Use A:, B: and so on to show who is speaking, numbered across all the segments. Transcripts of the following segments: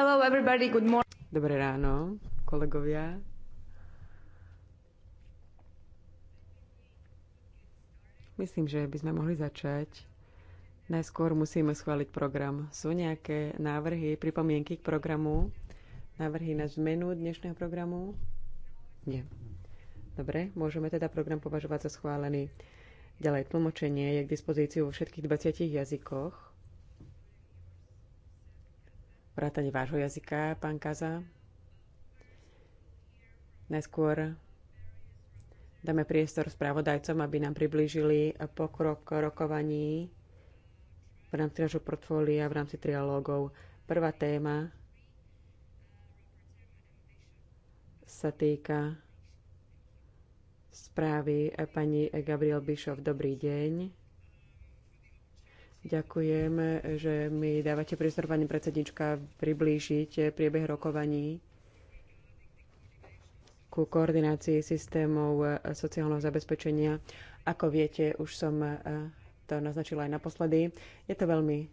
A: Hello everybody, good morning. Dobré ráno, kolegovia. Myslím, že by sme mohli začať. Najskôr musíme schváliť program. Sú nejaké návrhy, pripomienky k programu? Návrhy na zmenu dnešného programu? Nie. Dobre, môžeme teda program považovať za schválený. Ďalej, tlmočenie je k dispozícii vo všetkých 20 jazykoch vrátane vášho jazyka, pán Kaza. Najskôr dáme priestor správodajcom, aby nám priblížili pokrok rokovaní v rámci nášho portfólia, v rámci trialógov. Prvá téma sa týka správy pani Gabriel Bischoff. Dobrý deň. Ďakujem, že mi dávate priestor, pani predsednička, priblížiť priebeh rokovaní ku koordinácii systémov sociálneho zabezpečenia. Ako viete, už som eh, to naznačila aj naposledy. Je to veľmi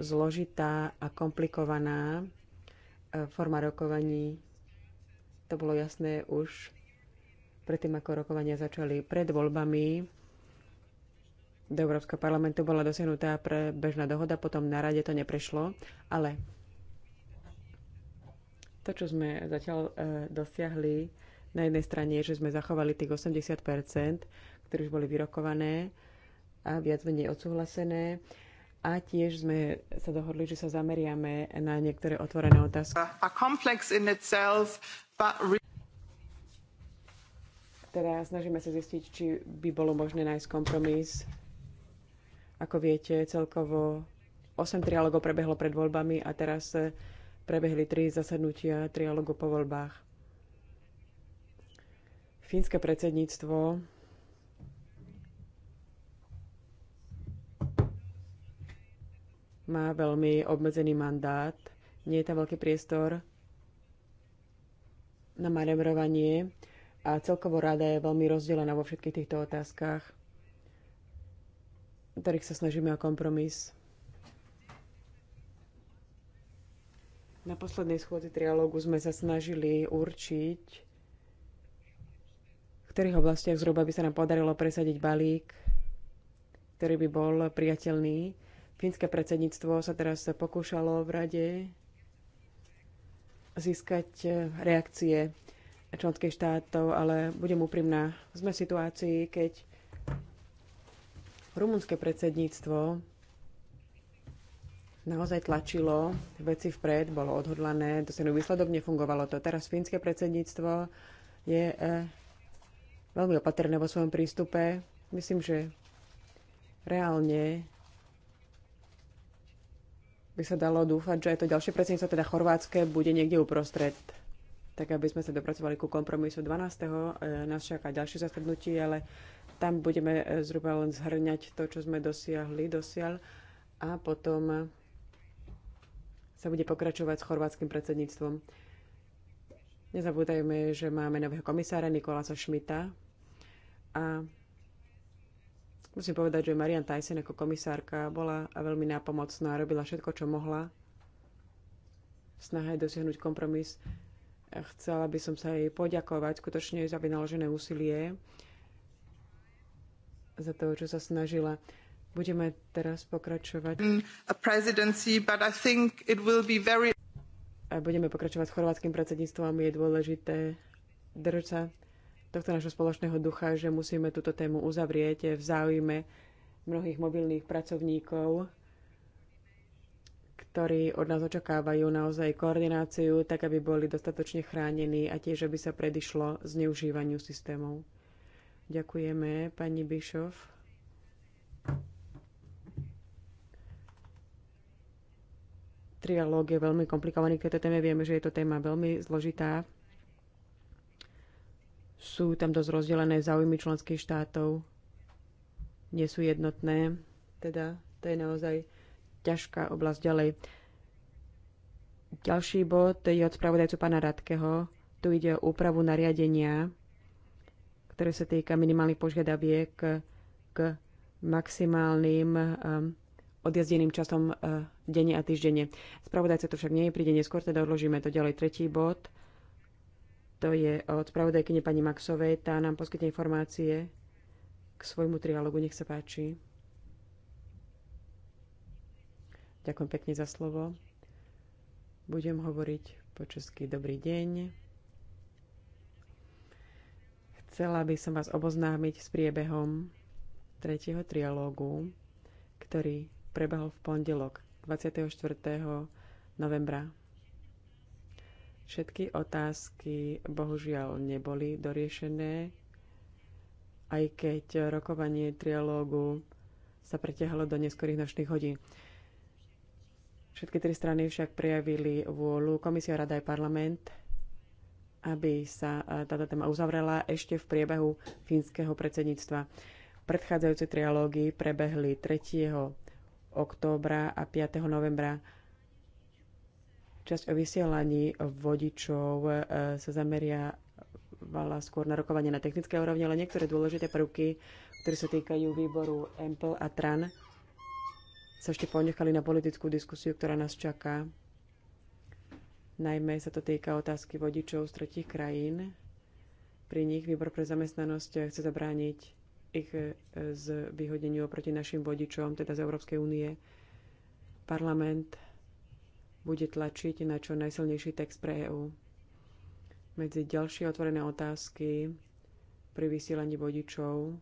A: zložitá a komplikovaná eh, forma rokovaní. To bolo jasné už predtým, ako rokovania začali pred voľbami do Európskeho parlamentu bola dosiahnutá pre bežná dohoda, potom na rade to neprešlo, ale to, čo sme zatiaľ e, dosiahli, na jednej strane je, že sme zachovali tých 80%, ktoré už boli vyrokované a viac menej odsúhlasené. A tiež sme sa dohodli, že sa zameriame na niektoré otvorené otázky. Teda snažíme sa zistiť, či by bolo možné nájsť kompromis ako viete, celkovo 8 trialogov prebehlo pred voľbami a teraz eh, prebehli 3 zasadnutia trialogu po voľbách. Fínske predsedníctvo má veľmi obmedzený mandát. Nie je tam veľký priestor na manevrovanie a celkovo rada je veľmi rozdelená vo všetkých týchto otázkach ktorých sa snažíme o kompromis. Na poslednej schôdzi trialógu sme sa snažili určiť, v ktorých oblastiach zhruba by sa nám podarilo presadiť balík, ktorý by bol priateľný. Fínske predsedníctvo sa teraz pokúšalo v rade získať reakcie členských štátov, ale budem úprimná, sme v situácii, keď Rumunské predsedníctvo naozaj tlačilo veci vpred, bolo odhodlané, to sa výsledok nefungovalo to. Teraz fínske predsedníctvo je e, veľmi opatrné vo svojom prístupe. Myslím, že reálne by sa dalo dúfať, že aj to ďalšie predsedníctvo, teda chorvátske, bude niekde uprostred. Tak aby sme sa dopracovali ku kompromisu 12. E, nás čaká ďalšie zasadnutie, ale tam budeme e, zhruba len zhrňať to, čo sme dosiahli dosiaľ a potom e, sa bude pokračovať s chorvátskym predsedníctvom. Nezabúdajme, že máme nového komisára Nikolasa Šmita a musím povedať, že Marian Tyson ako komisárka bola veľmi nápomocná, robila všetko, čo mohla v snahe dosiahnuť kompromis. Chcela by som sa jej poďakovať skutočne za vynaložené úsilie za to, čo sa snažila. Budeme teraz pokračovať.
B: Very...
A: Budeme pokračovať s chorvátským predsedníctvom. Je dôležité držať sa tohto nášho spoločného ducha, že musíme túto tému uzavrieť v záujme mnohých mobilných pracovníkov, ktorí od nás očakávajú naozaj koordináciu, tak aby boli dostatočne chránení a tiež, aby sa predišlo zneužívaniu systémov. Ďakujeme, pani Bišov. Trialóg je veľmi komplikovaný k tejto téme. Vieme, že je to téma veľmi zložitá. Sú tam dosť rozdelené záujmy členských štátov. Nie sú jednotné. Teda to je naozaj ťažká oblasť ďalej. Ďalší bod je od spravodajcu pána Radkeho. Tu ide o úpravu nariadenia ktoré sa týka minimálnych požiadaviek k maximálnym um, odjazdeným časom uh, denne a týždenne. Spravodajca to však nie je, príde neskôr, teda odložíme to ďalej. Tretí bod, to je od spravodajkyne pani Maxovej, tá nám poskytne informácie k svojmu trialogu, nech sa páči. Ďakujem pekne za slovo. Budem hovoriť po česky dobrý deň. Chcela by som vás oboznámiť s priebehom tretieho trialógu, ktorý prebehol v pondelok 24. novembra. Všetky otázky bohužiaľ neboli doriešené, aj keď rokovanie trialógu sa preťahlo do neskorých nočných hodín. Všetky tri strany však prejavili vôľu, komisia, rada aj parlament, aby sa e, táto téma uzavrela ešte v priebehu fínskeho predsedníctva. Predchádzajúce trialógy prebehli 3. októbra a 5. novembra. Časť o vysielaní vodičov e, sa zameriavala skôr na rokovanie na technické úrovni, ale niektoré dôležité prvky, ktoré sa týkajú výboru EMPL a TRAN, sa ešte ponechali na politickú diskusiu, ktorá nás čaká Najmä sa to týka otázky vodičov z tretich krajín. Pri nich výbor pre zamestnanosť chce zabrániť ich e, z vyhodeniu oproti našim vodičom, teda z Európskej únie. Parlament bude tlačiť na čo najsilnejší text pre EÚ. Medzi ďalšie otvorené otázky pri vysielaní vodičov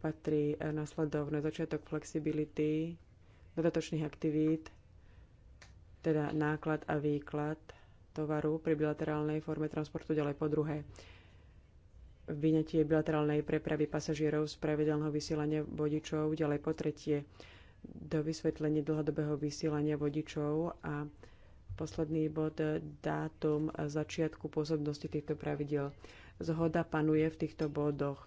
A: patrí e, nasledovne začiatok flexibility, dodatočných aktivít, teda náklad a výklad tovaru pri bilaterálnej forme transportu ďalej po druhé vyňatie bilaterálnej prepravy pasažierov z pravidelného vysielania vodičov, ďalej po tretie do vysvetlenie dlhodobého vysielania vodičov a posledný bod dátum začiatku pôsobnosti týchto pravidel. Zhoda panuje v týchto bodoch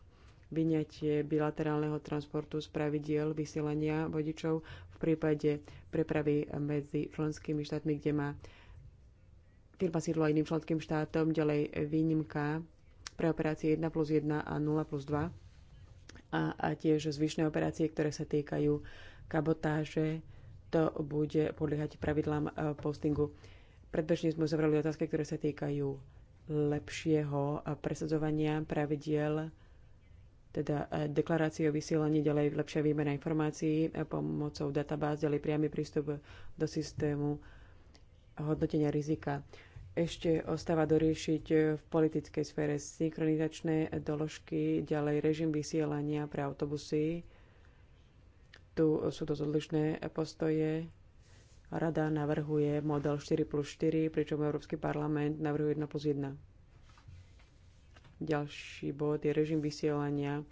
A: vyňatie bilaterálneho transportu z pravidiel vysielania vodičov v prípade prepravy medzi členskými štátmi, kde má firma sídlo iným členským štátom, ďalej výnimka pre operácie 1 plus 1 a 0 plus 2 a, a tiež zvyšné operácie, ktoré sa týkajú kabotáže, to bude podliehať pravidlám e, postingu. Predbežne sme zavreli otázky, ktoré sa týkajú lepšieho e, presadzovania pravidiel teda e, deklarácie o vysielaní, ďalej lepšia výmena informácií e, pomocou databáz, ďalej priamy prístup do systému hodnotenia rizika. Ešte ostáva doriešiť e, v politickej sfére synchronizačné doložky, ďalej režim vysielania pre autobusy. Tu sú to odlišné postoje. Rada navrhuje model 4 plus 4, pričom Európsky parlament navrhuje 1 plus 1. Ďalší bod je režim vysielania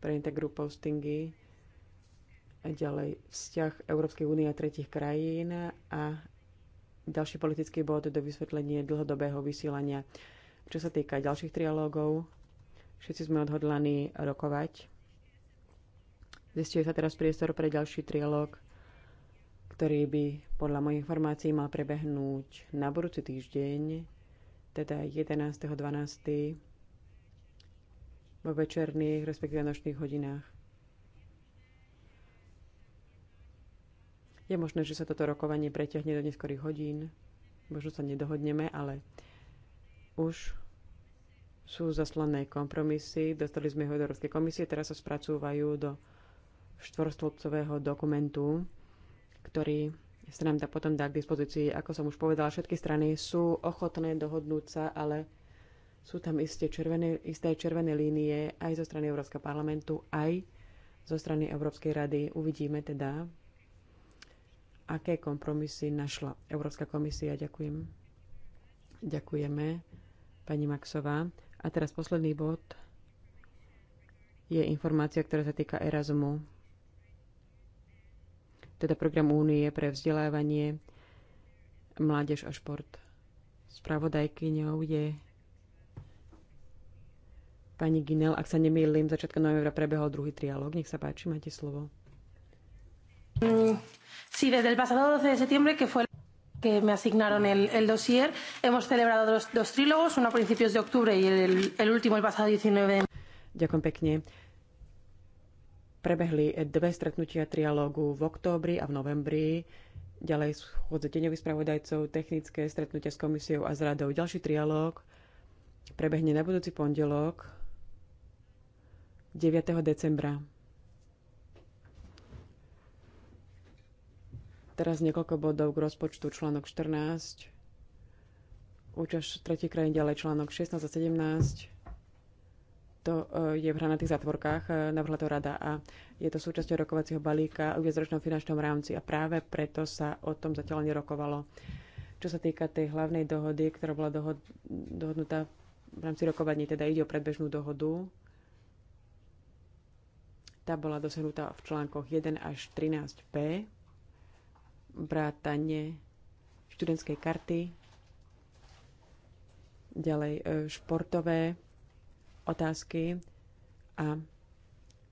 A: pre integru postingy. A ďalej vzťah Európskej únie a tretich krajín a ďalší politický bod do vysvetlenie dlhodobého vysielania. Čo sa týka ďalších trialógov, všetci sme odhodlaní rokovať. Zistuje sa teraz priestor pre ďalší trialóg, ktorý by podľa mojich informácií mal prebehnúť na budúci týždeň, teda 11.12 vo večerných, respektíve nočných hodinách. Je možné, že sa toto rokovanie preťahne do neskorých hodín. Možno sa nedohodneme, ale už sú zaslané kompromisy. Dostali sme ho do Európskej komisie, teraz sa spracúvajú do štvorstĺpcového dokumentu, ktorý sa nám dá potom dá k dispozícii. Ako som už povedala, všetky strany sú ochotné dohodnúť sa, ale sú tam isté červené, isté červené línie aj zo strany Európskeho parlamentu, aj zo strany Európskej rady. Uvidíme teda, aké kompromisy našla Európska komisia. Ďakujem. Ďakujeme, pani Maxová. A teraz posledný bod je informácia, ktorá sa týka Erasmu, teda program Únie pre vzdelávanie, mládež a šport. Spravodajkyňou je Pani Ginel, ak sa nemýlim, začiatkom novembra prebehol druhý trialóg. Nech sa páči, máte slovo.
B: Sí, desde el pasado 12 de septiembre, que fue que me asignaron el, el dossier, hemos celebrado dos, dos trílogos, uno a principios de octubre y el,
A: el último el pasado 19 de... Ďakujem pekne. Prebehli dve stretnutia trialógu v októbri a v novembri. Ďalej schôdze deňových spravodajcov, technické stretnutia s komisiou a s radou. Ďalší trialóg prebehne na budúci pondelok 9. decembra. Teraz niekoľko bodov k rozpočtu článok 14, účasť tretí krajín ďalej článok 16 a 17. To e, je v hranatých zatvorkách, e, navrhla to rada a je to súčasťou rokovacieho balíka v viacročnom finančnom rámci a práve preto sa o tom zatiaľ nerokovalo. Čo sa týka tej hlavnej dohody, ktorá bola dohod- dohodnutá v rámci rokovaní, teda ide o predbežnú dohodu, tá bola dosiahnutá v článkoch 1 až 13b, vrátanie študentskej karty, ďalej e, športové otázky a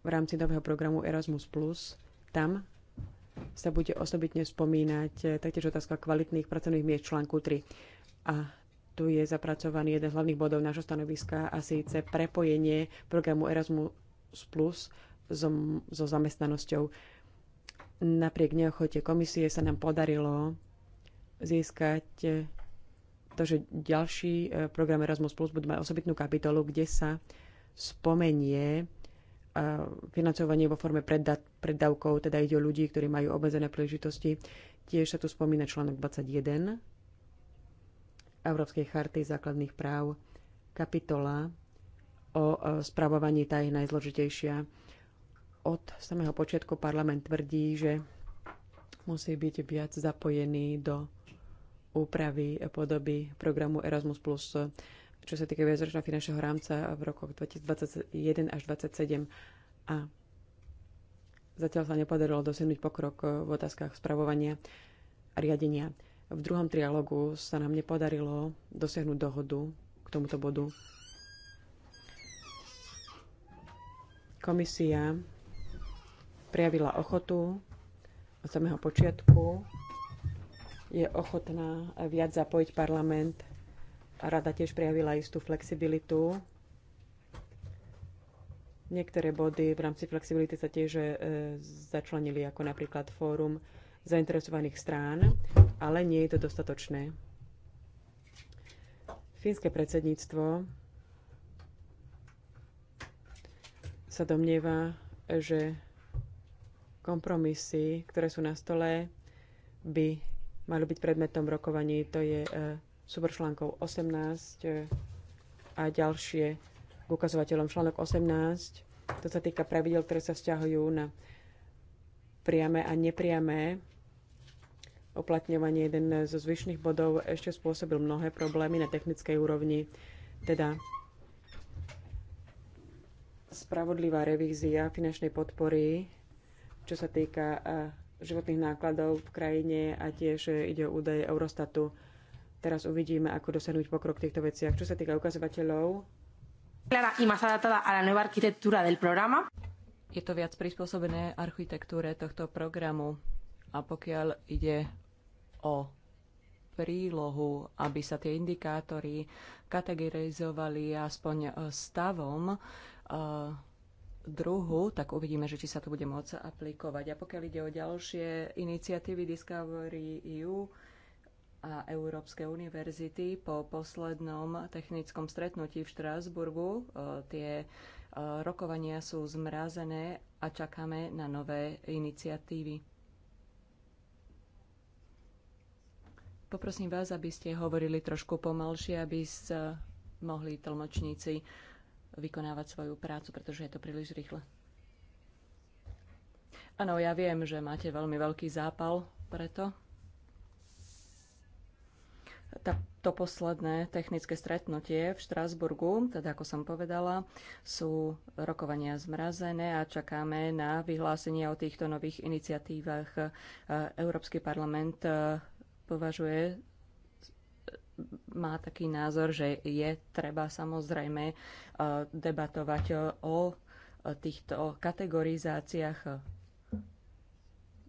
A: v rámci nového programu Erasmus+, tam sa bude osobitne spomínať e, taktiež otázka kvalitných pracovných miest článku 3. A tu je zapracovaný jeden z hlavných bodov nášho stanoviska a síce prepojenie programu Erasmus Plus so, so zamestnanosťou. Napriek neochote komisie sa nám podarilo získať eh, to, že ďalší eh, program Erasmus Plus bude mať osobitnú kapitolu, kde sa spomenie eh, financovanie vo forme preddavkov, teda ide o ľudí, ktorí majú obmedzené príležitosti. Tiež sa tu spomína článok 21 Európskej charty základných práv, kapitola o spravovaní tá je najzložitejšia od samého počiatku parlament tvrdí, že musí byť viac zapojený do úpravy podoby programu Erasmus+, čo sa týka viacročného finančného rámca v rokoch 2021 až 2027. A zatiaľ sa nepodarilo dosiahnuť pokrok v otázkach spravovania a riadenia. V druhom trialogu sa nám nepodarilo dosiahnuť dohodu k tomuto bodu. Komisia prejavila ochotu od samého počiatku. Je ochotná viac zapojiť parlament. Rada tiež prejavila istú flexibilitu. Niektoré body v rámci flexibility sa tiež e, začlenili, ako napríklad fórum zainteresovaných strán, ale nie je to dostatočné. Fínske predsedníctvo sa domnieva, že Kompromisy, ktoré sú na stole, by mali byť predmetom rokovaní. To je e, súbor článkov 18 e, a ďalšie k ukazovateľom článok 18. To sa týka pravidel, ktoré sa vzťahujú na priame a nepriame oplatňovanie. Jeden zo zvyšných bodov ešte spôsobil mnohé problémy na technickej úrovni. Teda spravodlivá revízia finančnej podpory čo sa týka eh, životných nákladov v krajine a tiež eh, ide o údaje Eurostatu. Teraz uvidíme, ako dosiahnuť pokrok v týchto veciach. Čo sa týka ukazovateľov,
C: je to viac prispôsobené architektúre tohto programu. A pokiaľ ide o prílohu, aby sa tie indikátory kategorizovali aspoň eh, stavom, uh, druhu, tak uvidíme, že či sa to bude môcť aplikovať. A pokiaľ ide o ďalšie iniciatívy Discovery EU a Európske univerzity, po poslednom technickom stretnutí v Štrásburgu e, tie e, rokovania sú zmrazené a čakáme na nové iniciatívy. Poprosím vás, aby ste hovorili trošku pomalšie, aby sa mohli tlmočníci vykonávať svoju prácu, pretože je to príliš rýchle. Áno, ja viem, že máte veľmi veľký zápal preto. Tá, to posledné technické stretnutie v Štrásburgu, teda ako som povedala, sú rokovania zmrazené a čakáme na vyhlásenie o týchto nových iniciatívach. Európsky parlament eh, považuje má taký názor, že je treba samozrejme e, debatovať o týchto kategorizáciách.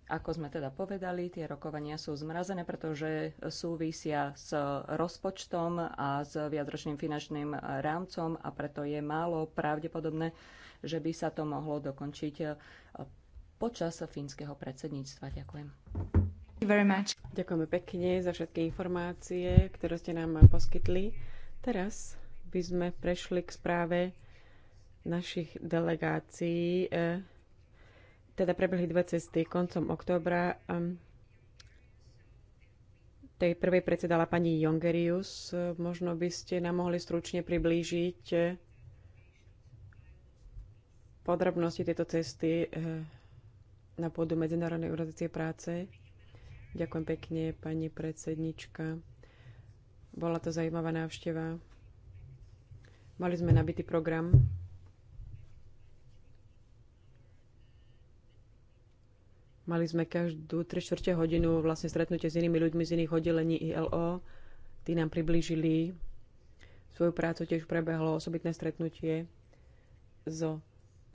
C: Ako sme teda povedali, tie rokovania sú zmrazené, pretože súvisia s rozpočtom a s viadročným finančným rámcom a preto je málo pravdepodobné, že by sa to mohlo dokončiť e, počas fínskeho predsedníctva. Ďakujem. Ďakujeme pekne za všetky
A: informácie, ktoré ste nám poskytli. Teraz by sme prešli k správe našich delegácií. E, teda prebehli dve cesty koncom októbra. Tej prvej predsedala pani Jongerius. E, možno by ste nám mohli stručne priblížiť e, podrobnosti tejto cesty na pôdu Medzinárodnej organizácie práce. Ďakujem pekne, pani predsednička. Bola to zaujímavá návšteva. Mali sme nabitý program. Mali sme každú 3 čtvrte hodinu vlastne stretnutie s inými ľuďmi z iných oddelení ILO. Tí nám priblížili svoju prácu, tiež prebehlo osobitné stretnutie so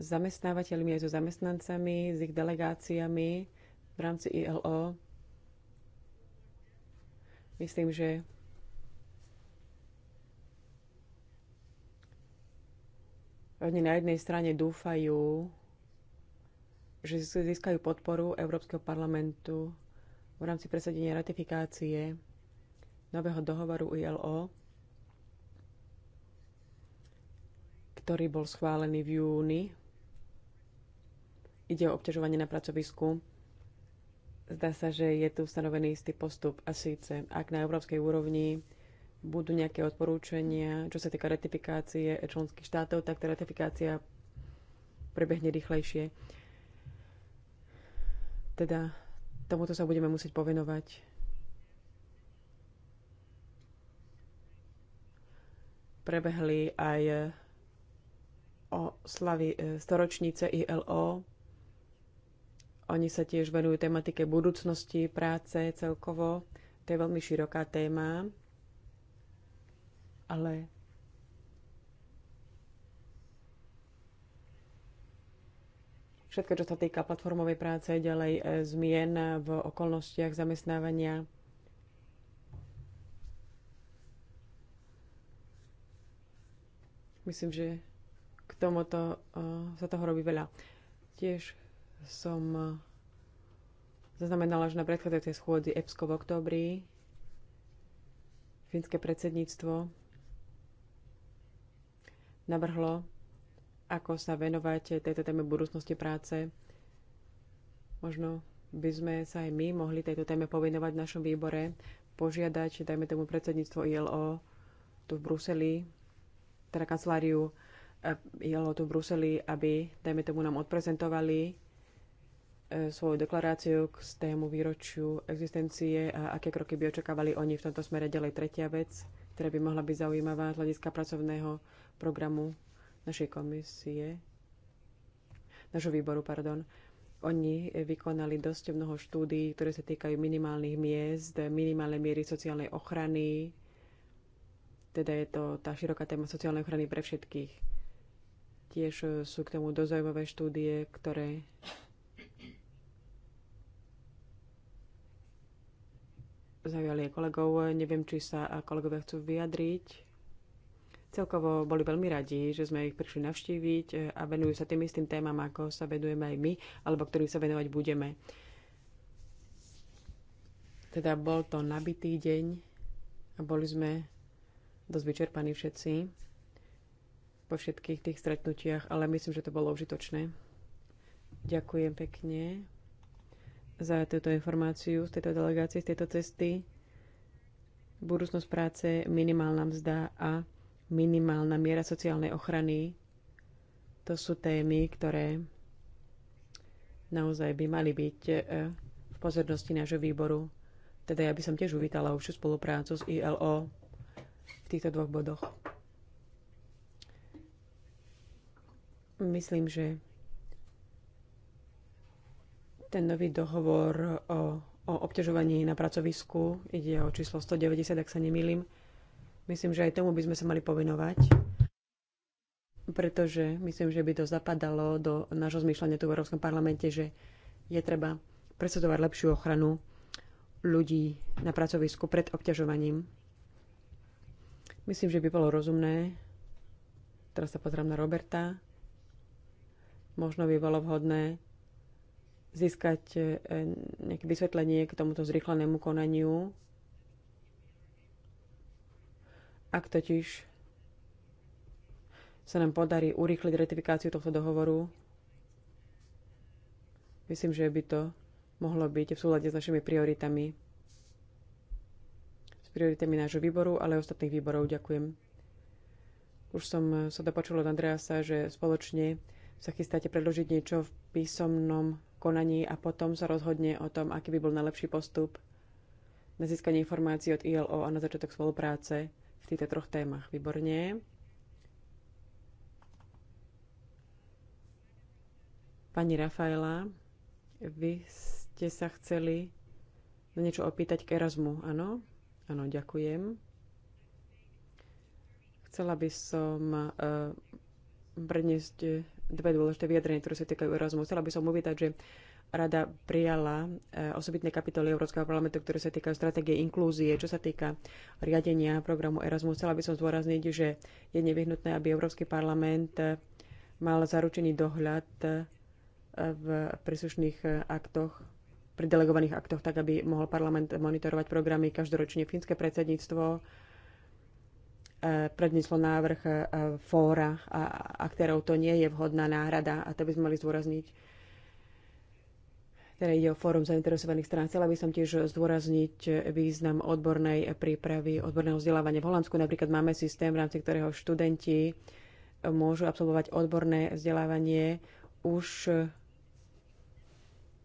A: zamestnávateľmi aj so zamestnancami, s ich delegáciami v rámci ILO Myslím, že oni na jednej strane dúfajú, že získajú podporu Európskeho parlamentu v rámci presadenia ratifikácie nového dohovoru ILO, ktorý bol schválený v júni. Ide o obťažovanie na pracovisku. Zdá sa, že je tu stanovený istý postup a síce, ak na európskej úrovni budú nejaké odporúčania, čo sa týka ratifikácie členských štátov, tak tá ratifikácia prebehne rýchlejšie. Teda tomuto sa budeme musieť povenovať. Prebehli aj e, o slavy storočnice ILO oni sa tiež venujú tematike budúcnosti, práce celkovo. To je veľmi široká téma. Ale všetko, čo sa týka platformovej práce, ďalej e, zmien v okolnostiach zamestnávania. Myslím, že k tomuto e, sa toho robí veľa. Tiež som eh, zaznamenala, že na predchádzajúcej schôdzi EPSCO v októbri fínske predsedníctvo navrhlo, ako sa venovať tejto téme budúcnosti práce. Možno by sme sa aj my mohli tejto téme povenovať v našom výbore, požiadať, dajme tomu predsedníctvo ILO tu v Bruseli, teda kanceláriu eh, ILO tu v Bruseli, aby, dajme tomu, nám odprezentovali svoju deklaráciu k tému výročiu existencie a aké kroky by očakávali oni v tomto smere ďalej. Tretia vec, ktorá by mohla byť zaujímavá z hľadiska pracovného programu našej komisie, našho výboru, pardon. Oni vykonali dosť mnoho štúdií, ktoré sa týkajú minimálnych miest, minimálnej miery sociálnej ochrany, teda je to tá široká téma sociálnej ochrany pre všetkých. Tiež sú k tomu dozajímavé štúdie, ktoré zaujali aj kolegov. Neviem, či sa kolegovia chcú vyjadriť. Celkovo boli veľmi radi, že sme ich prišli navštíviť a venujú sa tým istým témam, ako sa venujeme aj my, alebo ktorým sa venovať budeme. Teda bol to nabitý deň a boli sme dosť vyčerpaní všetci po všetkých tých stretnutiach, ale myslím, že to bolo užitočné. Ďakujem pekne za túto informáciu z tejto delegácie, z tejto cesty. Budúcnosť práce, minimálna mzda a minimálna miera sociálnej ochrany. To sú témy, ktoré naozaj by mali byť e, v pozornosti nášho výboru. Teda ja by som tiež uvítala už spoluprácu s ILO v týchto dvoch bodoch. Myslím, že ten nový dohovor o, o obťažovaní na pracovisku ide o číslo 190, ak sa nemýlim. Myslím, že aj tomu by sme sa mali povinovať, pretože myslím, že by to zapadalo do nášho zmýšľania tu v Európskom parlamente, že je treba presadzovať lepšiu ochranu ľudí na pracovisku pred obťažovaním. Myslím, že by bolo rozumné, teraz sa pozrám na Roberta, možno by bolo vhodné získať e, nejaké vysvetlenie k tomuto zrychlenému konaniu. Ak totiž sa nám podarí urýchliť ratifikáciu tohto dohovoru, myslím, že by to mohlo byť v súlade s našimi prioritami. S prioritami nášho výboru, ale aj ostatných výborov. Ďakujem. Už som e, sa dopočula od Andreasa, že spoločne sa chystáte predložiť niečo v písomnom konaní a potom sa rozhodne o tom, aký by bol najlepší postup na získanie informácií od ILO a na začiatok spolupráce v týchto troch témach. Výborne. Pani Rafaela, vy ste sa chceli na niečo opýtať k Erasmu, áno? Áno, ďakujem. Chcela by som uh, eh, prednesť dve dôležité vyjadrenia, ktoré sa týkajú Erasmus. Chcela by som uvítať, že rada prijala e, osobitné kapitoly Európskeho parlamentu, ktoré sa týkajú stratégie inklúzie. Čo sa týka riadenia programu Erasmus, chcela by som zdôrazniť, že je nevyhnutné, aby Európsky parlament e, mal zaručený dohľad e, v príslušných aktoch, pri delegovaných aktoch, tak aby mohol parlament monitorovať programy každoročne. Fínske predsedníctvo E, predneslo návrh e, fóra a ktorou To nie je vhodná náhrada a to by sme mali zdôrazniť. Teda ide o fórum zainteresovaných strán. Chcela by som tiež zdôrazniť význam odbornej prípravy, odborného vzdelávania. V Holandsku napríklad máme systém, v rámci ktorého študenti môžu absolvovať odborné vzdelávanie už e,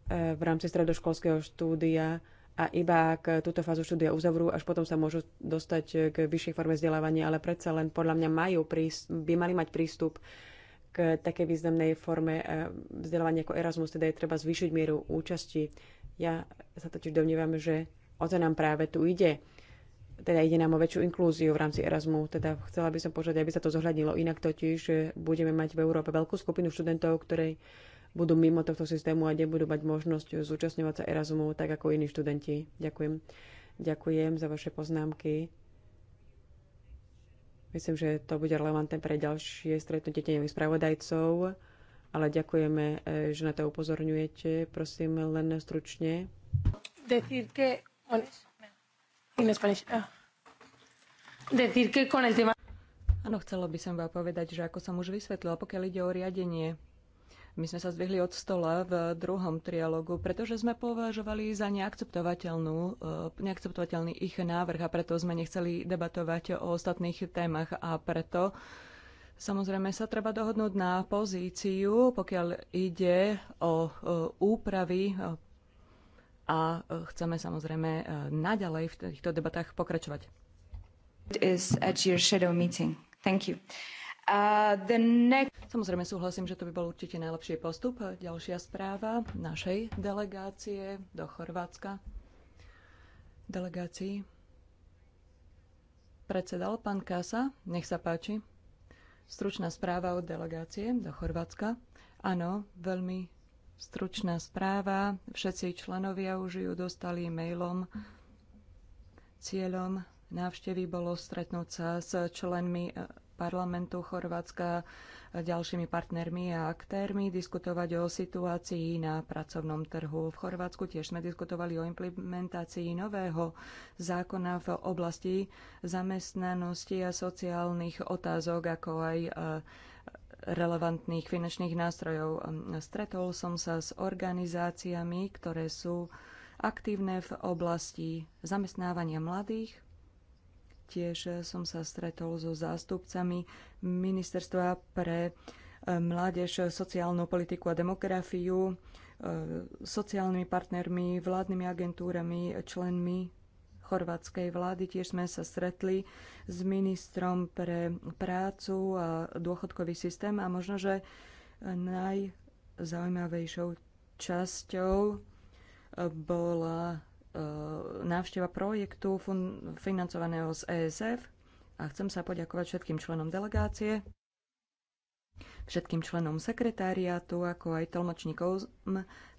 A: v rámci stredoškolského štúdia a iba ak túto fázu štúdia uzavrú, až potom sa môžu dostať k vyššej forme vzdelávania, ale predsa len podľa mňa majú prístup, by mali mať prístup k takej významnej forme e, vzdelávania ako Erasmus, teda je treba zvýšiť mieru účasti. Ja sa totiž domnievam, že o to nám práve tu ide. Teda ide nám o väčšiu inklúziu v rámci Erasmu. Teda chcela by som požiadať, aby sa to zohľadnilo. Inak totiž e, budeme mať v Európe veľkú skupinu študentov, ktorej budú mimo tohto systému a nebudú mať možnosť zúčastňovať sa Erasmu tak ako iní študenti. Ďakujem. Ďakujem za vaše poznámky. Myslím, že to bude relevantné pre ďalšie stretnutie tenových spravodajcov, ale ďakujeme, e, že na to upozorňujete. Prosím, len stručne.
C: Decir que... In Spanish. Ah. Decir que con el tema... Áno, chcela by som vám povedať, že ako som už vysvetlila, pokiaľ ide o riadenie my sme sa zdvihli od stola v druhom trialogu, pretože sme považovali za neakceptovateľnú, e, neakceptovateľný ich návrh a preto sme nechceli debatovať o ostatných témach a preto Samozrejme sa treba dohodnúť na pozíciu, pokiaľ ide o e, úpravy a e, chceme samozrejme naďalej v týchto debatách pokračovať. It is at your shadow meeting. Thank you. Samozrejme súhlasím, že to by bol určite najlepší postup. Ďalšia správa našej delegácie do Chorvátska. Delegácii predsedal pán Kasa. Nech sa páči. Stručná správa od delegácie do Chorvátska. Áno, veľmi stručná správa. Všetci členovia už ju dostali mailom. Cieľom návštevy bolo stretnúť sa s členmi parlamentu Chorvátska, ďalšími partnermi a aktérmi, diskutovať o situácii na pracovnom trhu. V Chorvátsku tiež sme diskutovali o implementácii nového zákona v oblasti zamestnanosti a sociálnych otázok, ako aj e, relevantných finančných nástrojov. Stretol som sa s organizáciami, ktoré sú aktívne v oblasti zamestnávania mladých, Tiež som sa stretol so zástupcami Ministerstva pre e, mládež, sociálnu politiku a demografiu, e, sociálnymi partnermi, vládnymi agentúrami, členmi chorvátskej vlády. Tiež sme sa stretli s ministrom pre prácu a dôchodkový systém a možno, že najzaujímavejšou časťou e, bola E, návšteva projektu financovaného z ESF a chcem sa poďakovať všetkým členom delegácie, všetkým členom sekretáriátu, ako aj tlmočníkov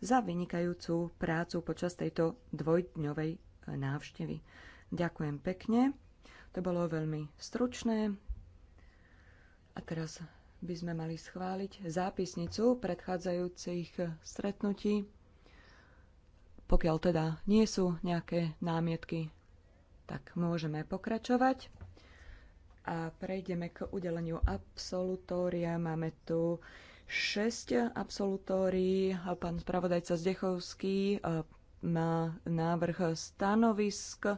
C: za vynikajúcu prácu počas tejto dvojdňovej e, návštevy. Ďakujem pekne. To bolo veľmi stručné. A teraz by sme mali schváliť zápisnicu predchádzajúcich stretnutí. Pokiaľ teda nie sú nejaké námietky, tak môžeme pokračovať. A prejdeme k udeleniu absolutória. Máme tu 6 absolutórií. Pán spravodajca Zdechovský e, má návrh stanovisk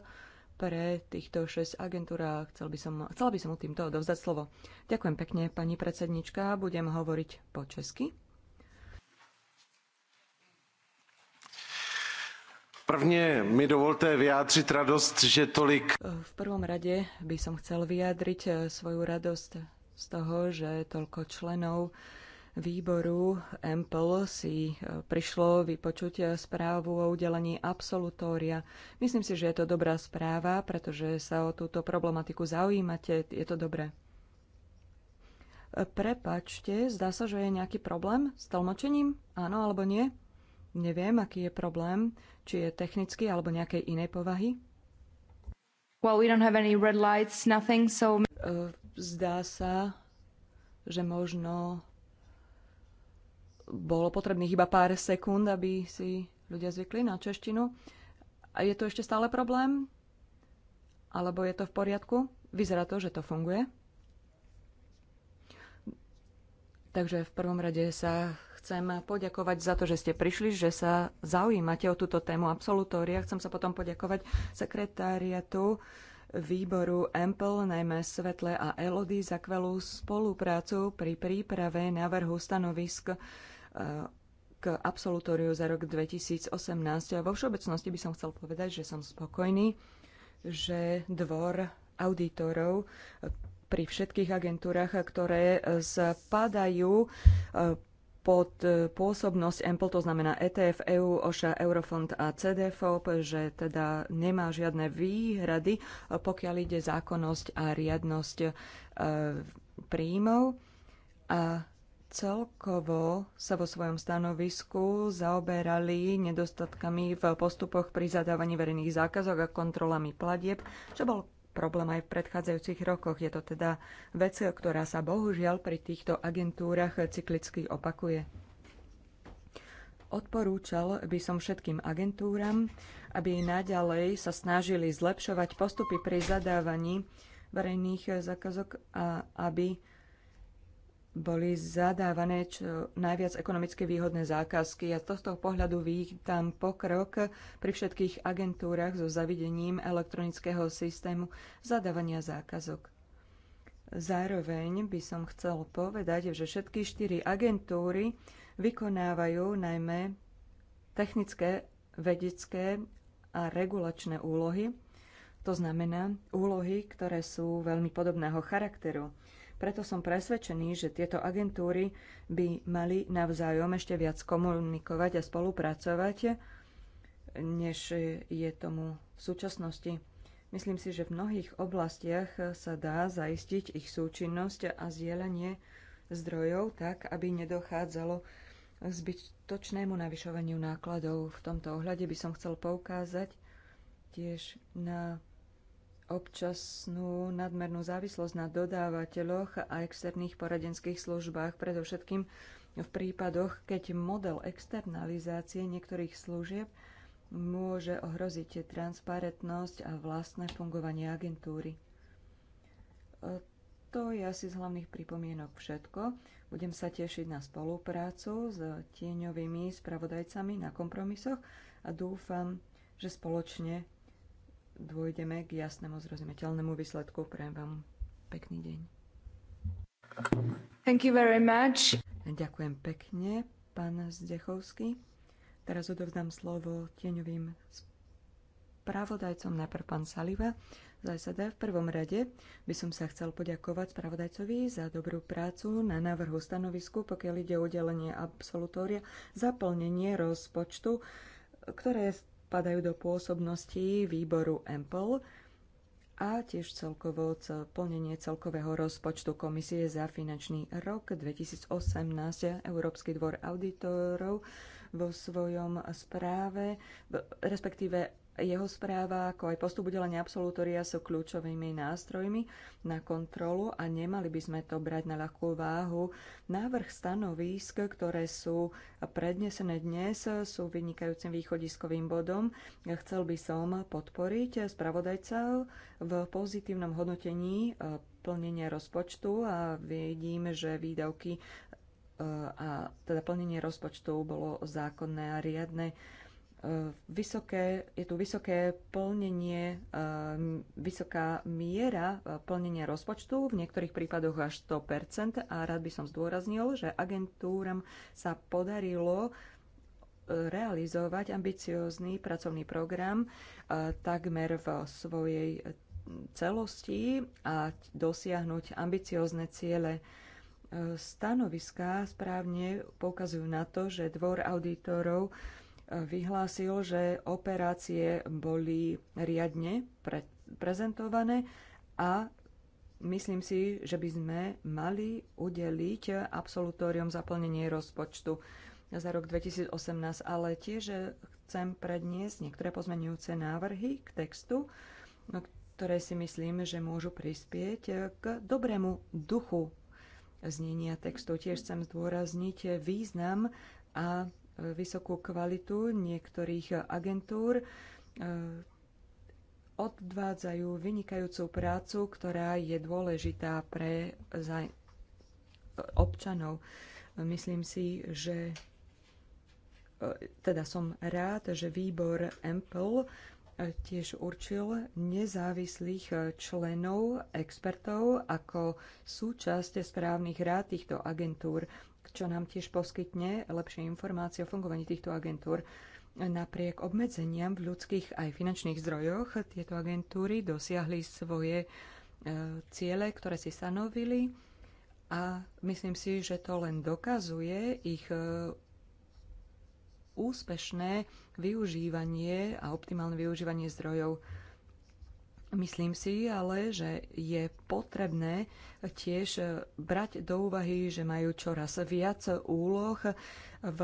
C: pre týchto 6 agentúr a chcel by som, chcela by som mu týmto odovzdať slovo. Ďakujem pekne, pani predsednička. Budem hovoriť po česky. Prvne mi dovolte vyjádřiť radosť, že tolik... V prvom rade by som chcel vyjadriť e, svoju radosť z toho, že toľko členov výboru MPL si e, prišlo vypočuť e, správu o udelení absolutória. Myslím si, že je to dobrá správa, pretože sa o túto problematiku zaujímate. Je to dobré. Prepačte, zdá sa, že je nejaký problém s tlmočením? Áno alebo nie? Neviem, aký je problém či je technický alebo nejakej inej povahy? Well, we don't have any red lights, nothing, so... E, zdá sa, že možno bolo potrebných iba pár sekúnd, aby si ľudia zvykli na češtinu. A je to ešte stále problém? Alebo je to v poriadku? Vyzerá to, že to funguje. Takže v prvom rade sa chcem poďakovať za to, že ste prišli, že sa zaujímate o túto tému absolutória. Chcem sa potom poďakovať sekretáriatu výboru EMPL, najmä Svetle a Elody, za kvelú spoluprácu pri príprave návrhu stanovisk e, k absolutóriu za rok 2018. A vo všeobecnosti by som chcel povedať, že som spokojný, že dvor auditorov pri všetkých agentúrach, ktoré spadajú e, pod e, pôsobnosť EMPL, to znamená ETF, EU, OŠA, Eurofond a CDFOP, že teda nemá žiadne výhrady, e, pokiaľ ide zákonnosť a riadnosť e, príjmov. A celkovo sa vo svojom stanovisku zaoberali nedostatkami v postupoch pri zadávaní verejných zákazok a kontrolami platieb, čo bol problém aj v predchádzajúcich rokoch. Je to teda vec, ktorá sa bohužiaľ pri týchto agentúrach cyklicky opakuje. Odporúčal by som všetkým agentúram, aby naďalej sa snažili zlepšovať postupy pri zadávaní verejných zákazok a aby boli zadávané čo najviac ekonomicky výhodné zákazky a z tohto pohľadu vítam pokrok pri všetkých agentúrach so zavidením elektronického systému zadávania zákazok. Zároveň by som chcel povedať, že všetky štyri agentúry vykonávajú najmä technické, vedecké a regulačné úlohy, to znamená úlohy, ktoré sú veľmi podobného charakteru. Preto som presvedčený, že tieto agentúry by mali navzájom ešte viac komunikovať a spolupracovať, než je tomu v súčasnosti. Myslím si, že v mnohých oblastiach sa dá zaistiť ich súčinnosť a zdieľanie zdrojov tak, aby nedochádzalo k zbytočnému navyšovaniu nákladov. V tomto ohľade by som chcel poukázať tiež na občasnú nadmernú závislosť na dodávateľoch a externých poradenských službách, predovšetkým v prípadoch, keď model externalizácie niektorých služieb môže ohroziť transparentnosť a vlastné fungovanie agentúry. E, to je asi z hlavných pripomienok všetko. Budem sa tešiť na spoluprácu s tieňovými spravodajcami na kompromisoch a dúfam, že spoločne dôjdeme k jasnému, zrozumiteľnému výsledku. Prajem vám pekný deň. Thank you very much. Ďakujem pekne, pán Zdechovský. Teraz odovzdám slovo tieňovým spravodajcom, najprv pán Saliva z SAD. V prvom rade by som sa chcel poďakovať spravodajcovi za dobrú prácu na návrhu stanovisku, pokiaľ ide o udelenie absolutória, zaplnenie rozpočtu, ktoré padajú do pôsobnosti výboru EMPL a tiež celkovo plnenie celkového rozpočtu Komisie za finančný rok 2018. Európsky dvor auditorov vo svojom správe, respektíve jeho správa, ako aj postup udelenia absolutória sú kľúčovými nástrojmi na kontrolu a nemali by sme to brať na ľahkú váhu. Návrh stanovísk, ktoré sú prednesené dnes, sú vynikajúcim východiskovým bodom. Chcel by som podporiť spravodajca v pozitívnom hodnotení e, plnenie rozpočtu a vidím, že výdavky e, a teda plnenie rozpočtu bolo zákonné a riadne. E, vysoké, je tu vysoké plnenie, e, vysoká miera e, plnenia rozpočtu, v niektorých prípadoch až 100%. A rád by som zdôraznil, že agentúram sa podarilo realizovať ambiciózny pracovný program takmer v svojej celosti a dosiahnuť ambiciózne ciele stanoviská správne poukazujú na to, že dvor auditorov vyhlásil, že operácie boli riadne pre, prezentované a myslím si, že by sme mali udeliť absolutórium zaplnenie rozpočtu za rok 2018, ale tiež eh, chcem predniesť niektoré pozmenujúce návrhy k textu, no, ktoré si myslím, že môžu prispieť eh, k dobrému duchu znenia textu. Tiež chcem zdôrazniť eh, význam a vysokú kvalitu niektorých agentúr. E, odvádzajú vynikajúcu prácu, ktorá je dôležitá pre občanov. Myslím si, že e, teda som rád, že výbor EMPL e, tiež určil nezávislých členov, expertov ako súčasť správnych rád týchto agentúr čo nám tiež poskytne lepšie informácie o fungovaní týchto agentúr. Napriek obmedzeniam v ľudských aj finančných zdrojoch tieto agentúry dosiahli svoje e, ciele, ktoré si stanovili a myslím si, že to len dokazuje ich e, úspešné využívanie a optimálne využívanie zdrojov. Myslím si ale, že je potrebné tiež eh, brať do úvahy, že majú čoraz viac úloh v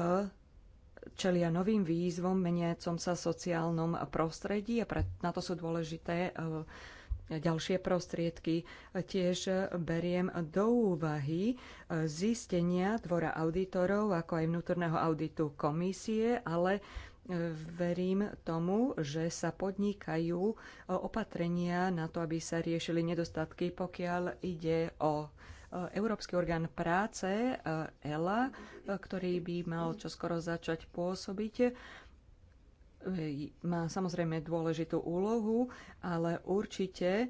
C: čelia novým výzvom, meniacom sa sociálnom prostredí a pre, na to sú dôležité eh, ďalšie prostriedky. Tiež eh, beriem do úvahy zistenia Dvora auditorov, ako aj vnútorného auditu komisie, ale verím tomu, že sa podnikajú e, opatrenia na to, aby sa riešili nedostatky, pokiaľ ide o e, Európsky orgán práce e, ELA, ktorý by mal čoskoro začať pôsobiť. Má samozrejme dôležitú úlohu, ale určite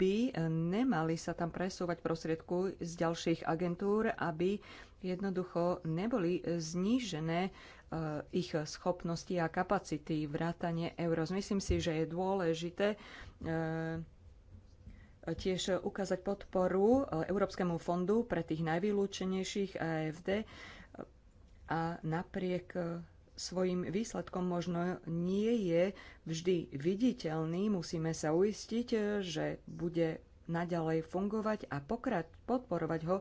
C: by nemali sa tam presúvať prostriedku z ďalších agentúr, aby jednoducho neboli znížené Eh, ich schopnosti a kapacity vrátane EUROS. Myslím si, že je dôležité eh, tiež ukázať podporu eh, Európskemu fondu pre tých najvylúčenejších AFD a napriek svojim výsledkom možno nie je vždy viditeľný. Musíme sa uistiť, že bude naďalej fungovať a pokrať, podporovať ho,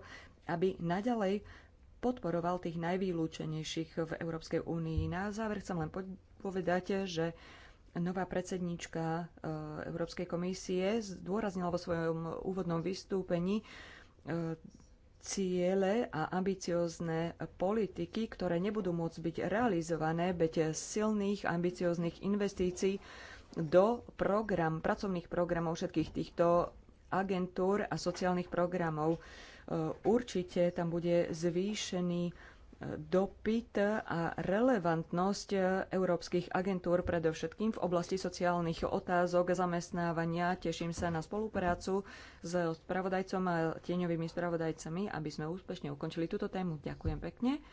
C: aby naďalej podporoval tých najvýlúčenejších v Európskej únii. Na záver chcem len povedať, že nová predsednička e, Európskej komisie zdôraznila vo svojom úvodnom vystúpení e, ciele a ambiciozne politiky, ktoré nebudú môcť byť realizované bez silných, ambicioznych investícií do program, pracovných programov všetkých týchto agentúr a sociálnych programov určite tam bude zvýšený e, dopyt a relevantnosť e, európskych agentúr, predovšetkým v oblasti sociálnych otázok a zamestnávania. Teším sa na spoluprácu s spravodajcom a tieňovými spravodajcami, aby sme úspešne ukončili túto tému. Ďakujem pekne.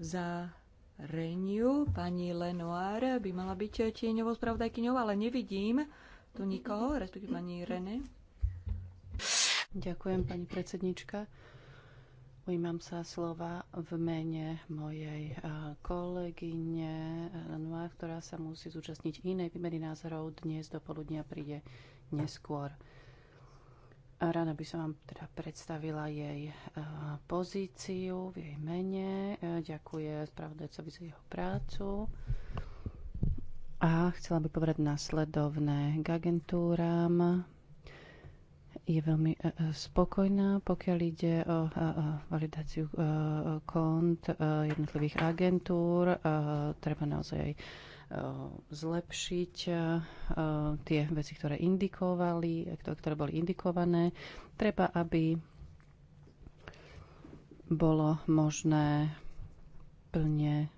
C: Za Reniu pani Lenoir by mala byť tieňovou spravodajkyňou, ale nevidím tu nikoho, respektíve pani René.
B: Ďakujem, pani predsednička. Ujímam sa slova v mene mojej eh, kolegyne Lenoir, eh, ktorá sa musí zúčastniť inej výmeny názorov. Dnes do poludnia príde neskôr. Rada by som vám teda predstavila jej eh, pozíciu v jej mene. Ďakujem spravodajcovi za jeho prácu. A chcela by povedať následovné k agentúram je veľmi e, e, spokojná, pokiaľ ide o e, validáciu kont jednotlivých agentúr. Treba naozaj zlepšiť tie veci, ktoré indikovali, ktoré boli indikované. Treba, aby bolo možné plne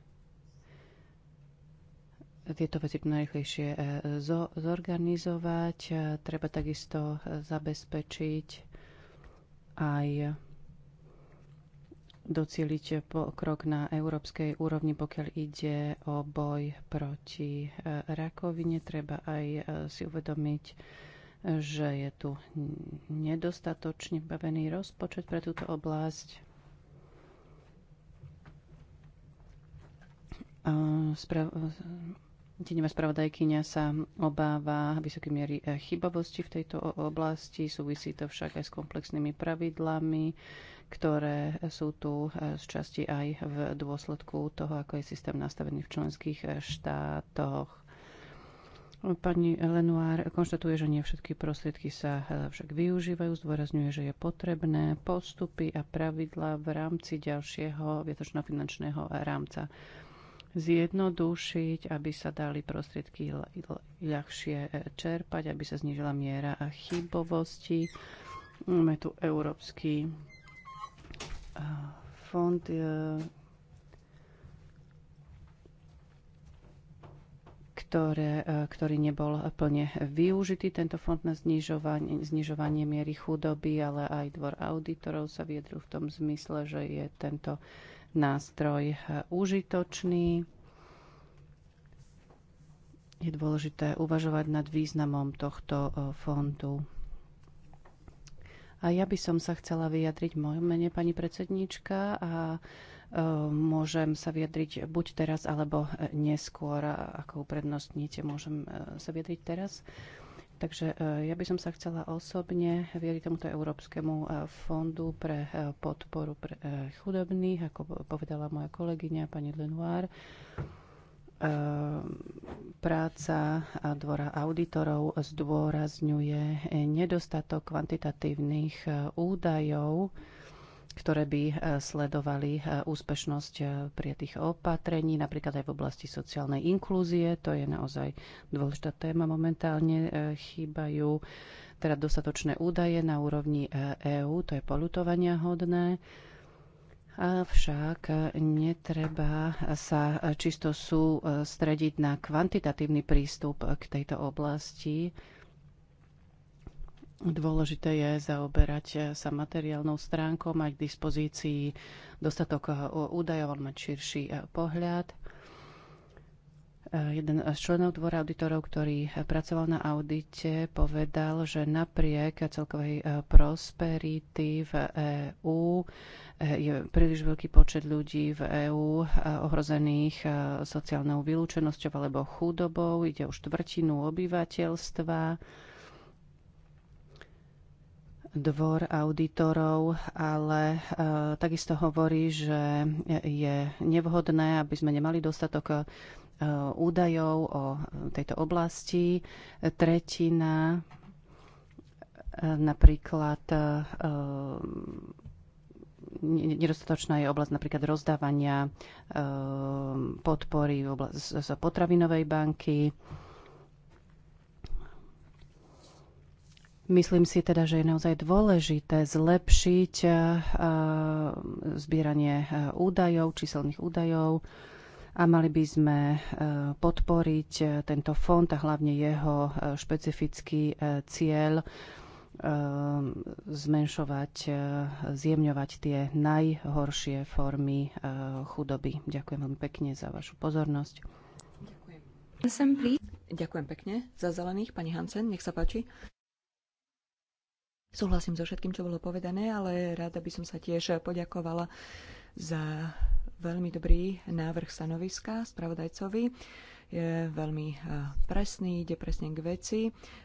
B: tieto veci najrychlejšie e, zorganizovať. E, treba takisto e, zabezpečiť aj docieliť krok na európskej úrovni, pokiaľ ide o boj proti rakovine. Treba aj si uvedomiť, že je tu nedostatočne bavený rozpočet pre túto oblasť. Spra- Tenevá spravodajkynia sa obáva vysokej miery eh, chybovosti v tejto oblasti. Súvisí to však aj s komplexnými pravidlami, ktoré sú tu eh, z časti aj v dôsledku toho, ako je systém nastavený v členských eh, štátoch. Pani Lenoir konštatuje, že nie všetky prostriedky sa však využívajú, zdôrazňuje, že je potrebné postupy a pravidla v rámci ďalšieho vietočno finančného rámca zjednodušiť, aby sa dali prostriedky ľahšie e, čerpať, aby sa znižila miera a chybovosti. Máme tu Európsky e, fond e, ktoré, ktorý nebol plne využitý. Tento fond na znižovanie, znižovanie miery chudoby, ale aj dvor auditorov sa viedru v tom zmysle, že je tento nástroj eh, užitočný. Je dôležité uvažovať nad významom tohto eh, fondu. A ja by som sa chcela vyjadriť v mojom mene, pani predsedníčka, a eh, môžem sa vyjadriť buď teraz, alebo neskôr, ako uprednostníte, môžem sa vyjadriť teraz. Takže e, ja by som sa chcela osobne vyjadriť tomuto Európskemu e, fondu pre e, podporu pre chudobných, ako povedala moja kolegyňa pani Lenoir. Práca dvora auditorov zdôrazňuje nedostatok kvantitatívnych údajov, ktoré by e, sledovali e, úspešnosť e, pri tých opatrení, napríklad aj v oblasti sociálnej inklúzie. To je naozaj dôležitá téma momentálne. Chýbajú teda dostatočné údaje na úrovni EÚ, to je polutovania hodné. Avšak netreba sa čisto sústrediť na kvantitatívny prístup k tejto oblasti, Dôležité je zaoberať eh, sa materiálnou stránkou, mať k dispozícii dostatok eh, údajov, mať širší eh, pohľad. Jeden z členov dvora auditorov, ktorý pracoval na audite, povedal, že napriek celkovej prosperity v EÚ je príliš veľký počet ľudí v EÚ ohrozených sociálnou vylúčenosťou alebo chudobou. Ide o štvrtinu obyvateľstva dvor auditorov, ale e, takisto hovorí, že je nevhodné, aby sme nemali dostatok e, údajov o eh, tejto oblasti. Tretina e, napríklad nedostatočná je oblasť napríklad rozdávania podpory z potravinovej banky Myslím si teda, že je naozaj dôležité zlepšiť eh, eh, zbieranie eh, údajov, číselných údajov a mali by sme podporiť tento fond a hlavne jeho špecifický cieľ zmenšovať, zjemňovať tie najhoršie formy chudoby. Ďakujem veľmi pekne za vašu pozornosť.
C: Ďakujem. Ďakujem pekne. Za zelených, pani Hansen, nech sa páči. Súhlasím so všetkým, čo bolo povedané, ale rada by som sa tiež poďakovala za veľmi dobrý návrh stanoviska spravodajcovi. Je veľmi eh, presný, ide presne k veci.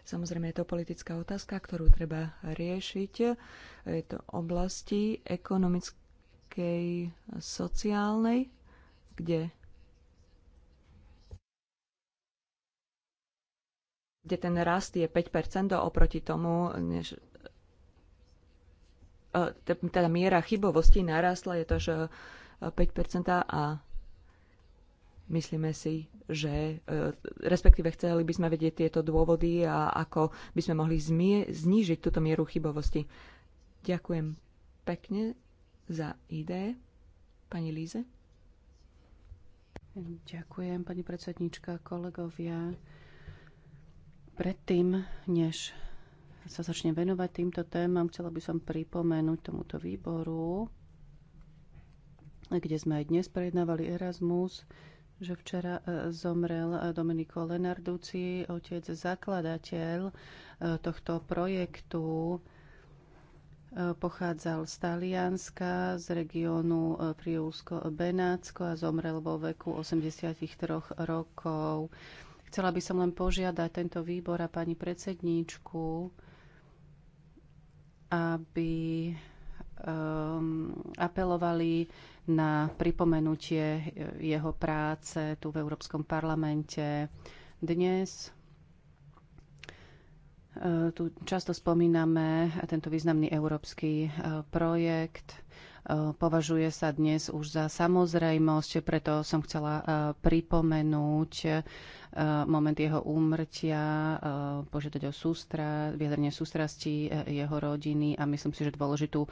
C: Samozrejme je to politická otázka, ktorú treba riešiť. Je to oblasti ekonomickej, sociálnej, kde kde ten rast je 5% oproti tomu, než teda miera chybovosti narastla, je to až 5% e, a myslíme si, že e, respektíve chceli by sme vedieť tieto dôvody a ako by sme mohli znížiť túto mieru chybovosti. Ďakujem pekne za ide. Pani Líze. Ďakujem, pani
B: predsednička, kolegovia. Predtým, než sa začne venovať týmto témam, chcela by som pripomenúť tomuto výboru, kde sme aj dnes prejednávali Erasmus, že včera e, zomrel e, Domenico Lenarduci, otec zakladateľ e, tohto projektu. Pochádzal z Talianska, z regiónu Friúlsko-Benátsko a zomrel vo veku 83 rokov. Chcela by som len požiadať tento výbor a pani predsedníčku, aby um, apelovali na pripomenutie jeho práce tu v Európskom parlamente. Dnes e, tu často spomíname tento významný európsky e, projekt. E, považuje sa dnes už za samozrejmosť, preto som chcela pripomenúť Eh, moment jeho úmrtia, eh, požiadať o sústra, vyjadrenie sústrasti eh, jeho rodiny a myslím si, že dôležitú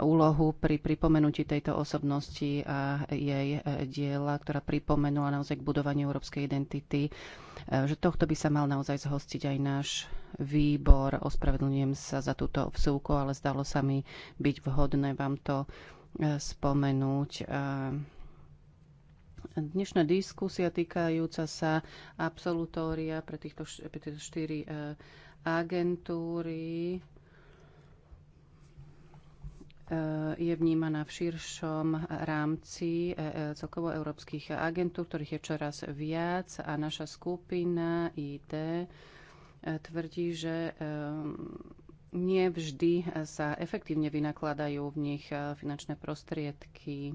B: úlohu pri pripomenutí tejto osobnosti a jej diela, ktorá pripomenula naozaj k budovaniu európskej identity, že tohto by sa mal naozaj zhostiť aj náš výbor. Ospravedlňujem sa za túto vsúku, ale zdalo sa mi byť vhodné vám to spomenúť. Dnešná diskusia týkajúca sa absolutória pre týchto, štyri e, agentúry e, je vnímaná v širšom rámci e, celkovo európskych agentúr, ktorých je čoraz viac a naša skupina IT tvrdí, že nevždy sa efektívne vynakladajú v nich finančné prostriedky.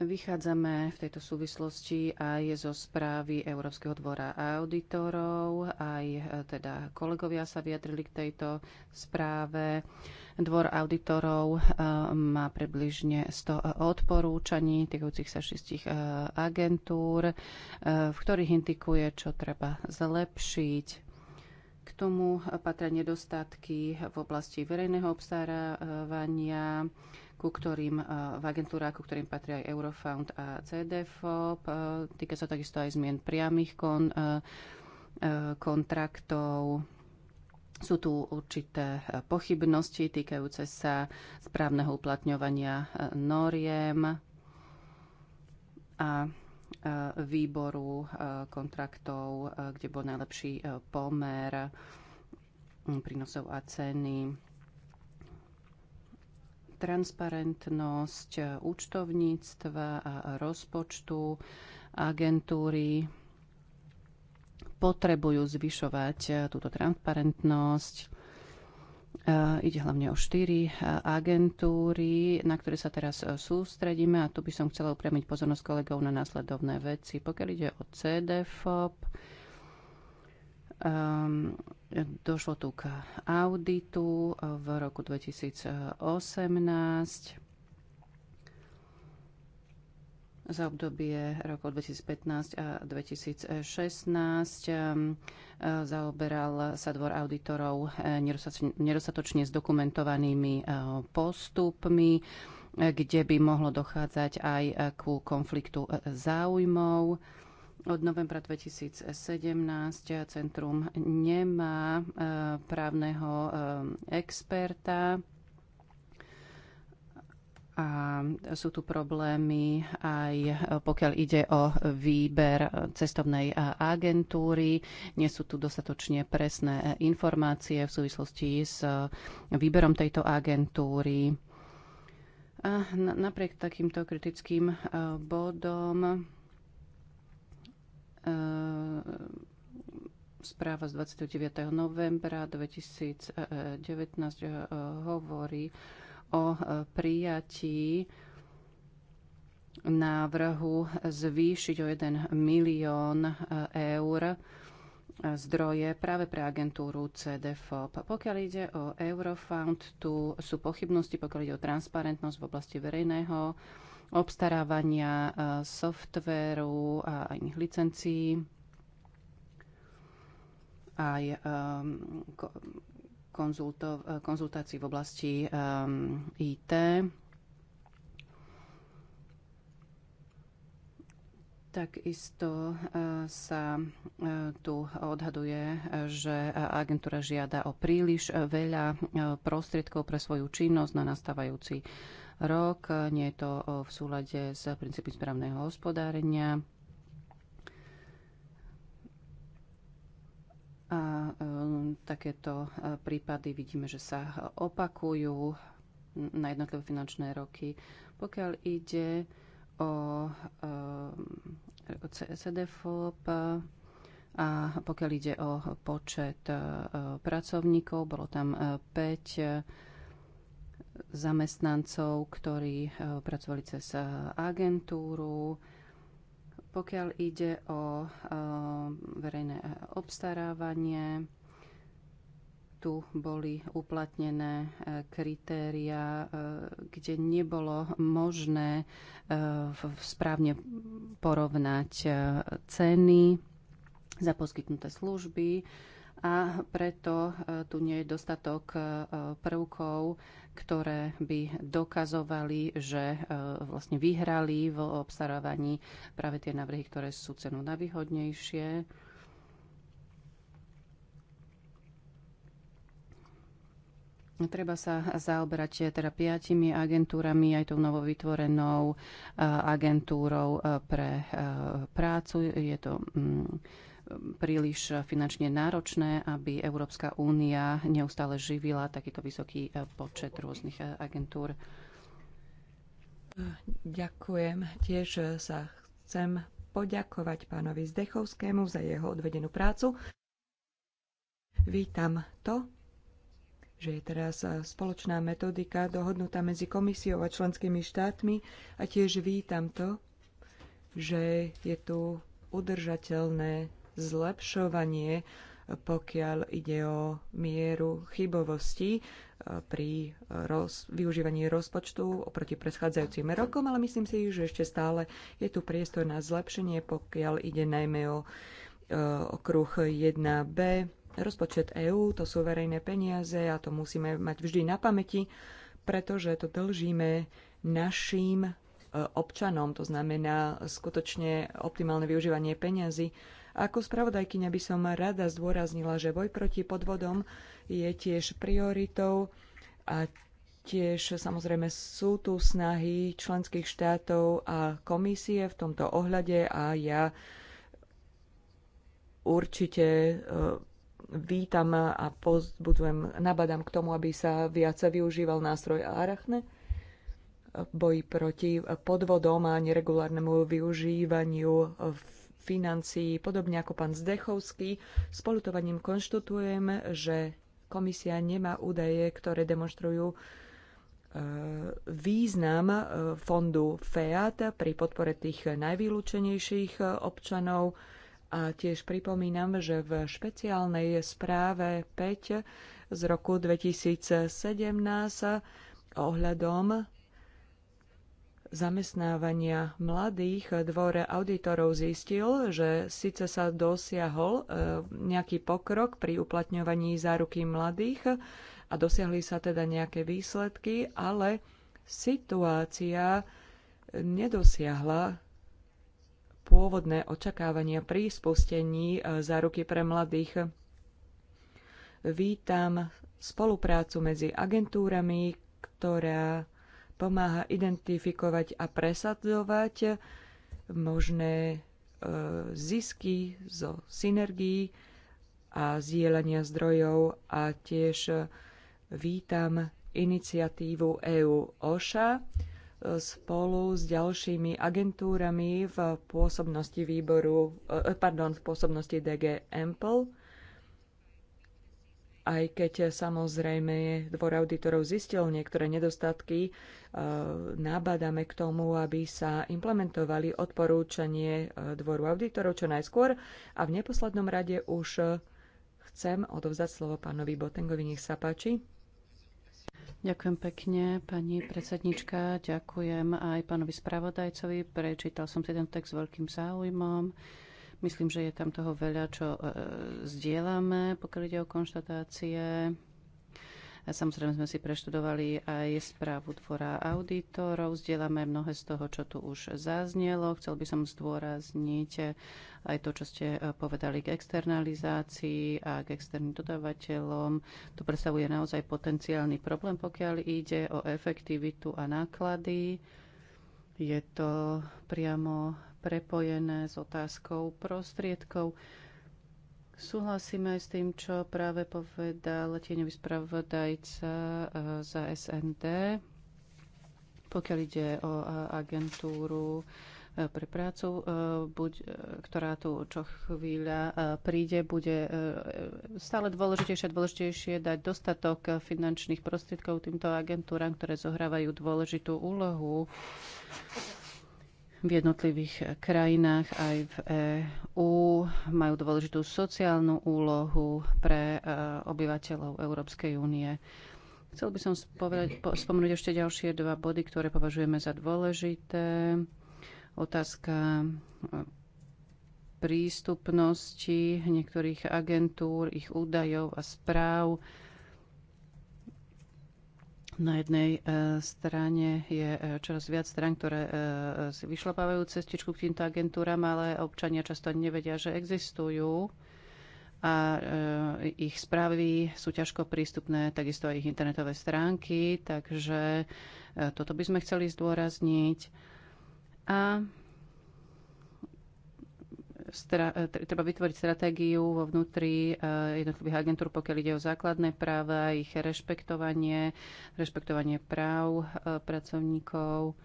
B: Vychádzame v tejto súvislosti aj zo správy Európskeho dvora auditorov, aj e, teda kolegovia sa vyjadrili k tejto správe. Dvor auditorov e, má približne 100 odporúčaní týkajúcich sa šestich e, agentúr, v ktorých indikuje, čo treba zlepšiť. K tomu patria nedostatky v oblasti verejného obstarávania, ku ktorým, e, v agentúrách, ku ktorým patria aj Eurofound a CDFOP. E, týka sa takisto aj zmien priamých kon, e, kontraktov. Sú tu určité pochybnosti týkajúce sa správneho uplatňovania noriem a výboru kontraktov, kde bol najlepší pomer prínosov a ceny transparentnosť účtovníctva a rozpočtu agentúry potrebujú zvyšovať túto transparentnosť. Ide hlavne o štyri agentúry, na ktoré sa teraz sústredíme a tu by som chcela upriamiť pozornosť kolegov na následovné veci. Pokiaľ ide o CDFOP, Um, došlo tu k auditu eh, v roku 2018 za obdobie rokov 2015 a 2016 ehm, eh, zaoberal sa dvor auditorov eh, nedostatočne zdokumentovanými postupmi, kde by mohlo dochádzať aj ku konfliktu záujmov. Od novembra 2017 centrum nemá e, právneho e, experta a sú tu problémy aj e, pokiaľ ide o výber cestovnej agentúry. Nie sú tu dostatočne presné informácie v súvislosti s výberom tejto agentúry. A napriek takýmto kritickým bodom Ehm, správa z 29. novembra 2019 eh, hovorí o eh, prijatí návrhu zvýšiť o 1 milión eh, eur zdroje práve pre agentúru CDFOP. Pokiaľ ide o Eurofound, tu sú pochybnosti, pokiaľ ide o transparentnosť v oblasti verejného obstarávania e, softvéru a iných licencií, aj e, e, konzultácií v oblasti IT. Takisto sa tu odhaduje, že agentúra žiada o príliš veľa prostriedkov pre svoju činnosť na nastávajúci rok. Nie je to v súlade s princípy správneho hospodárenia. A e, takéto e, prípady vidíme, že sa opakujú na jednotlivé finančné roky. Pokiaľ ide o e, CDFOP a pokiaľ ide o počet pracovníkov, bolo tam 5 zamestnancov, ktorí e, pracovali cez e, agentúru. Pokiaľ ide o e, verejné obstarávanie, tu boli uplatnené kritéria, kde nebolo možné správne porovnať ceny za poskytnuté služby a preto e, tu nie je dostatok e, prvkov, ktoré by dokazovali, že e, vlastne vyhrali v obstarávaní práve tie návrhy, ktoré sú cenu najvýhodnejšie. Treba sa zaoberať teda piatimi agentúrami, aj tou novovytvorenou agentúrou pre prácu. Je to mm, príliš finančne náročné, aby Európska únia neustále živila takýto vysoký e, počet rôznych e,
C: agentúr. Ďakujem. Tiež e, sa chcem poďakovať pánovi Zdechovskému za jeho odvedenú prácu. Vítam to, že je teraz spoločná metodika dohodnutá medzi komisiou a členskými štátmi a tiež vítam to, že je tu udržateľné zlepšovanie, pokiaľ ide o mieru chybovosti eh, pri roz, využívaní rozpočtu oproti predchádzajúcim rokom, ale myslím si, že ešte stále je tu priestor na zlepšenie, pokiaľ ide najmä o eh, okruh 1b, rozpočet EÚ, to sú verejné peniaze a to musíme mať vždy na pamäti, pretože to dlžíme našim eh, občanom, to znamená skutočne optimálne využívanie peniazy. Ako spravodajkyňa by som rada zdôraznila, že boj proti podvodom je tiež prioritou a tiež samozrejme sú tu snahy členských štátov a komisie v tomto ohľade a ja určite e, vítam a pozbudzujem, nabadám k tomu, aby sa viac využíval nástroj Arachne v boji proti podvodom a neregulárnemu využívaniu financií. Podobne ako pán Zdechovský, s polutovaním konštatujem, že komisia nemá údaje, ktoré demonstrujú e, význam e, fondu FEAT pri podpore tých najvylúčenejších občanov. A tiež pripomínam, že v špeciálnej správe 5 z roku 2017 ohľadom zamestnávania mladých dvore auditorov zistil, že síce sa dosiahol e, nejaký pokrok pri uplatňovaní záruky mladých a dosiahli sa teda nejaké výsledky, ale situácia nedosiahla pôvodné očakávania pri spustení e, záruky pre mladých. Vítam spoluprácu medzi agentúrami, ktorá pomáha identifikovať a presadzovať možné e, zisky zo synergií a zdieľania zdrojov a tiež e, vítam iniciatívu EU OŠA e, spolu s ďalšími agentúrami v pôsobnosti výboru, pardon, v pôsobnosti DG Ample aj keď samozrejme dvor auditorov zistil niektoré nedostatky, e, nabádame k tomu, aby sa implementovali odporúčanie e, dvoru auditorov čo najskôr a v neposlednom rade už chcem odovzdať slovo pánovi Botengovi, nech sa páči. Ďakujem pekne,
B: pani predsednička. Ďakujem aj pánovi spravodajcovi. Prečítal som si ten text s veľkým záujmom. Myslím, že je tam toho veľa, čo e, zdieľame, pokiaľ ide o konštatácie. A samozrejme sme si preštudovali aj správu dvora auditorov, zdieľame mnohé z toho, čo tu už zaznelo. Chcel by som zdôrazniť aj to, čo ste e, povedali k externalizácii a k externým dodávateľom. To predstavuje naozaj potenciálny problém, pokiaľ ide o efektivitu a náklady je to priamo prepojené s otázkou prostriedkov. Súhlasíme aj s tým, čo práve povedal tieňový spravodajca eh, za SND, pokiaľ ide o eh, agentúru E, pre prácu, e, buď, e, ktorá tu čo chvíľa príde, bude stále dôležitejšie a dôležitejšie dať dostatok finančných prostriedkov týmto agentúram, ktoré zohrávajú dôležitú úlohu v jednotlivých krajinách aj v EÚ majú dôležitú sociálnu úlohu pre obyvateľov Európskej únie. Chcel by som spomenúť ešte ďalšie dva body, ktoré považujeme za dôležité. Otázka e, prístupnosti niektorých agentúr, ich údajov a správ. Na jednej e, strane je e, čoraz viac strán, ktoré si vyšlapávajú cestičku k týmto agentúram, ale občania často nevedia, že existujú a ich správy sú ťažko prístupné, takisto aj ich internetové stránky, takže toto by sme chceli zdôrazniť a e, treba vytvoriť stratégiu vo vnútri e, jednotlivých agentúr, pokiaľ ide o základné práva, ich rešpektovanie, rešpektovanie práv e, pracovníkov,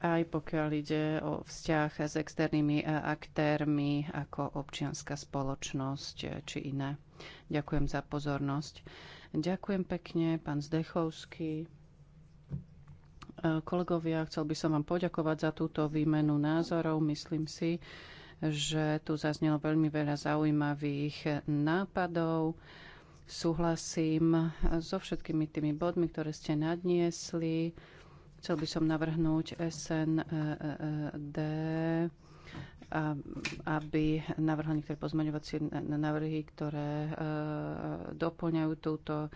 B: aj pokiaľ ide o vzťah s externými aktérmi ako občianská spoločnosť či iné. Ďakujem za pozornosť. Ďakujem pekne, pán Zdechovský. Eh, kolegovia, chcel by som vám poďakovať za túto výmenu názorov. Myslím si, že tu zaznelo veľmi veľa zaujímavých nápadov. Súhlasím eh, so všetkými tými bodmi, ktoré ste nadniesli. Chcel by som navrhnúť SND e e e aby navrhla niektoré pozmaňovacie návrhy, ktoré e, doplňajú túto e,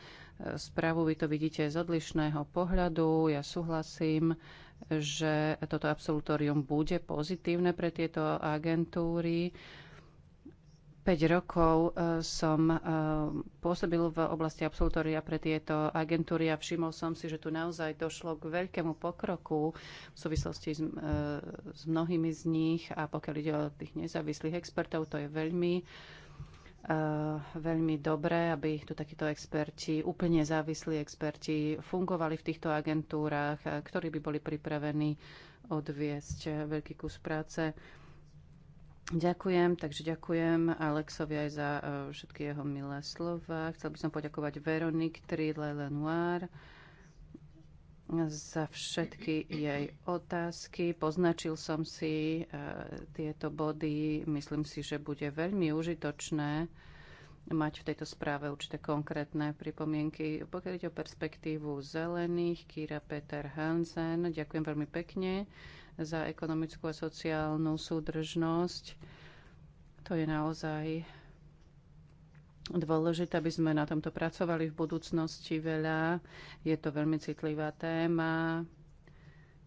B: správu. Vy to vidíte z odlišného pohľadu. Ja súhlasím, že toto absolutórium bude pozitívne pre tieto agentúry. 5 rokov e, som e, pôsobil v oblasti absolutória pre tieto agentúry a všimol som si, že tu naozaj došlo k veľkému pokroku v súvislosti s, e, s mnohými z nich a pokiaľ ide o tých nezávislých expertov, to je veľmi veľmi dobré, aby tu takíto experti, úplne závislí experti fungovali v týchto agentúrach, ktorí by boli pripravení odviesť veľký kus práce. Ďakujem, takže ďakujem Alexovi aj za e, všetky jeho milé slova. Chcel by som poďakovať Veronik Trille Lenoir za všetky jej otázky. Poznačil som si e, tieto body. Myslím si, že bude veľmi užitočné mať v tejto správe určité konkrétne pripomienky. Pokiaľ ide o perspektívu zelených, Kira Peter Hansen, ďakujem veľmi pekne za ekonomickú a sociálnu súdržnosť. To je naozaj dôležité, aby sme na tomto pracovali v budúcnosti veľa. Je to veľmi citlivá téma,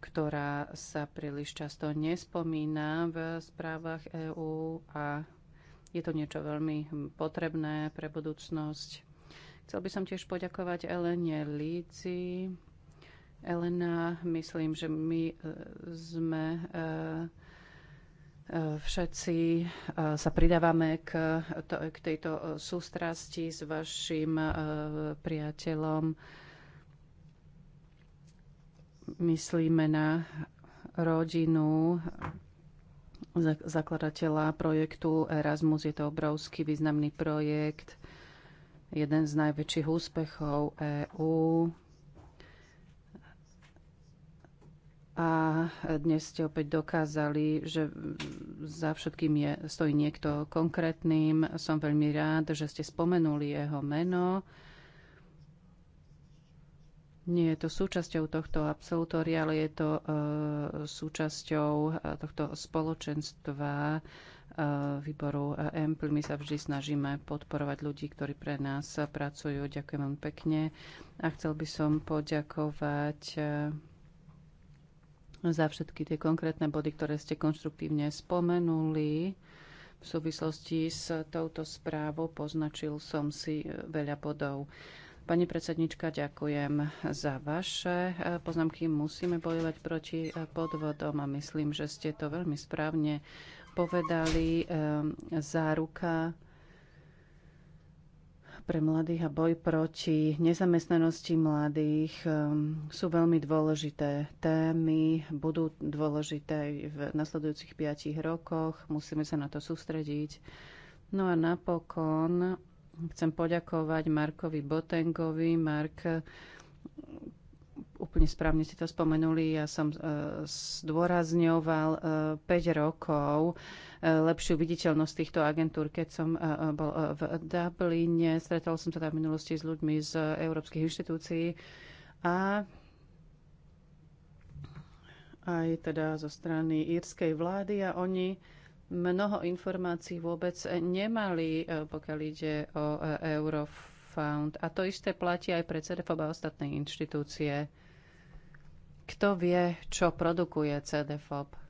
B: ktorá sa príliš často nespomína v správach EÚ a je to niečo veľmi potrebné pre budúcnosť. Chcel by som tiež poďakovať Elene Líci, Elena, myslím, že my e, sme e, e, všetci sa pridávame k, k tejto sústrasti s vašim priateľom. Myslíme na rodinu zakladateľa projektu Erasmus. Je to obrovský významný projekt, jeden z najväčších úspechov EÚ a dnes ste opäť dokázali, že za všetkým je, stojí niekto konkrétnym. Som veľmi rád, že ste spomenuli jeho meno. Nie je to súčasťou tohto absolutória, ale je to e, súčasťou e, tohto spoločenstva e, výboru EMPL. My sa vždy snažíme podporovať ľudí, ktorí pre nás pracujú. Ďakujem vám pekne a chcel by som poďakovať e, za všetky tie konkrétne body, ktoré ste konštruktívne spomenuli. V súvislosti s touto správou poznačil som si e, veľa bodov. Pani predsednička, ďakujem za vaše e, poznámky. Musíme bojovať proti e, podvodom a myslím, že ste to veľmi správne povedali. Záruka pre mladých a boj proti nezamestnanosti mladých ehm, sú veľmi dôležité témy, budú dôležité aj v nasledujúcich 5 rokoch, musíme sa na to sústrediť. No a napokon chcem poďakovať Markovi Botengovi. Mark, ehm, úplne správne ste to spomenuli, ja som ehm, zdôrazňoval 5 rokov E, lepšiu viditeľnosť týchto agentúr. Keď som e, e, bol v Dubline, stretol som sa tam v minulosti s ľuďmi z európskych inštitúcií a aj teda zo strany írskej vlády a oni mnoho informácií vôbec nemali, pokiaľ ide o Eurofound. A to isté platí aj pre CDFOB a ostatné inštitúcie. Kto vie, čo produkuje CDFOB?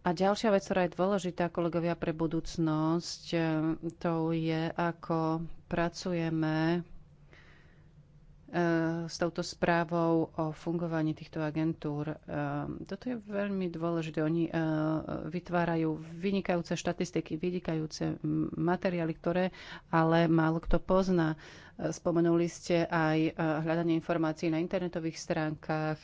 B: A ďalšia vec, ktorá je dôležitá, kolegovia, pre budúcnosť, e, to je, ako pracujeme e, s touto správou o fungovaní týchto agentúr. E, toto je veľmi dôležité. Oni vytvárajú vynikajúce štatistiky, vynikajúce materiály, ktoré ale málo kto pozná. Spomenuli ste aj hľadanie informácií na internetových stránkach,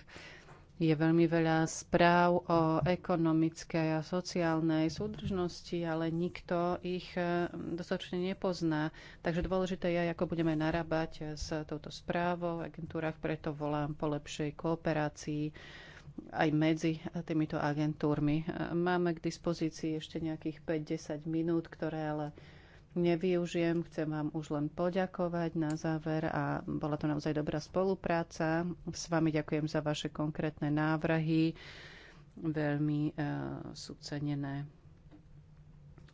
B: je veľmi veľa správ o ekonomickej a sociálnej súdržnosti, ale nikto ich eh, dostatočne nepozná. Takže dôležité je, ako budeme narábať s touto správou v agentúrach, preto volám po lepšej kooperácii aj medzi týmito agentúrmi. Eh, máme k dispozícii ešte nejakých 5-10 minút, ktoré ale nevyužijem. Chcem vám už len poďakovať na záver a bola to naozaj dobrá spolupráca. S vami ďakujem za vaše konkrétne návrhy, veľmi e, eh, sú cenené.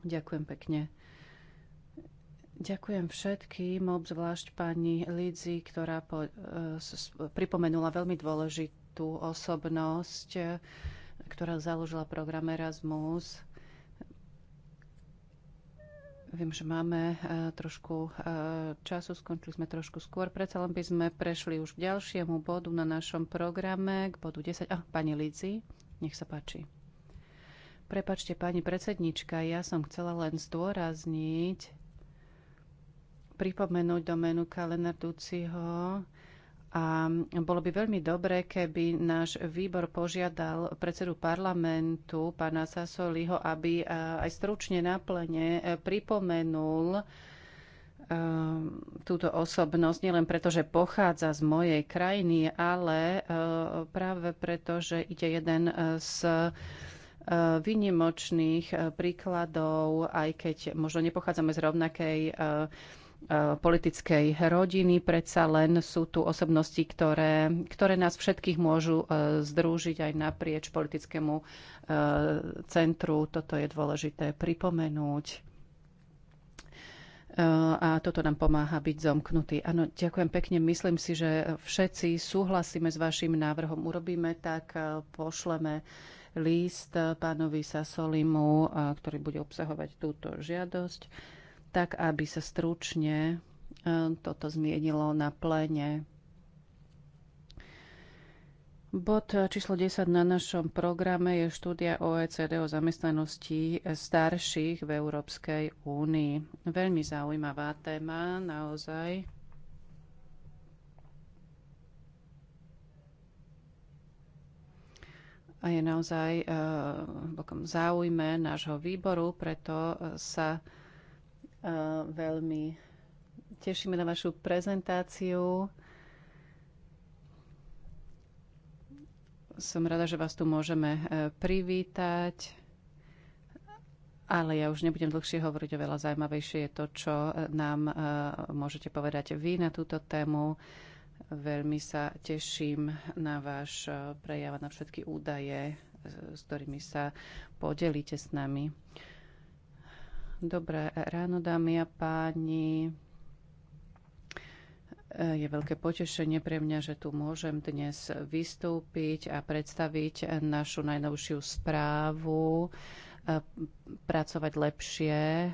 B: Ďakujem pekne. Ďakujem všetkým, obzvlášť pani Lidzi, ktorá po, e, s, pripomenula veľmi dôležitú osobnosť, e, ktorá založila program Erasmus Viem, že máme e, trošku e, času, skončili sme trošku skôr. Predsa len by sme prešli už k ďalšiemu bodu na našom programe, k bodu 10. A, pani Lidzi, nech sa páči. Prepačte, pani predsednička, ja som chcela len zdôrazniť, pripomenúť domenu kalendárduciho, a bolo by veľmi dobré, keby náš výbor požiadal predsedu parlamentu, pána Sasoliho, aby e, aj stručne na plene e, pripomenul e, túto osobnosť, nielen preto, že pochádza z mojej krajiny, ale práve preto, že ide jeden z vynimočných príkladov, aj keď možno nepochádzame z rovnakej E, politickej rodiny. Predsa len sú tu osobnosti, ktoré, ktoré nás všetkých môžu e, združiť aj naprieč politickému e, centru. Toto je dôležité pripomenúť. A toto nám pomáha byť zomknutý. Áno, ďakujem pekne. Myslím si, že všetci súhlasíme s vašim návrhom. Urobíme tak, pošleme list pánovi Sasolimu, ktorý bude obsahovať túto žiadosť tak aby sa stručne e, toto zmienilo na pléne. Bod číslo 10 na našom programe je štúdia OECD o zamestnanosti starších v Európskej únii. Veľmi zaujímavá téma, naozaj. a je naozaj e, v záujme nášho výboru, preto sa Eh, veľmi tešíme na vašu prezentáciu. Som rada, že vás tu môžeme eh, privítať. Ale ja už nebudem dlhšie hovoriť, oveľa zaujímavejšie je to, čo eh, nám môžete povedať vy na túto tému. Veľmi sa teším na váš prejav, na všetky údaje, s ktorými sa podelíte s nami. Dobré ráno, dámy a páni. E, je veľké potešenie pre mňa, že tu môžem dnes vystúpiť a predstaviť našu najnovšiu správu e, pracovať lepšie e,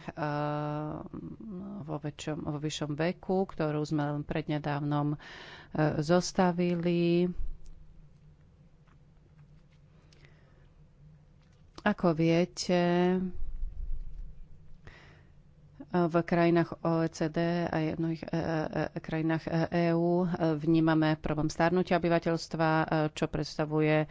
B: vo, väčšom, vo vyššom veku, ktorú sme len prednedávnom zostavili. Ako viete, v krajinách OECD a v mnohých e, e, e, krajinách EÚ vnímame problém starnutia obyvateľstva, čo predstavuje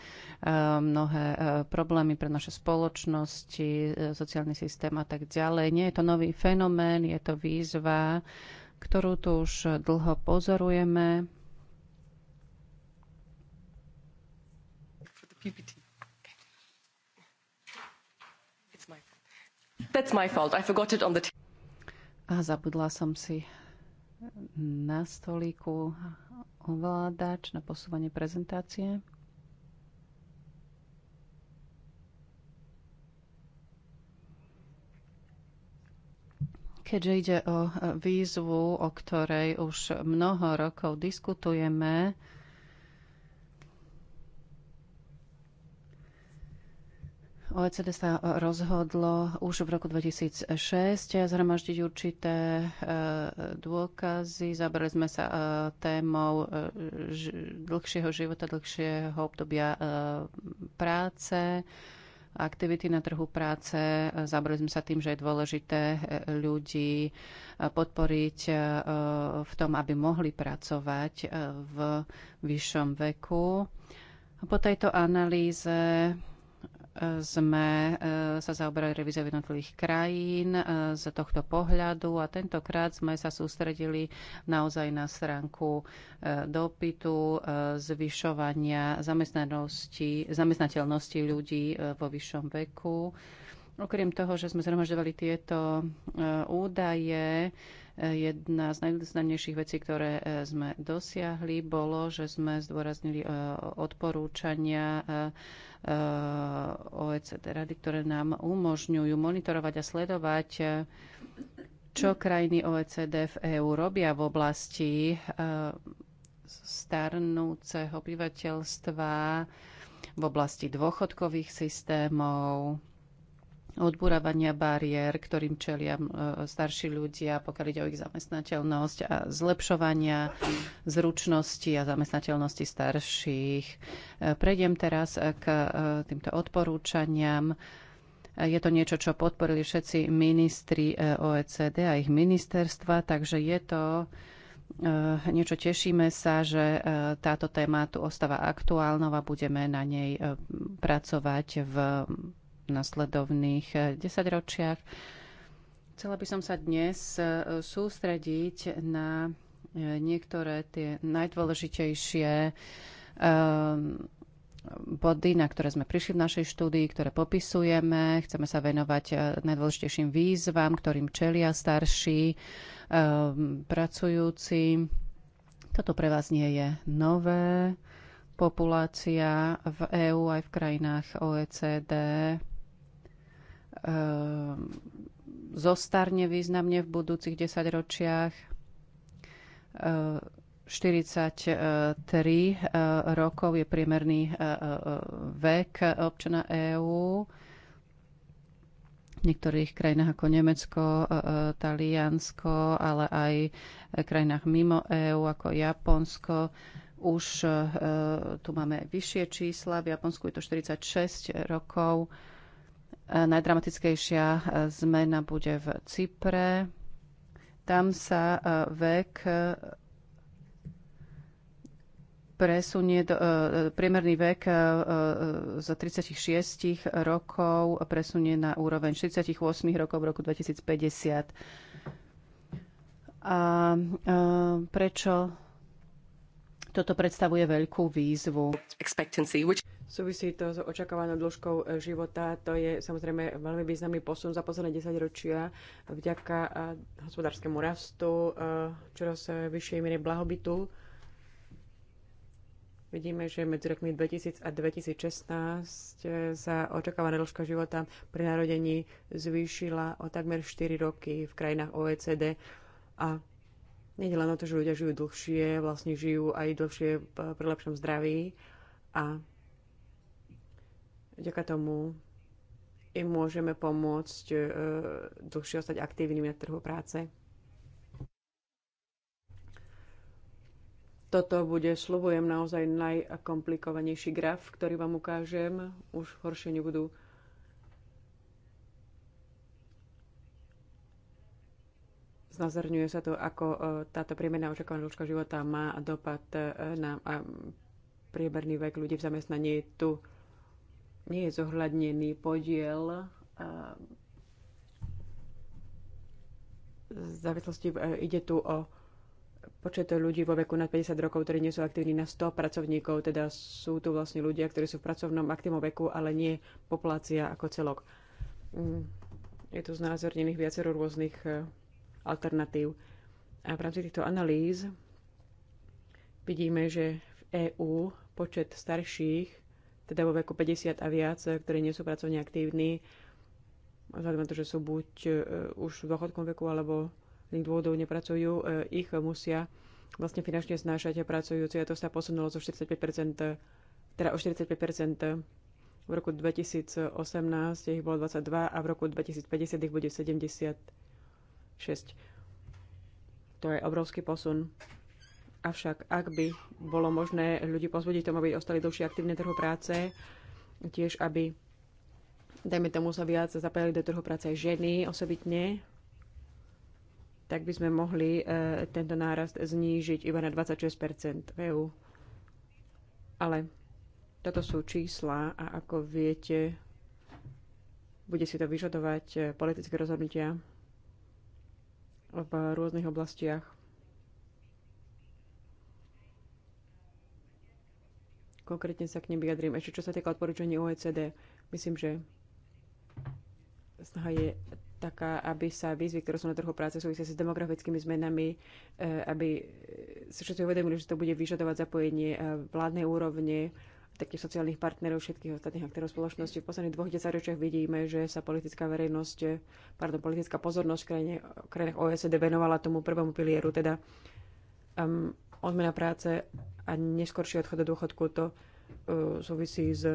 B: mnohé problémy pre naše spoločnosti, sociálny systém a tak ďalej. Nie je to nový fenomén, je to výzva, ktorú tu už dlho pozorujeme.
A: That's my fault. I forgot
B: it on the a zabudla som si na stolíku ovládač na posúvanie prezentácie. Keďže ide o e, výzvu, o ktorej už mnoho rokov diskutujeme, OECD sa e, rozhodlo už v roku 2006 zhromaždiť určité e, dôkazy. Zabrali sme sa e, témou dlhšieho života, dlhšieho obdobia práce, aktivity na trhu práce. Zabrali sme sa tým, že je dôležité ľudí podporiť v tom, aby mohli pracovať v vyššom veku. Po tejto analýze sme e, sa zaoberali revíziou jednotlivých krajín e, z tohto pohľadu a tentokrát sme sa sústredili naozaj na stránku e, dopytu, zvyšovania zamestnateľnosti ľudí vo vyššom veku. Okrem toho, že sme zhromažďovali tieto údaje, Jedna z najvýznamnejších vecí, ktoré e, sme dosiahli, bolo, že sme zdôraznili e, odporúčania e, OECD rady, ktoré nám umožňujú monitorovať a sledovať čo krajiny OECD v EÚ robia v oblasti starnúceho obyvateľstva, v oblasti dôchodkových systémov, odburávania bariér, ktorým čelia e, starší ľudia, pokiaľ ide o ich zamestnateľnosť a zlepšovania zručnosti a zamestnateľnosti starších. E, prejdem teraz k e, týmto odporúčaniam. Je to niečo, čo podporili všetci ministri OECD a ich ministerstva, takže je to niečo tešíme sa, že táto téma tu ostáva aktuálnou a budeme na nej pracovať v nasledovných eh, desaťročiach. Chcela by som sa dnes eh, sústrediť na eh, niektoré tie najdôležitejšie body, na ktoré sme prišli v našej štúdii, ktoré popisujeme. Chceme sa venovať najdôležitejším výzvam, ktorým čelia starší, pracujúci. Toto pre vás nie je nové. Populácia v EÚ aj v krajinách OECD Ehm, zostarne významne v budúcich desaťročiach. 43 ehm, ehm, rokov je priemerný vek občana EÚ. V niektorých krajinách ako Nemecko, Taliansko, ale aj krajinách mimo EÚ ako Japonsko už tu máme vyššie čísla. V Japonsku je to 46 rokov. E, najdramatickejšia e, zmena bude v Cypre. Tam sa e, vek presunie priemerný vek z 36 rokov presunie na úroveň 48 rokov v roku 2050.
A: A prečo toto predstavuje veľkú výzvu? Súvisí to s očakávanou dĺžkou e, života. To je samozrejme veľmi významný posun za posledné 10 ročia vďaka e, hospodárskému rastu, e, čoraz vyššej miery blahobytu. Vidíme, že medzi rokmi 2000 a 2016 sa očakávaná dĺžka života pri narodení zvýšila o takmer 4 roky v krajinách OECD a nie len o to, že ľudia žijú dlhšie, vlastne žijú aj dlhšie pri lepšom zdraví a Vďaka tomu im môžeme pomôcť e, dlhšie ostať aktívnymi na trhu práce. Toto bude, slubujem, naozaj najkomplikovanejší graf, ktorý vám ukážem. Už horšie nebudú. Znazrňuje sa to, ako e, táto priemerná očakávaná dĺžka života má dopad e, na priemerný vek ľudí v zamestnaní. Tu nie je zohľadnený podiel závislosti. E, ide tu o počet ľudí vo veku nad 50 rokov, ktorí nie sú aktívni na 100 pracovníkov, teda sú tu vlastne ľudia, ktorí sú v pracovnom aktívnom veku, ale nie populácia ako celok. Mm, je tu znázornených viacero rôznych e, alternatív. A v rámci týchto analýz vidíme, že v EÚ počet starších teda vo veku 50 a viac, eh, ktorí nie sú pracovne aktívni, vzhľadom na to, že sú buď eh, už v dôchodkom veku alebo z dôvodov nepracujú, eh, ich musia vlastne finančne znášať a pracujúci a to sa posunulo zo 45%, teda o 45% v roku 2018 ich bolo 22 a v roku 2050 ich bude 76. To je obrovský posun. Avšak ak by bolo možné ľudí pozbudiť tomu, aby ostali dlhšie aktívne trhu práce, tiež aby, dajme tomu, sa viac zapájali do trhu práce aj ženy osobitne, tak by sme mohli e, tento nárast znížiť iba na 26 v EU. Ale toto sú čísla a ako viete, bude si to vyžadovať e, politické rozhodnutia v rôznych oblastiach Konkrétne sa k nim vyjadrím. Ešte čo sa týka odporúčaní OECD, myslím, že snaha je taká, aby sa výzvy, ktoré sú na trhu práce, súvisia s demografickými zmenami, e, aby sa všetci uvedomili, že to bude vyžadovať zapojenie e, vládnej úrovne, takých sociálnych partnerov, všetkých ostatných aktérov spoločnosti. V posledných dvoch desaťročiach vidíme, že sa politická verejnosť, e, pardon, politická pozornosť v krajine, krajinách OSD venovala tomu prvému pilieru, teda um, odmena práce a neskorší odchod do dôchodku, to e, súvisí s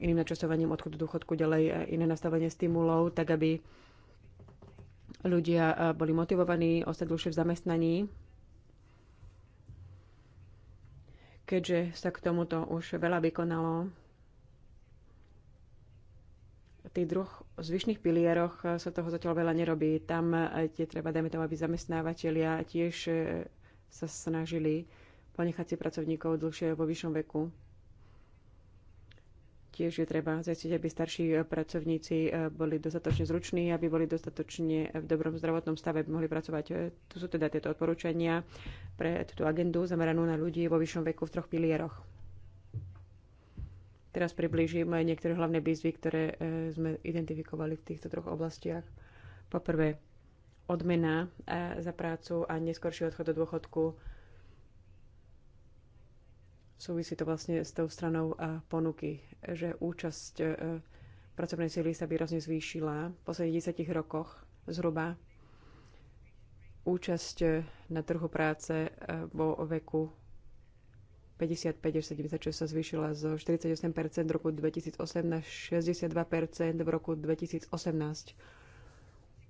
A: iným načasovaním odchodu do dôchodku ďalej a e, iné nastavenie stimulov, tak aby ľudia e, boli motivovaní ostať dlhšie v zamestnaní. Keďže sa k tomuto už veľa vykonalo, tých druh zvyšných pilieroch sa toho zatiaľ veľa nerobí. Tam tie treba, dajme tomu, aby zamestnávateľia tiež sa snažili ponechať si pracovníkov dlhšie vo vyššom veku. Tiež je treba zajistiť, aby starší pracovníci eh, boli dostatočne zruční, aby boli dostatočne v dobrom zdravotnom stave, aby mohli pracovať. Eh, tu sú teda tieto odporúčania pre túto agendu zameranú na ľudí vo vyššom veku v troch pilieroch. Teraz priblížim niektoré hlavné výzvy, ktoré eh, sme identifikovali v týchto troch oblastiach. Poprvé odmena e, za prácu a neskorší odchod do dôchodku. Súvisí to vlastne s tou stranou ponuky, že účasť e, pracovnej síly sa výrazne zvýšila v posledných 10 rokoch zhruba. Účasť e, na trhu práce vo veku 55 až 76 sa zvýšila zo 48 v roku 2008 na 62 v roku 2018.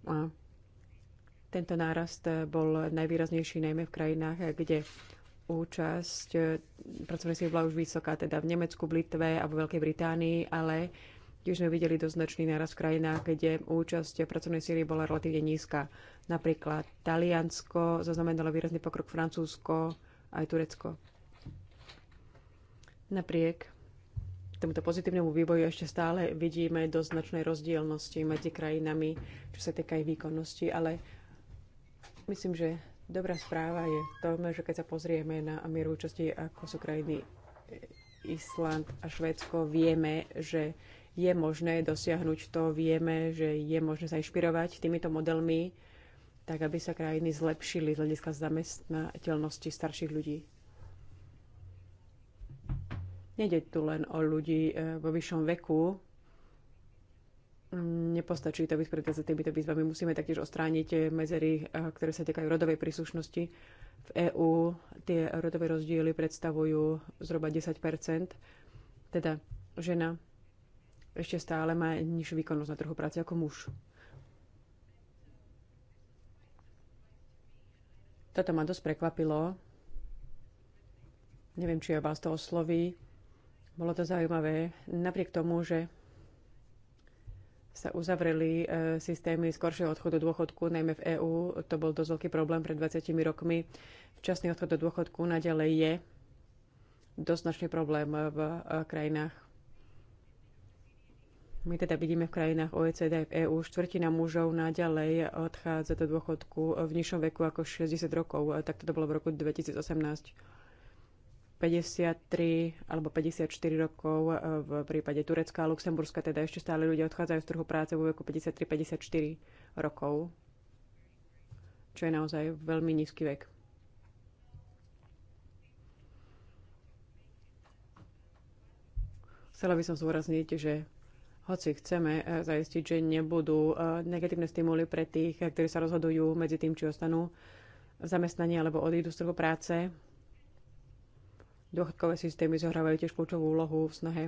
A: A tento nárast bol najvýraznejší najmä v krajinách, kde účasť pracovnej síly bola už vysoká, teda v Nemecku, v Litve a vo Veľkej Británii, ale tiež sme videli doznačný náraz v krajinách, kde účasť pracovnej síly bola relatívne nízka. Napríklad Taliansko zaznamenalo výrazný pokrok Francúzsko aj Turecko. Napriek tomuto pozitívnemu vývoju ešte stále vidíme doznačné rozdielnosti medzi krajinami, čo sa týka ich výkonnosti, ale Myslím, že dobrá správa je v tom, že keď sa pozrieme na mieru účasti, ako sú krajiny e, Island a Švédsko, vieme, že je možné dosiahnuť to, vieme, že je možné sa inšpirovať týmito modelmi, tak aby sa krajiny zlepšili z hľadiska zamestnateľnosti starších ľudí. Nede tu len o ľudí e, vo vyššom veku, nepostačí to vysporiadať sa týmito výzvami. Musíme taktiež ostrániť eh, medzery, eh, ktoré sa týkajú rodovej príslušnosti. V EÚ tie rodové rozdiely predstavujú zhruba 10 teda žena ešte stále má nižšiu výkonnosť na trhu práce ako muž. Toto ma dosť prekvapilo. Neviem, či ja vás to osloví. Bolo to zaujímavé. Napriek tomu, že sa uzavreli e, systémy skoršieho odchodu dôchodku, najmä v EÚ. To bol dosť veľký problém pred 20 rokmi. Včasný odchod do dôchodku naďalej je dosť značný problém v e, krajinách. My teda vidíme v krajinách OECD aj v EÚ, štvrtina mužov naďalej odchádza do dôchodku v nižšom veku ako 60 rokov. E, Takto to bolo v roku 2018 53 alebo 54 rokov e, v prípade Turecka a Luxemburska, teda ešte stále ľudia odchádzajú z trhu práce vo veku 53-54 rokov, čo je naozaj veľmi nízky vek. Chcela by som zúrazniť, že hoci chceme e, zaistiť, že nebudú e, negatívne stimuly pre tých, ktorí sa rozhodujú medzi tým, či ostanú zamestnaní alebo odídu z trhu práce, Dôchodkové systémy zohrávajú tiež kľúčovú úlohu v snahe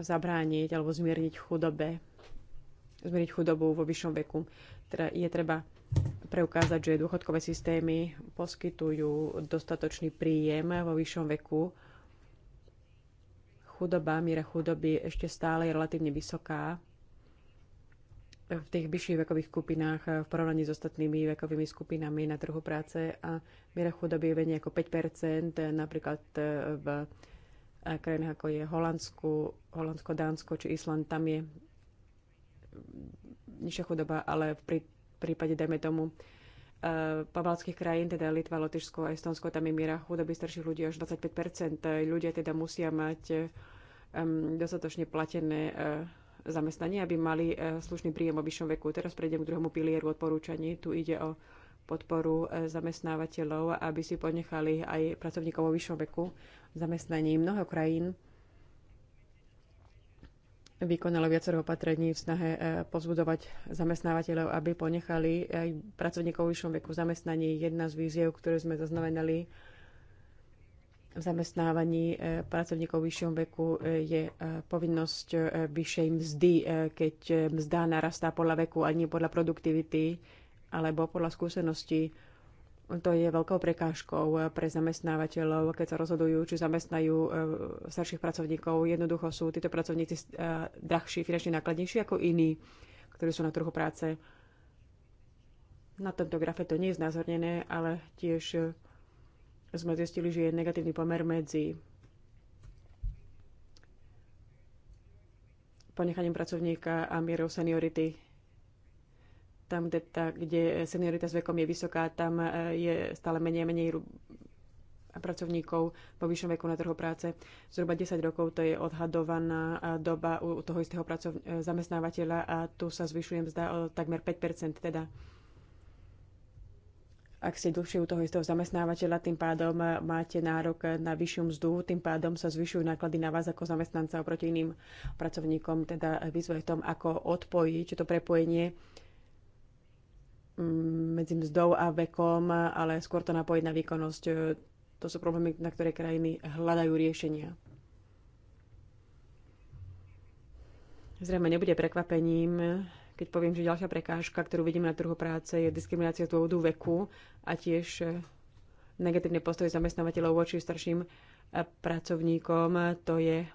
A: zabrániť alebo zmierniť chudobe, zmierniť chudobu vo vyššom veku. Teda je treba preukázať, že dôchodkové systémy poskytujú dostatočný príjem vo vyššom veku. Chudoba, míra chudoby ešte stále je relatívne vysoká v tých vyšších vekových skupinách eh, v porovnaní s ostatnými vekovými skupinami na trhu práce a miera chudoby je menej ako 5 eh, napríklad eh, v krajinách ako je Holandsku, Holandsko, Dánsko či Island, tam je nižšia chudoba, ale v prípade, dajme tomu, pobaltských krajín, teda Litva, Lotyšsko a Estonsko, tam je miera chudoby starších ľudí až 25 Ľudia teda musia mať dostatočne platené zamestnanie, aby mali e, slušný príjem o vyššom veku. Teraz prejdem k druhému pilieru odporúčaní. Tu ide o podporu e, zamestnávateľov, aby si ponechali aj pracovníkov o vyššom veku zamestnaní. Mnoho krajín vykonalo viacero opatrení v snahe e, pozbudovať zamestnávateľov, aby ponechali aj pracovníkov v vyššom veku zamestnaní. Jedna z víziev, ktoré sme zaznamenali, v zamestnávaní e, pracovníkov vyššom veku e, je e, povinnosť vyššej mzdy, keď mzda narastá podľa veku a nie podľa produktivity alebo podľa skúseností. To je veľkou prekážkou pre zamestnávateľov, keď sa rozhodujú, či zamestnajú starších pracovníkov. Jednoducho sú títo pracovníci drahší, finančne nákladnejší ako iní, ktorí sú na trhu práce. Na tomto grafe to nie je znázornené, ale tiež sme zistili, že je negatívny pomer medzi ponechaním pracovníka a mierou seniority. Tam, kde, tá, kde seniorita s vekom je vysoká, tam e, je stále menej a menej pracovníkov vo vyššom veku na trhu práce. Zhruba 10 rokov to je odhadovaná e, doba u toho istého e, zamestnávateľa a tu sa zvyšuje mzda o takmer 5 teda ak ste dlhšie u toho istého zamestnávateľa, tým pádom eh, máte nárok na vyššiu mzdu, tým pádom sa zvyšujú náklady na vás ako zamestnanca oproti iným pracovníkom. Teda výzva v tom, ako odpojiť to prepojenie mm, medzi mzdou a vekom, ale skôr to napojiť na výkonnosť. To sú problémy, na ktoré krajiny hľadajú riešenia. Zrejme nebude prekvapením, keď poviem, že ďalšia prekážka, ktorú vidíme na trhu práce, je diskriminácia z dôvodu veku a tiež e, negatívne postoje zamestnávateľov voči starším e, pracovníkom. To je e,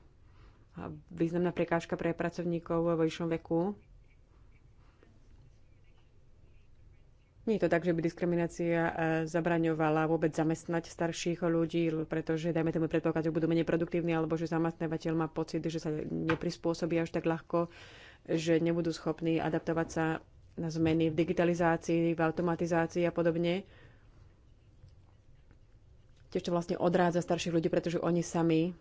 A: významná prekážka pre pracovníkov vo vyššom veku. Nie je to tak, že by diskriminácia zabraňovala vôbec zamestnať starších ľudí, pretože, dajme tomu predpoklad, že budú menej produktívni alebo že zamestnávateľ má pocit, že sa neprispôsobí až tak ľahko že nebudú schopní adaptovať sa na zmeny v digitalizácii, v automatizácii a podobne. Tiež to vlastne odrádza starších ľudí, pretože oni sami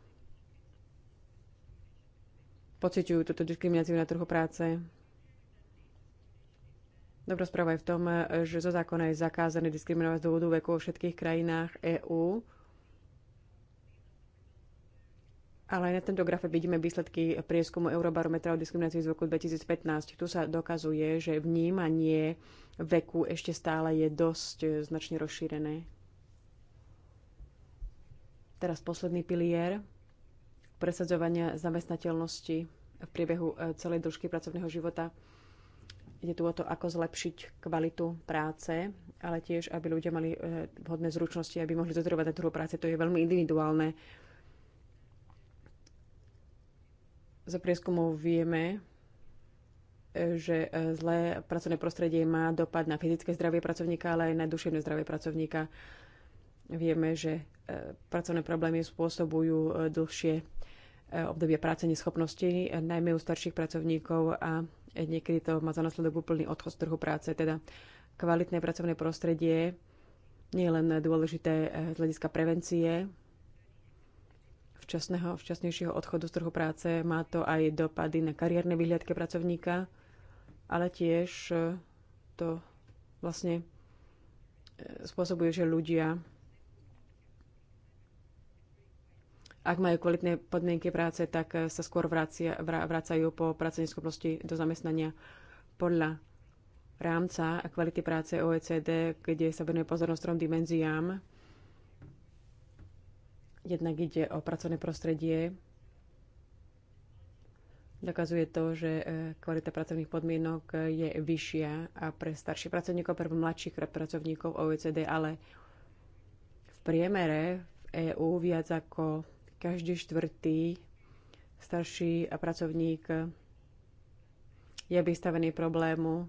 A: pociťujú túto diskrimináciu na trhu práce. Dobrá správa je v tom, že zo zákona je zakázané diskriminovať z dôvodu veku vo všetkých krajinách EÚ Ale aj na tento grafe vidíme výsledky prieskumu Eurobarometra o diskriminácii z roku 2015. Tu sa dokazuje, že vnímanie veku ešte stále je dosť e, značne rozšírené. Teraz posledný pilier presadzovania zamestnateľnosti v priebehu e, celej dĺžky pracovného života. Ide tu o to, ako zlepšiť kvalitu práce, ale tiež, aby ľudia mali e, vhodné zručnosti, aby mohli zotrvať na trhu práce. To je veľmi individuálne Za prieskumov vieme, e, že e, zlé pracovné prostredie má dopad na fyzické zdravie pracovníka, ale aj na duševné zdravie pracovníka. Vieme, že e, pracovné problémy spôsobujú dlhšie obdobie práce neschopnosti, najmä u starších pracovníkov a niekedy to má za následok úplný odchod z trhu práce. Teda kvalitné pracovné prostredie nie je len dôležité z hľadiska prevencie včasného, včasnejšieho odchodu z trhu práce. Má to aj dopady na kariérne vyhliadke pracovníka, ale tiež e, to vlastne e, spôsobuje, že ľudia, ak majú kvalitné podmienky práce, tak e, sa skôr vracia, vracajú po pracovnej schopnosti do zamestnania podľa rámca a kvality práce OECD, kde sa venuje pozornosť trom dimenziám Jednak ide o pracovné prostredie. Dokazuje to, že e, kvalita pracovných podmienok e, je vyššia a pre starších pracovníkov, pre mladších pracovníkov OECD, ale v priemere v EÚ viac ako každý štvrtý starší pracovník je vystavený problému, v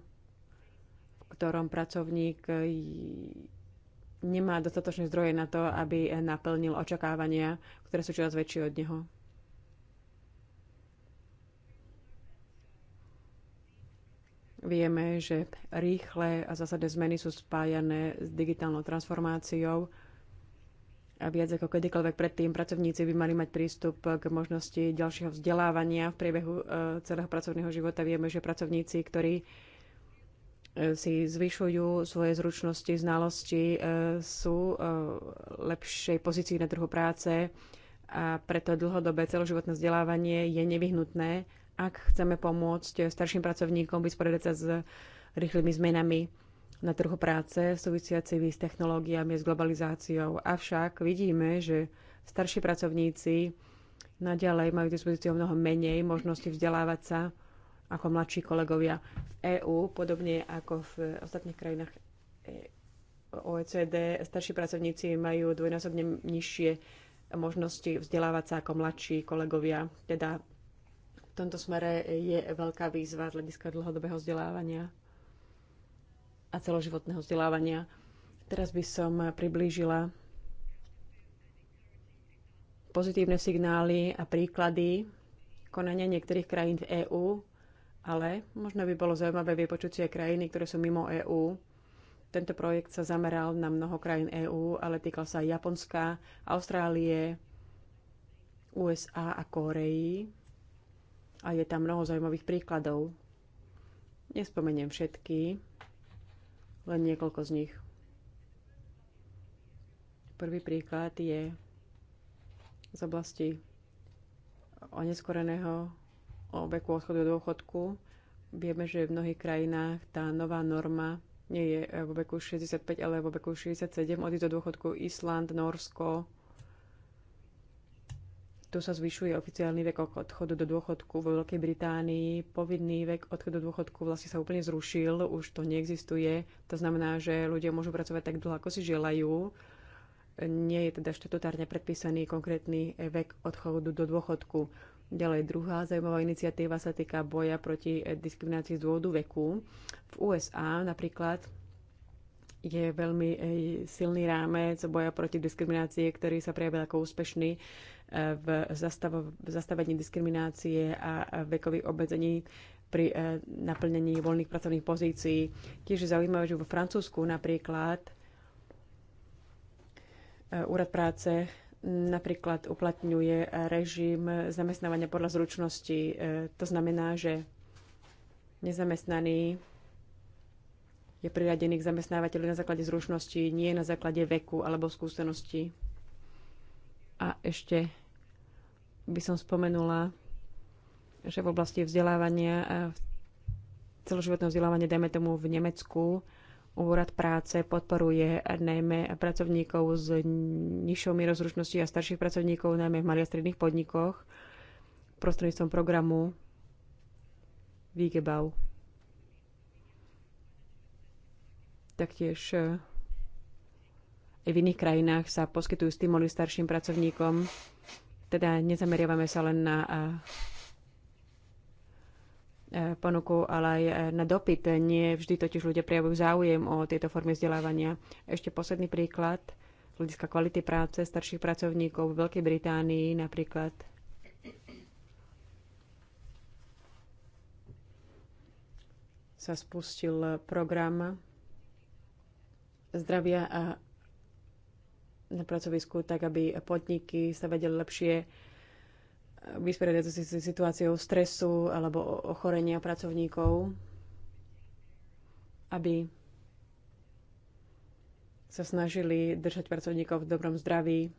A: ktorom pracovník e, nemá dostatočné zdroje na to, aby naplnil očakávania, ktoré sú čoraz väčšie od neho. Vieme, že rýchle a zásadné zmeny sú spájané s digitálnou transformáciou a viac ako kedykoľvek predtým pracovníci by mali mať prístup k možnosti ďalšieho vzdelávania v priebehu eh, celého pracovného života. Vieme, že pracovníci, ktorí si zvyšujú svoje zručnosti, znalosti, e, sú v e, lepšej pozícii na trhu práce a preto dlhodobé celoživotné vzdelávanie je nevyhnutné, ak chceme pomôcť starším pracovníkom vysporiadať sa s rýchlymi zmenami na trhu práce súvisiacimi s technológiami, s globalizáciou. Avšak vidíme, že starší pracovníci naďalej majú k dispozícii mnoho menej možnosti vzdelávať sa ako mladší kolegovia v EÚ, podobne ako v ostatných krajinách e OECD. Starší pracovníci majú dvojnásobne nižšie možnosti vzdelávať sa ako mladší kolegovia. Teda v tomto smere je veľká výzva z hľadiska dlhodobého vzdelávania a celoživotného vzdelávania. Teraz by som priblížila pozitívne signály a príklady konania niektorých krajín v EÚ ale možno by bolo zaujímavé vypočuť si aj krajiny, ktoré sú mimo EÚ. Tento projekt sa zameral na mnoho krajín EÚ, ale týkal sa aj Japonska, Austrálie, USA a Kóreji. A je tam mnoho zaujímavých príkladov. Nespomeniem všetky, len niekoľko z nich. Prvý príklad je z oblasti oneskoreného o veku odchodu do dôchodku. Vieme, že v mnohých krajinách tá nová norma nie je vo veku 65, ale vo veku 67 odísť do dôchodku Island, Norsko. Tu sa zvyšuje oficiálny vek odchodu do dôchodku. Vo Veľkej Británii povinný vek odchodu do dôchodku vlastne sa úplne zrušil, už to neexistuje. To znamená, že ľudia môžu pracovať tak dlho, ako si želajú. Nie je teda štatutárne predpísaný konkrétny vek odchodu do dôchodku. Ďalej druhá zaujímavá iniciatíva sa týka boja proti eh, diskriminácii z dôvodu veku. V USA napríklad je veľmi eh, silný rámec boja proti diskriminácii, ktorý sa prejavil ako úspešný eh, v, v zastavení diskriminácie a vekových obmedzení pri naplnení voľných pracovných pozícií. Tiež je zaujímavé, že vo Francúzsku napríklad Úrad práce napríklad uplatňuje režim zamestnávania podľa zručnosti. E, to znamená, že nezamestnaný je priradený k zamestnávateľu na základe zručnosti, nie na základe veku alebo skúsenosti.
C: A ešte
A: by som spomenula, že v oblasti vzdelávania, celoživotného vzdelávania, dajme tomu v Nemecku, Úrad práce podporuje najmä pracovníkov s nižšou mierou zručnosti a starších pracovníkov, najmä v malých a stredných podnikoch, prostredníctvom programu Vigebau. Taktiež eh, aj v iných krajinách sa poskytujú stimuly starším pracovníkom, teda nezameriavame sa len na eh, E, ponuku, ale aj e, na dopyt. Nie vždy totiž ľudia prejavujú záujem o tieto formy vzdelávania. Ešte posledný príklad z hľadiska kvality práce starších pracovníkov v Veľkej Británii napríklad. sa spustil program zdravia a na pracovisku, tak aby podniky sa vedeli lepšie vysporiadať si s situáciou stresu alebo ochorenia pracovníkov, aby sa snažili držať pracovníkov v dobrom zdraví.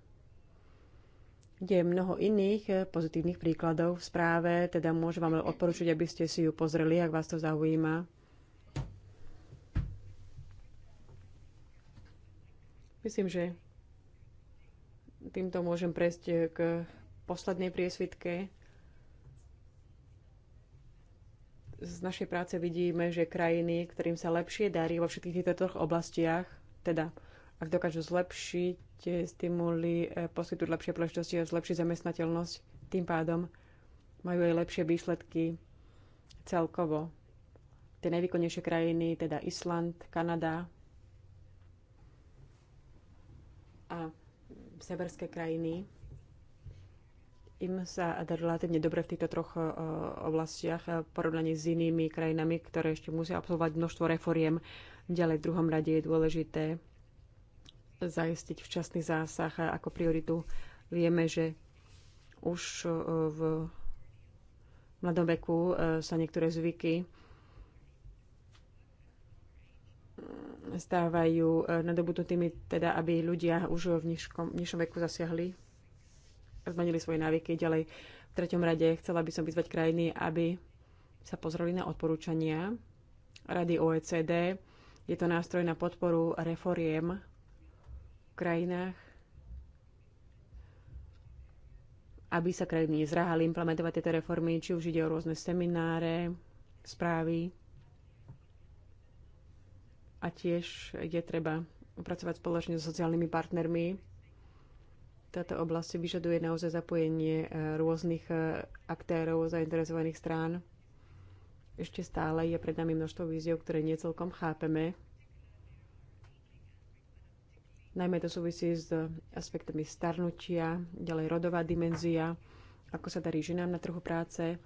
A: Je mnoho iných eh, pozitívnych príkladov v správe, teda môžem vám odporučiť, aby ste si ju pozreli, ak vás to zaujíma. Myslím, že týmto môžem prejsť eh, k poslednej priesvitke z našej práce vidíme, že krajiny, ktorým sa lepšie darí vo všetkých týchto troch oblastiach, teda ak dokážu zlepšiť eh, stimuly, eh, poskytnúť lepšie príležitosti a zlepšiť zamestnateľnosť, tým pádom majú aj lepšie výsledky celkovo. Tie najvýkonnejšie krajiny, teda Island, Kanada a severské krajiny, im sa darilo relatívne dobre v týchto troch eh, oblastiach eh, v porovnaní s inými krajinami, ktoré ešte musia absolvovať množstvo reforiem. Ďalej v druhom rade je dôležité zajistiť včasný zásah ako prioritu. Vieme, že už eh, v mladom veku sa niektoré zvyky stávajú nadobudnutými, teda aby ľudia už v nižšom veku zasiahli zmenili svoje návyky. Ďalej, v treťom rade chcela by som vyzvať krajiny, aby sa pozreli na odporúčania Rady OECD. Je to nástroj na podporu reforiem v krajinách, aby sa krajiny nezráhali implementovať tieto reformy, či už ide o rôzne semináre, správy. A tiež je treba pracovať spoločne so sociálnymi partnermi táto oblasť si vyžaduje naozaj zapojenie eh, rôznych eh, aktérov, zainteresovaných strán. Ešte stále je pred nami množstvo víziev, ktoré nie celkom chápeme. Najmä to súvisí s aspektami starnutia, ďalej rodová dimenzia, ako sa darí ženám na trhu práce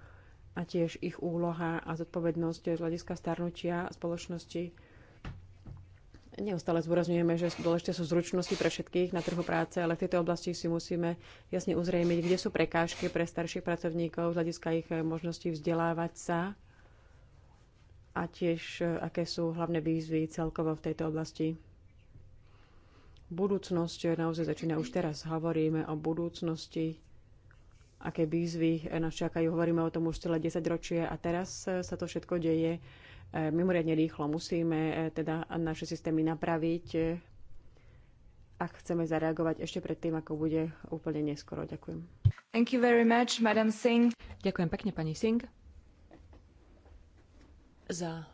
A: a tiež ich úloha a zodpovednosť z hľadiska starnutia a spoločnosti Neustále zúrazňujeme, že dôležité sú zručnosti pre všetkých na trhu práce, ale v tejto oblasti si musíme jasne uzrejmiť, kde sú prekážky pre starších pracovníkov z hľadiska ich eh, možností vzdelávať sa a tiež eh, aké sú hlavné výzvy celkovo v tejto oblasti. Budúcnosť eh, naozaj začína už teraz. Hovoríme o budúcnosti, aké výzvy nás čakajú. Hovoríme o tom už celé 10 ročie a teraz sa to všetko deje E, mimoriadne rýchlo. Musíme e, teda naše systémy napraviť, e, ak chceme zareagovať ešte pred tým, ako bude úplne neskoro. Ďakujem.
C: Thank you very much, Madam Singh. Ďakujem pekne, pani Singh, za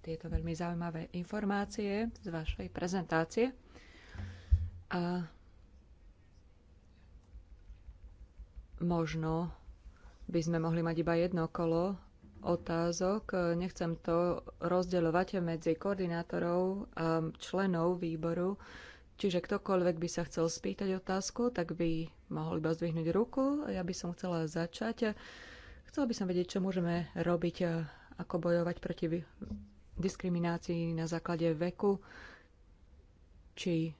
C: tieto veľmi zaujímavé informácie z vašej prezentácie. A možno by sme mohli mať iba jedno kolo otázok. E, nechcem to rozdeľovať medzi koordinátorov a členov výboru. Čiže ktokoľvek by sa chcel spýtať otázku, tak by mohol iba zdvihnúť ruku. Ja by som chcela začať. Chcela by som vedieť, čo môžeme robiť, e, ako bojovať proti diskriminácii na základe veku, či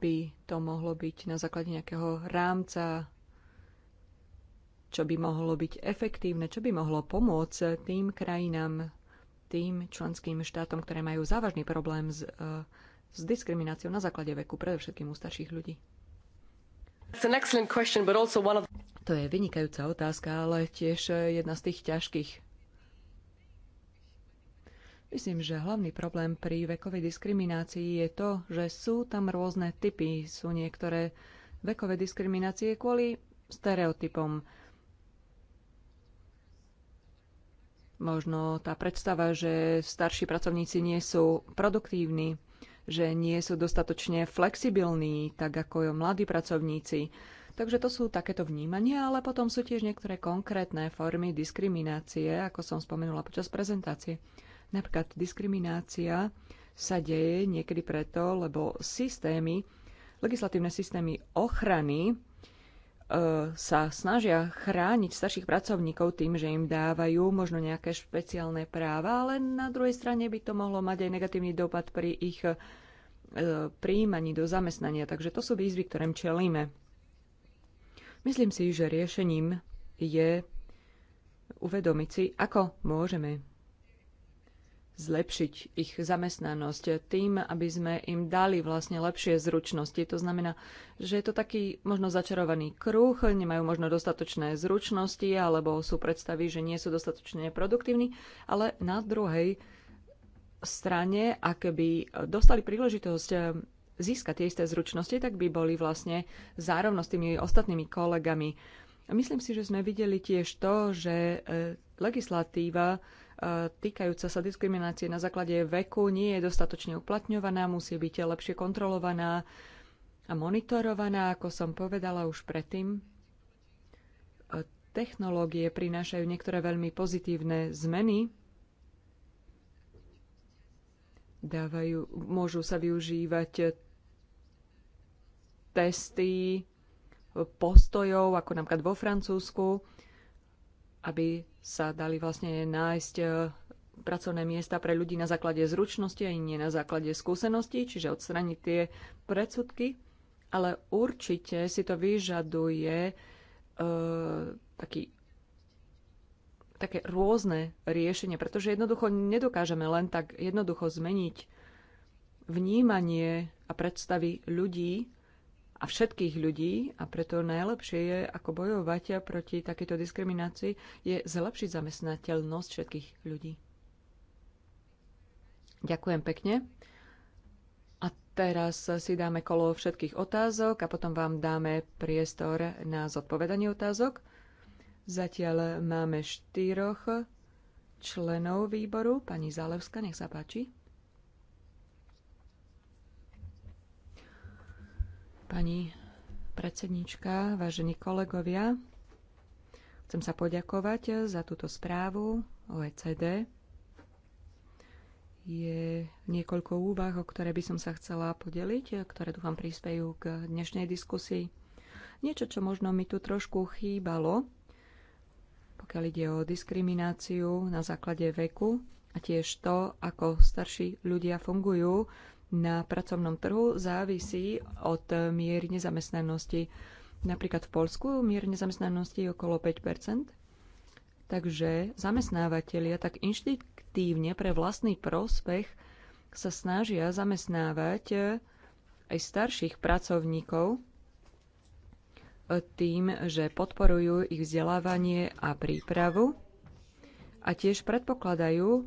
C: by to mohlo byť na základe nejakého rámca čo by mohlo byť efektívne, čo by mohlo pomôcť tým krajinám, tým členským štátom, ktoré majú závažný problém s, e, s diskrimináciou na základe veku, predovšetkým u starších ľudí. To je vynikajúca otázka, ale tiež jedna z tých ťažkých. Myslím, že hlavný problém pri vekovej diskriminácii je to, že sú tam rôzne typy. Sú niektoré vekové diskriminácie kvôli stereotypom. Možno tá predstava, že starší pracovníci nie sú produktívni, že nie sú dostatočne flexibilní, tak ako mladí pracovníci. Takže to sú takéto vnímania, ale potom sú tiež niektoré konkrétne formy diskriminácie, ako som spomenula počas prezentácie. Napríklad diskriminácia sa deje niekedy preto, lebo systémy, legislatívne systémy ochrany E, sa snažia chrániť starších pracovníkov tým, že im dávajú možno nejaké špeciálne práva, ale na druhej strane by to mohlo mať aj negatívny dopad pri ich e, príjmaní do zamestnania. Takže to sú výzvy, ktorým čelíme. Myslím si, že riešením je uvedomiť si, ako môžeme zlepšiť ich zamestnanosť tým, aby sme im dali vlastne lepšie zručnosti. To znamená, že je to taký možno začarovaný kruh, nemajú možno dostatočné zručnosti alebo sú predstavy, že nie sú dostatočne produktívni, ale na druhej strane, ak by dostali príležitosť získať tie isté zručnosti, tak by boli vlastne zárovno s tými ostatnými kolegami. Myslím si, že sme videli tiež to, že e, legislatíva týkajúca sa diskriminácie na základe veku nie je dostatočne uplatňovaná, musí byť lepšie kontrolovaná a monitorovaná, ako som povedala už predtým. Technológie prinášajú niektoré veľmi pozitívne zmeny. Dávajú, môžu sa využívať testy postojov, ako napríklad vo Francúzsku, aby sa dali vlastne nájsť e, pracovné miesta pre ľudí na základe zručnosti a nie na základe skúseností, čiže odstraniť tie predsudky, ale určite si to vyžaduje e, taký, také rôzne riešenie, pretože jednoducho nedokážeme len tak jednoducho zmeniť vnímanie a predstavy ľudí a všetkých ľudí a preto najlepšie je, ako bojovať proti takéto diskriminácii, je zlepšiť zamestnateľnosť všetkých ľudí. Ďakujem pekne. A teraz si dáme kolo všetkých otázok a potom vám dáme priestor na zodpovedanie otázok. Zatiaľ máme štyroch členov výboru. Pani Zálevska, nech sa páči. pani predsednička, vážení kolegovia. Chcem sa poďakovať za túto správu OECD. Je niekoľko úvah, o ktoré by som sa chcela podeliť, ktoré dúfam prispejú k dnešnej diskusii. Niečo, čo možno mi tu trošku chýbalo, pokiaľ ide o diskrimináciu na základe veku a tiež to, ako starší ľudia fungujú na pracovnom trhu závisí od miery nezamestnanosti. Napríklad v Polsku mier nezamestnanosti je okolo 5 Takže zamestnávateľia tak inštinktívne pre vlastný prospech sa snažia zamestnávať aj starších pracovníkov tým, že podporujú ich vzdelávanie a prípravu a tiež predpokladajú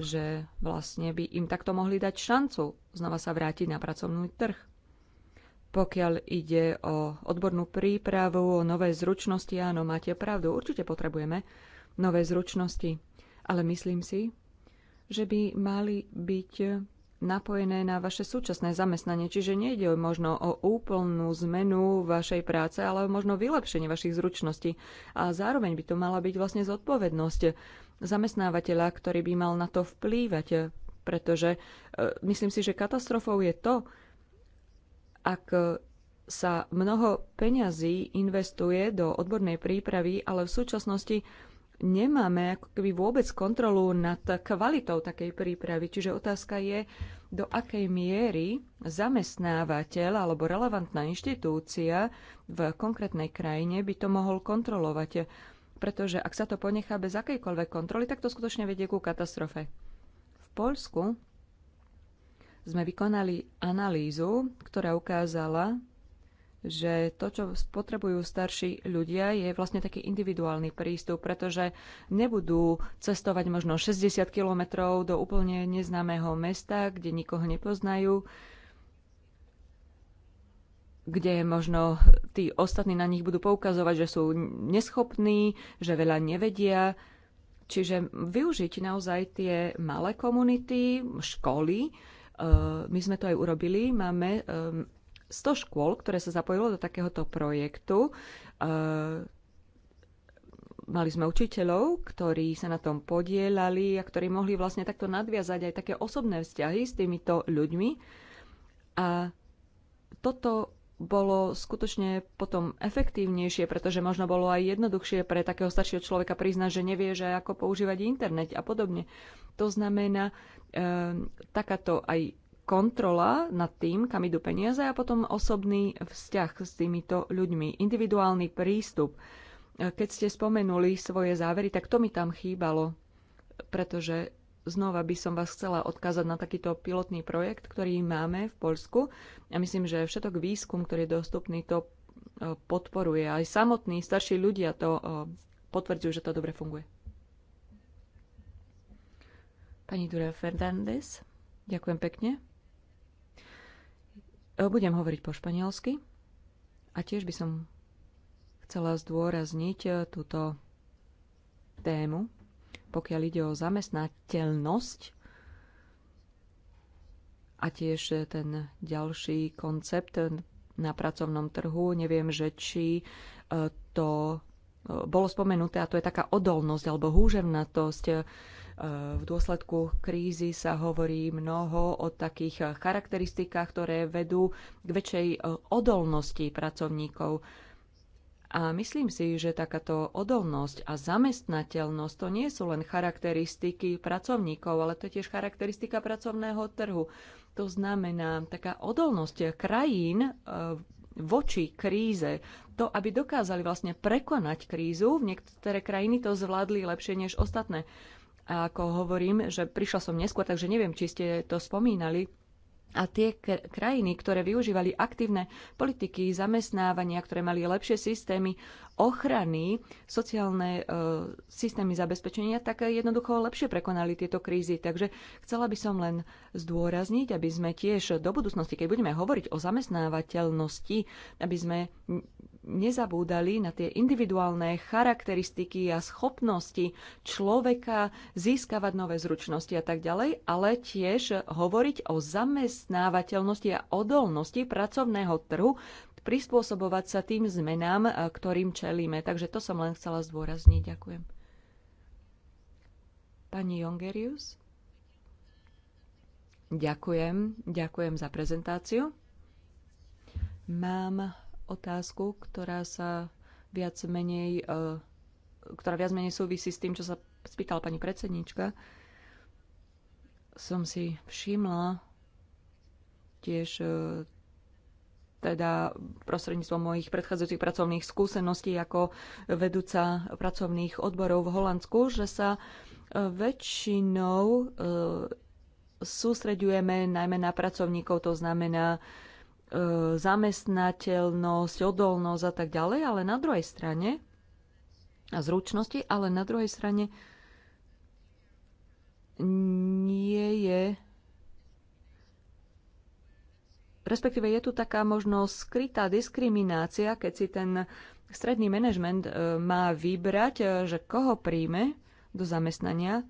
C: že vlastne by im takto mohli dať šancu znova sa vrátiť na pracovný trh. Pokiaľ ide o odbornú prípravu, o nové zručnosti, áno, máte pravdu, určite potrebujeme nové zručnosti, ale myslím si, že by mali byť napojené na vaše súčasné zamestnanie, čiže nejde možno o úplnú zmenu vašej práce, ale možno vylepšenie vašich zručností. A zároveň by to mala byť vlastne zodpovednosť zamestnávateľa, ktorý by mal na to vplývať, e, pretože e, myslím si, že katastrofou je to, ak sa mnoho peňazí investuje do odbornej prípravy, ale v súčasnosti nemáme ako keby vôbec kontrolu nad kvalitou takej prípravy. Čiže otázka je, do akej miery zamestnávateľ alebo relevantná inštitúcia v konkrétnej krajine by to mohol kontrolovať pretože ak sa to ponechá bez akejkoľvek kontroly, tak to skutočne vedie ku katastrofe. V Polsku sme vykonali analýzu, ktorá ukázala, že to, čo potrebujú starší ľudia, je vlastne taký individuálny prístup, pretože nebudú cestovať možno 60 kilometrov do úplne neznámeho mesta, kde nikoho nepoznajú, kde možno tí ostatní na nich budú poukazovať, že sú neschopní, že veľa nevedia. Čiže využiť naozaj tie malé komunity, školy. E, my sme to aj urobili. Máme 100 e, škôl, ktoré sa zapojilo do takéhoto projektu. E, mali sme učiteľov, ktorí sa na tom podielali a ktorí mohli vlastne takto nadviazať aj také osobné vzťahy s týmito ľuďmi. A toto bolo skutočne potom efektívnejšie, pretože možno bolo aj jednoduchšie pre takého staršieho človeka priznať, že nevie, že ako používať internet a podobne. To znamená, e, takáto aj kontrola nad tým, kam idú peniaze a potom osobný vzťah s týmito ľuďmi, individuálny prístup. E, keď ste spomenuli svoje závery, tak to mi tam chýbalo, pretože znova by som vás chcela odkázať na takýto pilotný projekt, ktorý máme v Poľsku. Ja myslím, že všetok výskum, ktorý je dostupný, to e, podporuje. Aj samotní starší ľudia to e, potvrdzujú, že to dobre funguje. Pani Dura Fernández, ďakujem pekne. E, budem hovoriť po španielsky a tiež by som chcela zdôrazniť túto tému, pokiaľ ide o zamestnateľnosť a tiež ten ďalší koncept na pracovnom trhu. Neviem, že či e, to e, bolo spomenuté, a to je taká odolnosť alebo húževnatosť. E, v dôsledku krízy sa hovorí mnoho o takých charakteristikách, ktoré vedú k väčšej odolnosti pracovníkov a myslím si, že takáto odolnosť a zamestnateľnosť to nie sú len charakteristiky pracovníkov, ale to je tiež charakteristika pracovného trhu. To znamená taká odolnosť krajín e, voči kríze. To, aby dokázali vlastne prekonať krízu, v niektoré krajiny to zvládli lepšie než ostatné. A ako hovorím, že prišla som neskôr, takže neviem, či ste to spomínali, a tie krajiny, ktoré využívali aktívne politiky zamestnávania, ktoré mali lepšie systémy ochrany, sociálne e, systémy zabezpečenia, tak jednoducho lepšie prekonali tieto krízy. Takže chcela by som len zdôrazniť, aby sme tiež do budúcnosti, keď budeme hovoriť o zamestnávateľnosti, aby sme nezabúdali na tie individuálne charakteristiky a schopnosti človeka získavať nové zručnosti a tak ďalej, ale tiež hovoriť o zamestnávateľnosti a odolnosti pracovného trhu, prispôsobovať sa tým zmenám, eh, ktorým čelíme. Takže to som len chcela zdôrazniť. Ďakujem. Pani Jongerius? Ďakujem. Ďakujem za prezentáciu. Mám otázku, ktorá sa viac menej, e, ktorá viac menej súvisí s tým, čo sa spýtala pani predsednička. Som si všimla tiež e, teda prostredníctvom mojich predchádzajúcich pracovných skúseností ako vedúca pracovných odborov v Holandsku, že sa e, väčšinou sústreďujeme najmä na pracovníkov, to znamená E, zamestnateľnosť, odolnosť a tak ďalej, ale na druhej strane a zručnosti, ale na druhej strane nie je respektíve je tu taká možno skrytá diskriminácia, keď si ten stredný manažment e, má vybrať, e, že koho príjme do zamestnania,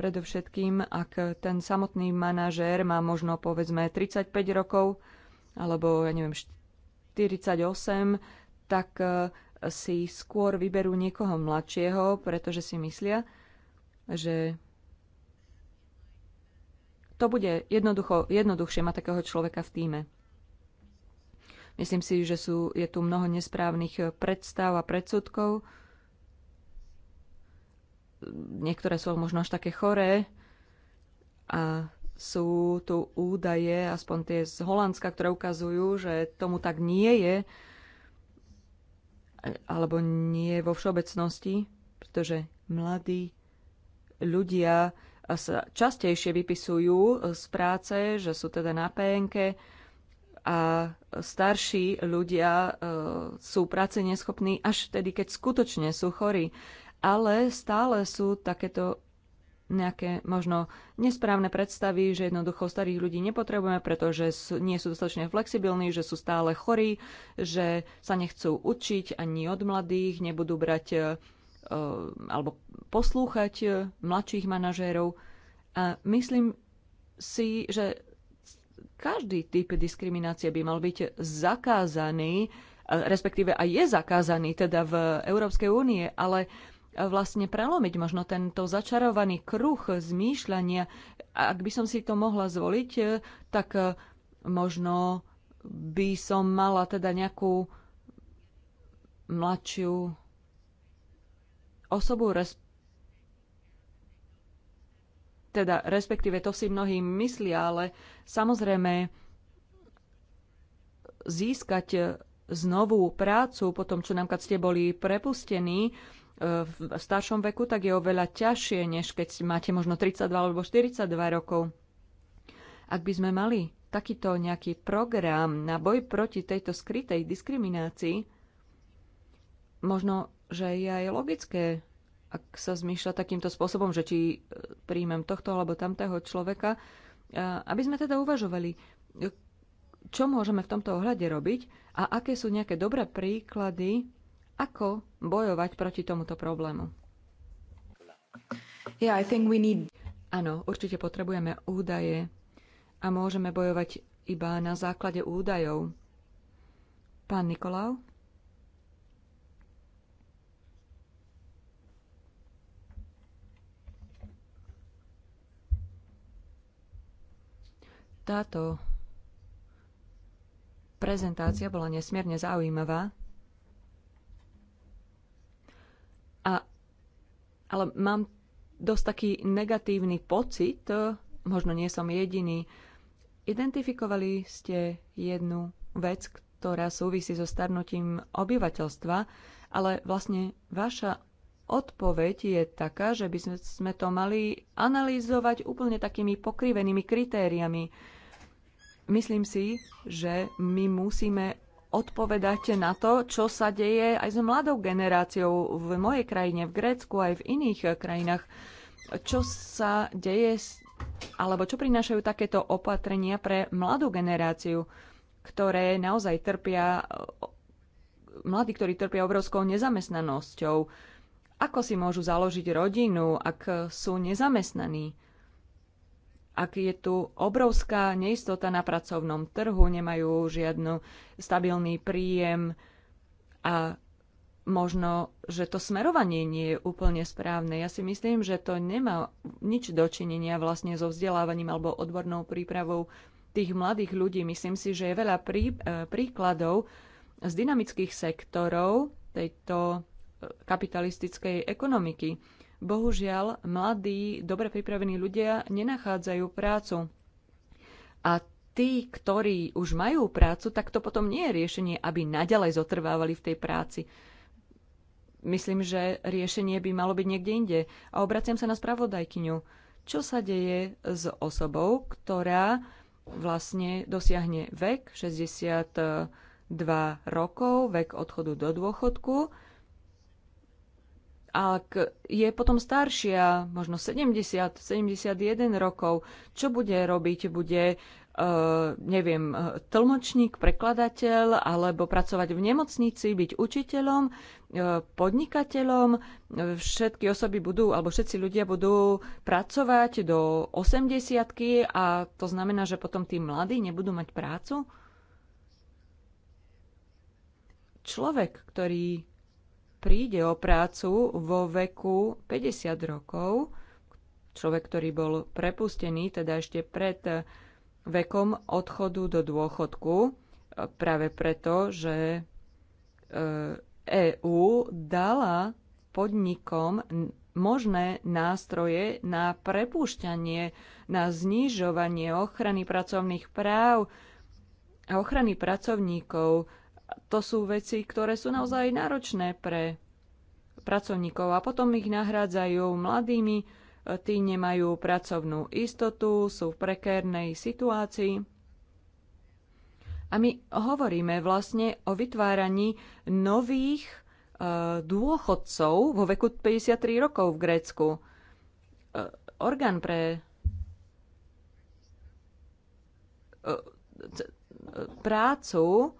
C: predovšetkým ak ten samotný manažér má možno povedzme 35 rokov, alebo ja neviem, 48, tak e, si skôr vyberú niekoho mladšieho, pretože si myslia, že to bude jednoducho, jednoduchšie mať takého človeka v týme. Myslím si, že sú, je tu mnoho nesprávnych e, predstav a predsudkov. Niektoré sú možno až také choré a sú tu údaje, aspoň tie z Holandska, ktoré ukazujú, že tomu tak nie je, alebo nie vo všeobecnosti, pretože mladí ľudia sa častejšie vypisujú z práce, že sú teda na PNK a starší ľudia e, sú práce neschopní až vtedy, keď skutočne sú chorí. Ale stále sú takéto nejaké možno nesprávne predstavy, že jednoducho starých ľudí nepotrebujeme, pretože nie sú dostatočne flexibilní, že sú stále chorí, že sa nechcú učiť ani od mladých, nebudú brať e, alebo poslúchať e, mladších manažérov. A myslím si, že každý typ diskriminácie by mal byť zakázaný, e, respektíve aj je zakázaný teda v Európskej únie, ale uh, vlastne prelomiť možno tento začarovaný kruh zmýšľania. Ak by som si to mohla zvoliť, eh, tak eh, možno by som mala teda nejakú mladšiu osobu, res, teda respektíve to si mnohí myslia, ale samozrejme získať eh, znovu prácu po tom, čo nám keď ste boli prepustení, v staršom veku, tak je oveľa ťažšie, než keď máte možno 32 alebo 42 rokov. Ak by sme mali takýto nejaký program na boj proti tejto skrytej diskriminácii, možno, že je aj logické, ak sa zmýšľa takýmto spôsobom, že či e, príjmem tohto alebo tamtého človeka, e, aby sme teda uvažovali, e, čo môžeme v tomto ohľade robiť a aké sú nejaké dobré príklady ako bojovať proti tomuto problému? Yeah, I think we need... Áno, určite potrebujeme údaje a môžeme bojovať iba na základe údajov. Pán Nikolau? Táto prezentácia bola nesmierne zaujímavá A, ale mám dosť taký negatívny pocit, e, možno nie som jediný. Identifikovali ste jednu vec, ktorá súvisí so starnutím obyvateľstva, ale vlastne vaša odpoveď je taká, že by sme to mali analýzovať úplne takými pokrivenými kritériami. Myslím si, že my musíme odpovedáte na to, čo sa deje aj s mladou generáciou v mojej krajine, v Grécku aj v iných krajinách. Čo sa deje, alebo čo prinášajú takéto opatrenia pre mladú generáciu, ktoré naozaj trpia, mladí, ktorí trpia obrovskou nezamestnanosťou. Ako si môžu založiť rodinu, ak sú nezamestnaní? ak je tu obrovská neistota na pracovnom trhu, nemajú žiadnu stabilný príjem a možno, že to smerovanie nie je úplne správne. Ja si myslím, že to nemá nič dočinenia vlastne so vzdelávaním alebo odbornou prípravou tých mladých ľudí. Myslím si, že je veľa prí, e, príkladov z dynamických sektorov tejto e, kapitalistickej ekonomiky Bohužiaľ, mladí, dobre pripravení ľudia nenachádzajú prácu. A tí, ktorí už majú prácu, tak to potom nie je riešenie, aby naďalej zotrvávali v tej práci. Myslím, že riešenie by malo byť niekde inde. A obraciam sa na spravodajkyňu. Čo sa deje s osobou, ktorá vlastne dosiahne vek 62 rokov, vek odchodu do dôchodku, ak je potom staršia, možno 70, 71 rokov, čo bude robiť? Bude, eh, neviem, tlmočník, prekladateľ, alebo pracovať v nemocnici, byť učiteľom, eh, podnikateľom. Všetky osoby budú, alebo všetci ľudia budú pracovať do 80 a to znamená, že potom tí mladí nebudú mať prácu? Človek, ktorý príde o prácu vo veku 50 rokov, človek, ktorý bol prepustený, teda ešte pred vekom odchodu do dôchodku, práve preto, že EÚ e dala podnikom možné nástroje na prepúšťanie, na znižovanie ochrany pracovných práv a ochrany pracovníkov to sú veci, ktoré sú naozaj náročné pre pracovníkov a potom ich nahrádzajú mladými, e, tí nemajú pracovnú istotu, sú v prekérnej situácii. A my hovoríme vlastne o vytváraní nových e, dôchodcov vo veku 53 rokov v Grécku. E, orgán pre prácu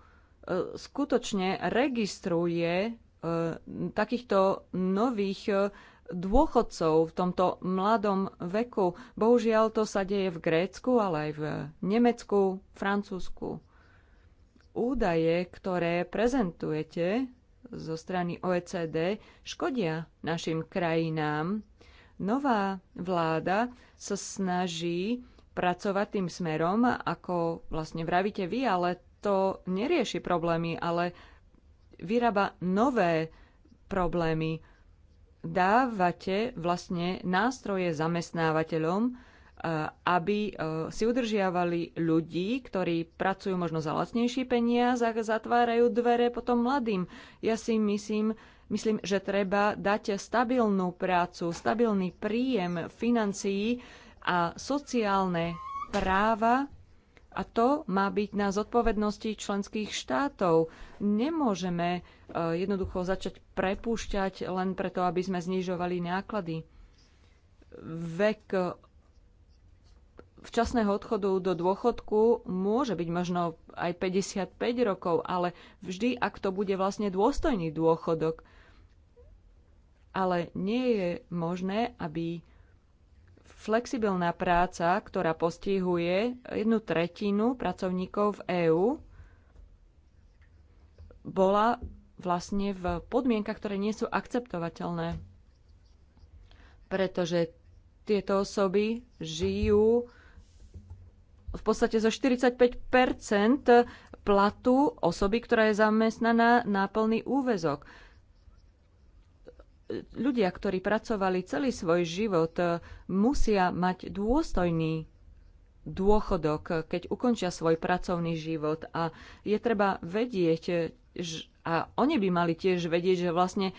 C: E, skutočne registruje e, takýchto nových e, dôchodcov v tomto mladom veku. Bohužiaľ to sa deje v Grécku, ale aj v Nemecku, Francúzsku. Údaje, ktoré prezentujete zo strany OECD, škodia našim krajinám. Nová vláda sa snaží pracovať tým smerom, ako vlastne vravíte vy, ale to nerieši problémy, ale vyrába nové problémy. Dávate vlastne nástroje zamestnávateľom, eh, aby eh, si udržiavali ľudí, ktorí pracujú možno za lacnejší peniaz a zatvárajú dvere potom mladým. Ja si myslím, myslím, že treba dať stabilnú prácu, stabilný príjem financií a sociálne práva a to má byť na zodpovednosti členských štátov. Nemôžeme e, jednoducho začať prepúšťať len preto, aby sme znižovali náklady. Vek e, včasného odchodu do dôchodku môže byť možno aj 55 rokov, ale vždy, ak to bude vlastne dôstojný dôchodok. Ale nie je možné, aby flexibilná práca, ktorá postihuje jednu tretinu pracovníkov v EÚ, bola vlastne v podmienkach, ktoré nie sú akceptovateľné. Pretože tieto osoby žijú v podstate zo 45 platu osoby, ktorá je zamestnaná na plný úvezok ľudia, ktorí pracovali celý svoj život, e, musia mať dôstojný dôchodok, keď ukončia svoj pracovný život. A je treba vedieť, e, a oni by mali tiež vedieť, že vlastne e,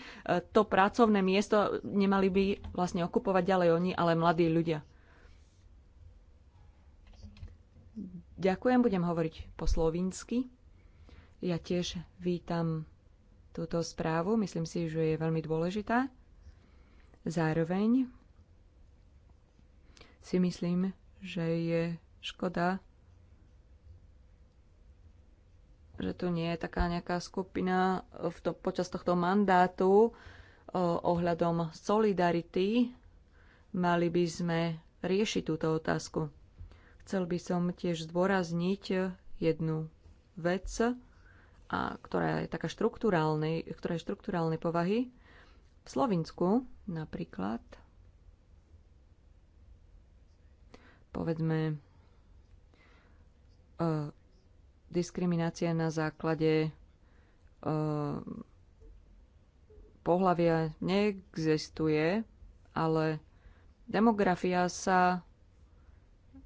C: to pracovné miesto nemali by vlastne okupovať ďalej oni, ale mladí ľudia. Ďakujem, budem hovoriť po slovinsky. Ja tiež vítam túto správu. Myslím si, že je veľmi dôležitá. Zároveň si myslím, že je škoda, že tu nie je taká nejaká skupina v to, počas tohto mandátu ohľadom solidarity. Mali by sme riešiť túto otázku. Chcel by som tiež zdôrazniť jednu vec, a ktorá je taká štruktúrálnej, ktorá je štruktúrálnej povahy. V Slovinsku napríklad povedzme uh, diskriminácia na základe uh, e, pohľavia neexistuje, ale demografia sa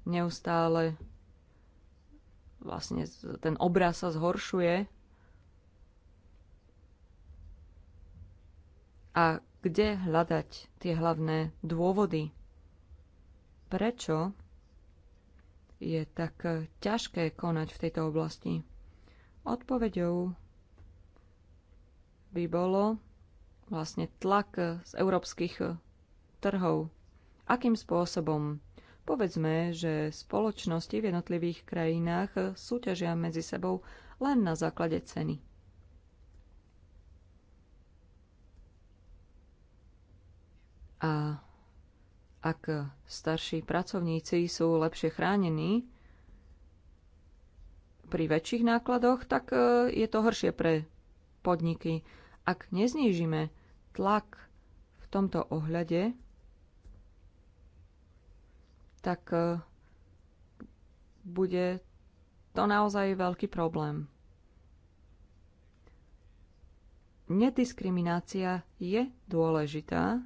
C: neustále vlastne ten obraz sa zhoršuje a kde hľadať tie hlavné dôvody. Prečo je tak ťažké konať v tejto oblasti? Odpovedou by bolo vlastne tlak z európskych trhov. Akým spôsobom? Povedzme, že spoločnosti v jednotlivých krajinách súťažia medzi sebou len na základe ceny. A ak starší pracovníci sú lepšie chránení pri väčších nákladoch, tak e, je to horšie pre podniky. Ak neznížime tlak v tomto ohľade, tak e, bude to naozaj veľký problém. Nediskriminácia je dôležitá,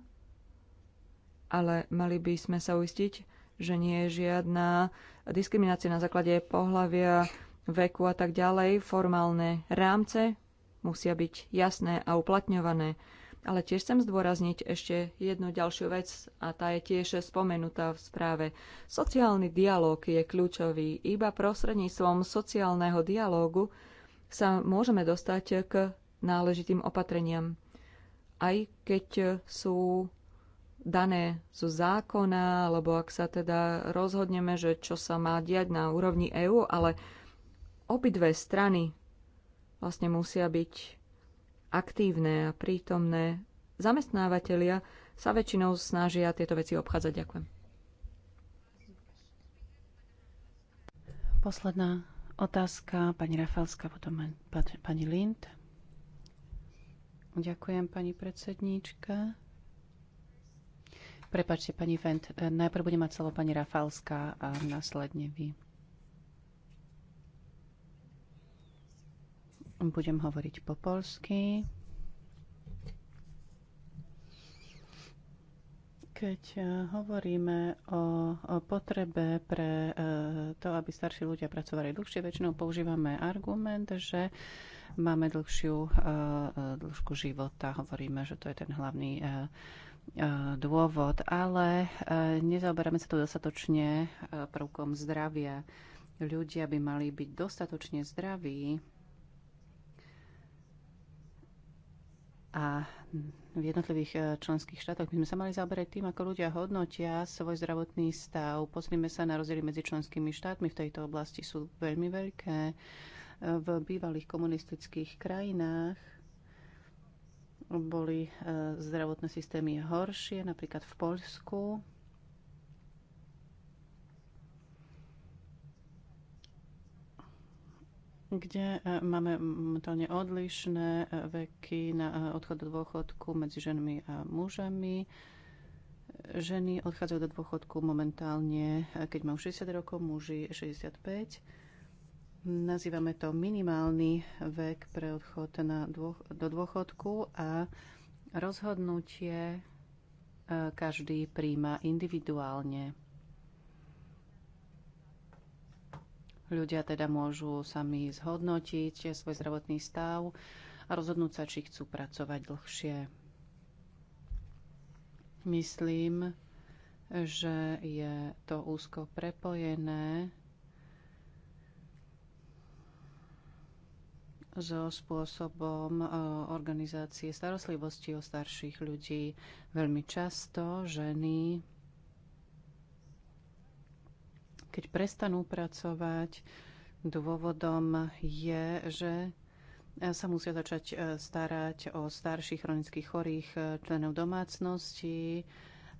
C: ale mali by sme sa uistiť, že nie je žiadna diskriminácia na základe pohlavia, veku a tak ďalej. Formálne rámce musia byť jasné a uplatňované. Ale tiež chcem zdôrazniť ešte jednu ďalšiu vec a tá je tiež spomenutá v správe. Sociálny dialóg je kľúčový. Iba prostredníctvom sociálneho dialógu sa môžeme dostať k náležitým opatreniam. Aj keď sú dané zo zákona, alebo ak sa teda rozhodneme, že čo sa má diať na úrovni EÚ, ale obidve strany vlastne musia byť aktívne a prítomné. Zamestnávateľia sa väčšinou snažia tieto veci obchádzať. Ďakujem.
B: Posledná otázka, pani Rafalská, potom pani Lind. Ďakujem, pani predsedníčka. Prepačte, pani Fent. najprv bude mať slovo pani Rafalská a následne vy. Budem hovoriť po polsky. Keď eh, hovoríme o, o potrebe pre eh, to, aby starší ľudia pracovali dlhšie, väčšinou používame argument, že máme dlhšiu eh, dĺžku života. Hovoríme, že to je ten hlavný E, dôvod, ale e, nezaoberáme sa to dostatočne e, prvkom zdravia. Ľudia by mali byť dostatočne zdraví a v jednotlivých členských štátoch by sme sa mali zaoberať tým, ako ľudia hodnotia svoj zdravotný stav. Pozrime sa na rozdiely medzi členskými štátmi v tejto oblasti sú veľmi veľké. V bývalých komunistických krajinách boli e, zdravotné systémy horšie, napríklad v Poľsku. kde e, máme momentálne odlišné e, veky na odchod do dôchodku medzi ženami a mužami. Ženy odchádzajú do dôchodku momentálne, keď majú 60 rokov, muži 65 Nazývame to minimálny vek pre odchod na dôch, do dôchodku a rozhodnutie e, každý príjma individuálne. Ľudia teda môžu sami zhodnotiť svoj zdravotný stav a rozhodnúť sa, či chcú pracovať dlhšie. Myslím, že je to úzko prepojené so spôsobom e, organizácie starostlivosti o starších ľudí. Veľmi často ženy, keď prestanú pracovať, dôvodom je, že sa musia začať e, starať o starších chronických chorých e, členov domácnosti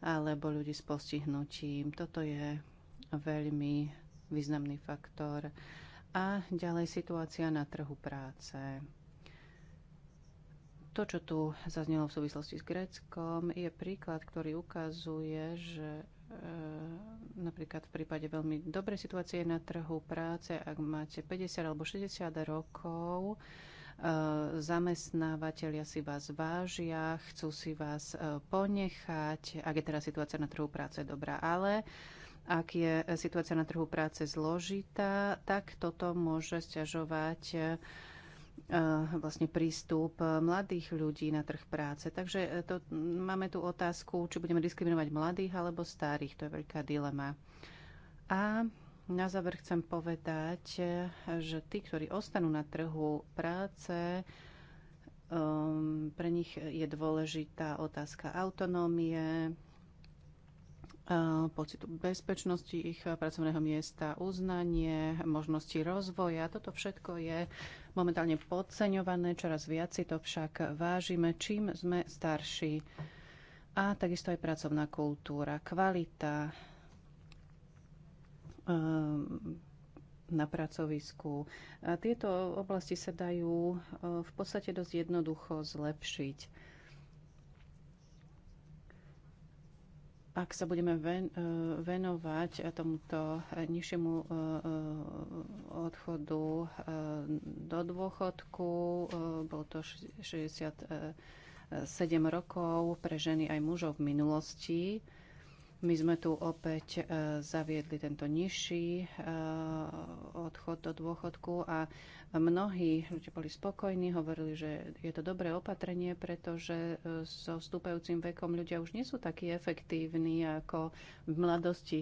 B: alebo ľudí s postihnutím. Toto je veľmi významný faktor. A ďalej situácia na trhu práce. To, čo tu zaznelo v súvislosti s Gréckom, je príklad, ktorý ukazuje, že e, napríklad v prípade veľmi dobrej situácie na trhu práce, ak máte 50 alebo 60 rokov, e, zamestnávateľia si vás vážia, chcú si vás e, ponechať, ak je teraz situácia na trhu práce dobrá, ale ak je situácia na trhu práce zložitá, tak toto môže stiažovať eh, vlastne prístup mladých ľudí na trh práce. Takže eh, to, máme tu otázku, či budeme diskriminovať mladých alebo starých. To je veľká dilema. A na záver chcem povedať, eh, že tí, ktorí ostanú na trhu práce, um, pre nich je dôležitá otázka autonómie, Eh, pocitu bezpečnosti ich pracovného miesta, uznanie, možnosti rozvoja. Toto všetko je momentálne podceňované, čoraz viac si to však vážime, čím sme starší. A takisto aj pracovná kultúra, kvalita eh, na pracovisku. A tieto oblasti sa dajú eh, v podstate dosť jednoducho zlepšiť ak sa budeme e, venovať e, tomuto e, nižšiemu odchodu do dôchodku, bolo to 67 rokov pre ženy aj mužov v minulosti. My sme tu opäť zaviedli tento nižší odchod do dôchodku a Mnohí ľudia boli spokojní, hovorili, že je to dobré opatrenie, pretože e, so vstúpajúcim vekom ľudia už nie sú takí efektívni ako v mladosti.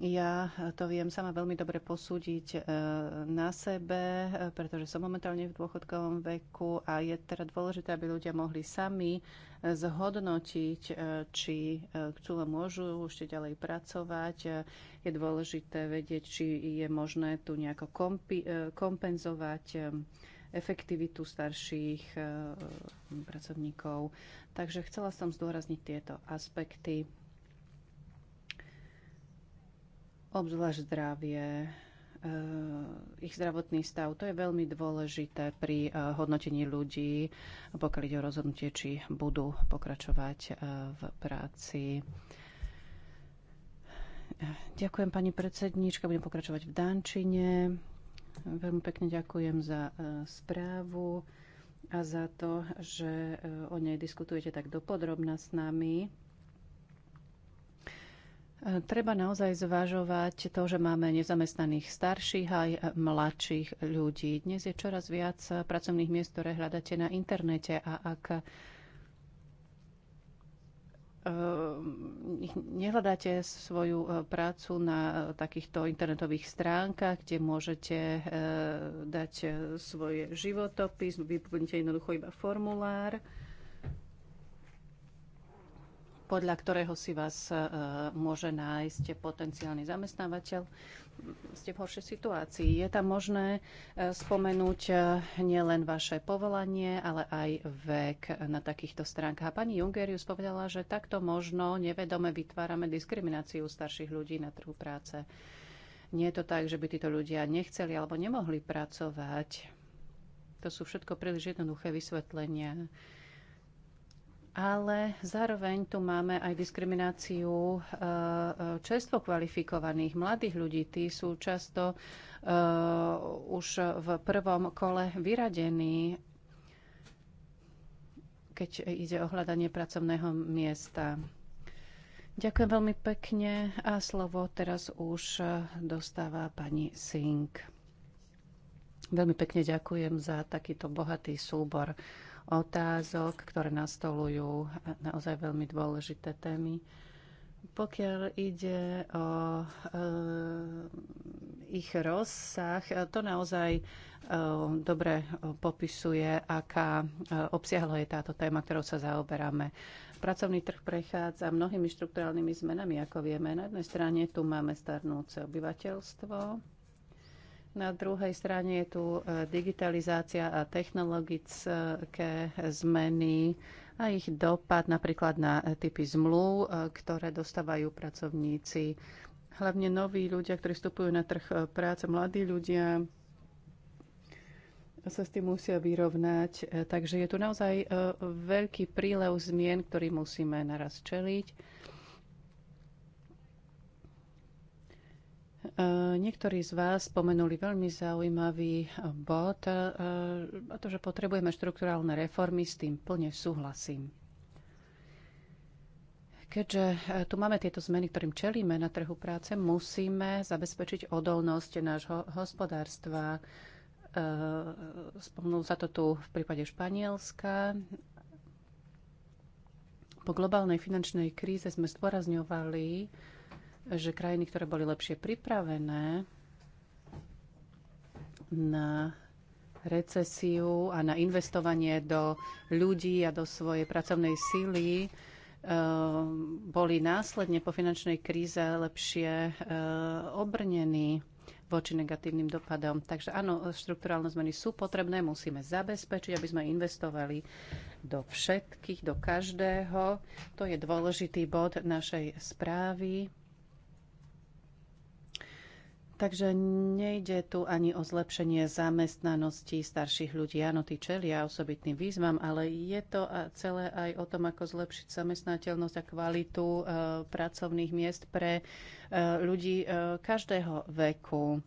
B: Ja to viem sama veľmi dobre posúdiť e, na sebe, e, pretože som momentálne v dôchodkovom veku a je teda dôležité, aby ľudia mohli sami e, zhodnotiť, či chcú a môžu ešte ďalej pracovať. Je dôležité vedieť, či je možné tu nejako kompenzovať efektivitu starších pracovníkov. Takže chcela som zdôrazniť tieto aspekty obzvlášť zdravie, e, ich zdravotný stav. To je veľmi dôležité pri e, hodnotení ľudí, pokiaľ ide o rozhodnutie, či budú pokračovať e, v práci. Ďakujem pani predsednička. budem pokračovať v Dančine. Veľmi pekne ďakujem za správu a za to, že o nej diskutujete tak dopodrobná s nami. Treba naozaj zvažovať to, že máme nezamestnaných starších aj mladších ľudí. Dnes je čoraz viac pracovných miest, ktoré hľadáte na internete a ak ehm, nehľadáte svoju e, prácu na takýchto internetových stránkach, kde môžete e, dať e, svoj životopis, vyplníte jednoducho iba formulár podľa ktorého si vás e, môže nájsť potenciálny zamestnávateľ, ste v horšej situácii. Je tam možné e, spomenúť e, nielen vaše povolanie, ale aj vek na takýchto stránkach. A pani Jungerius povedala, že takto možno nevedome vytvárame diskrimináciu starších ľudí na trhu práce. Nie je to tak, že by títo ľudia nechceli alebo nemohli pracovať. To sú všetko príliš jednoduché vysvetlenia ale zároveň tu máme aj diskrimináciu eh, čerstvo kvalifikovaných mladých ľudí. Tí sú často eh, už v prvom kole vyradení, keď ide o hľadanie pracovného miesta. Ďakujem veľmi pekne a slovo teraz už dostáva pani Sink. Veľmi pekne ďakujem za takýto bohatý súbor otázok, ktoré nastolujú naozaj veľmi dôležité témy. Pokiaľ ide o e, ich rozsah, to naozaj e, dobre popisuje, aká e, obsiahla je táto téma, ktorou sa zaoberáme. Pracovný trh prechádza mnohými štruktúralnými zmenami, ako vieme. Na jednej strane tu máme starnúce obyvateľstvo, na druhej strane je tu e, digitalizácia a technologické zmeny a ich dopad napríklad na e, typy zmluv, e, ktoré dostávajú pracovníci. Hlavne noví ľudia, ktorí vstupujú na trh práce, mladí ľudia sa s tým musia vyrovnať. Takže je tu naozaj veľký prílev zmien, ktorý musíme naraz čeliť E, niektorí z vás spomenuli veľmi zaujímavý bod, e, a to, že potrebujeme štrukturálne reformy, s tým plne súhlasím. Keďže e, tu máme tieto zmeny, ktorým čelíme na trhu práce, musíme zabezpečiť odolnosť nášho hospodárstva. Spomnul sa to tu v prípade Španielska. Po globálnej finančnej kríze sme zdôrazňovali, že krajiny, ktoré boli lepšie pripravené na recesiu a na investovanie do ľudí a do svojej pracovnej síly, eh, boli následne po finančnej kríze lepšie eh, obrnení voči negatívnym dopadom. Takže áno, štrukturálne zmeny sú potrebné, musíme zabezpečiť, aby sme investovali do všetkých, do každého. To je dôležitý bod našej správy. Takže nejde tu ani o zlepšenie zamestnanosti starších ľudí. Áno, tí čelia osobitným výzvam, ale je to celé aj o tom, ako zlepšiť zamestnateľnosť a kvalitu e, pracovných miest pre e, ľudí e, každého veku.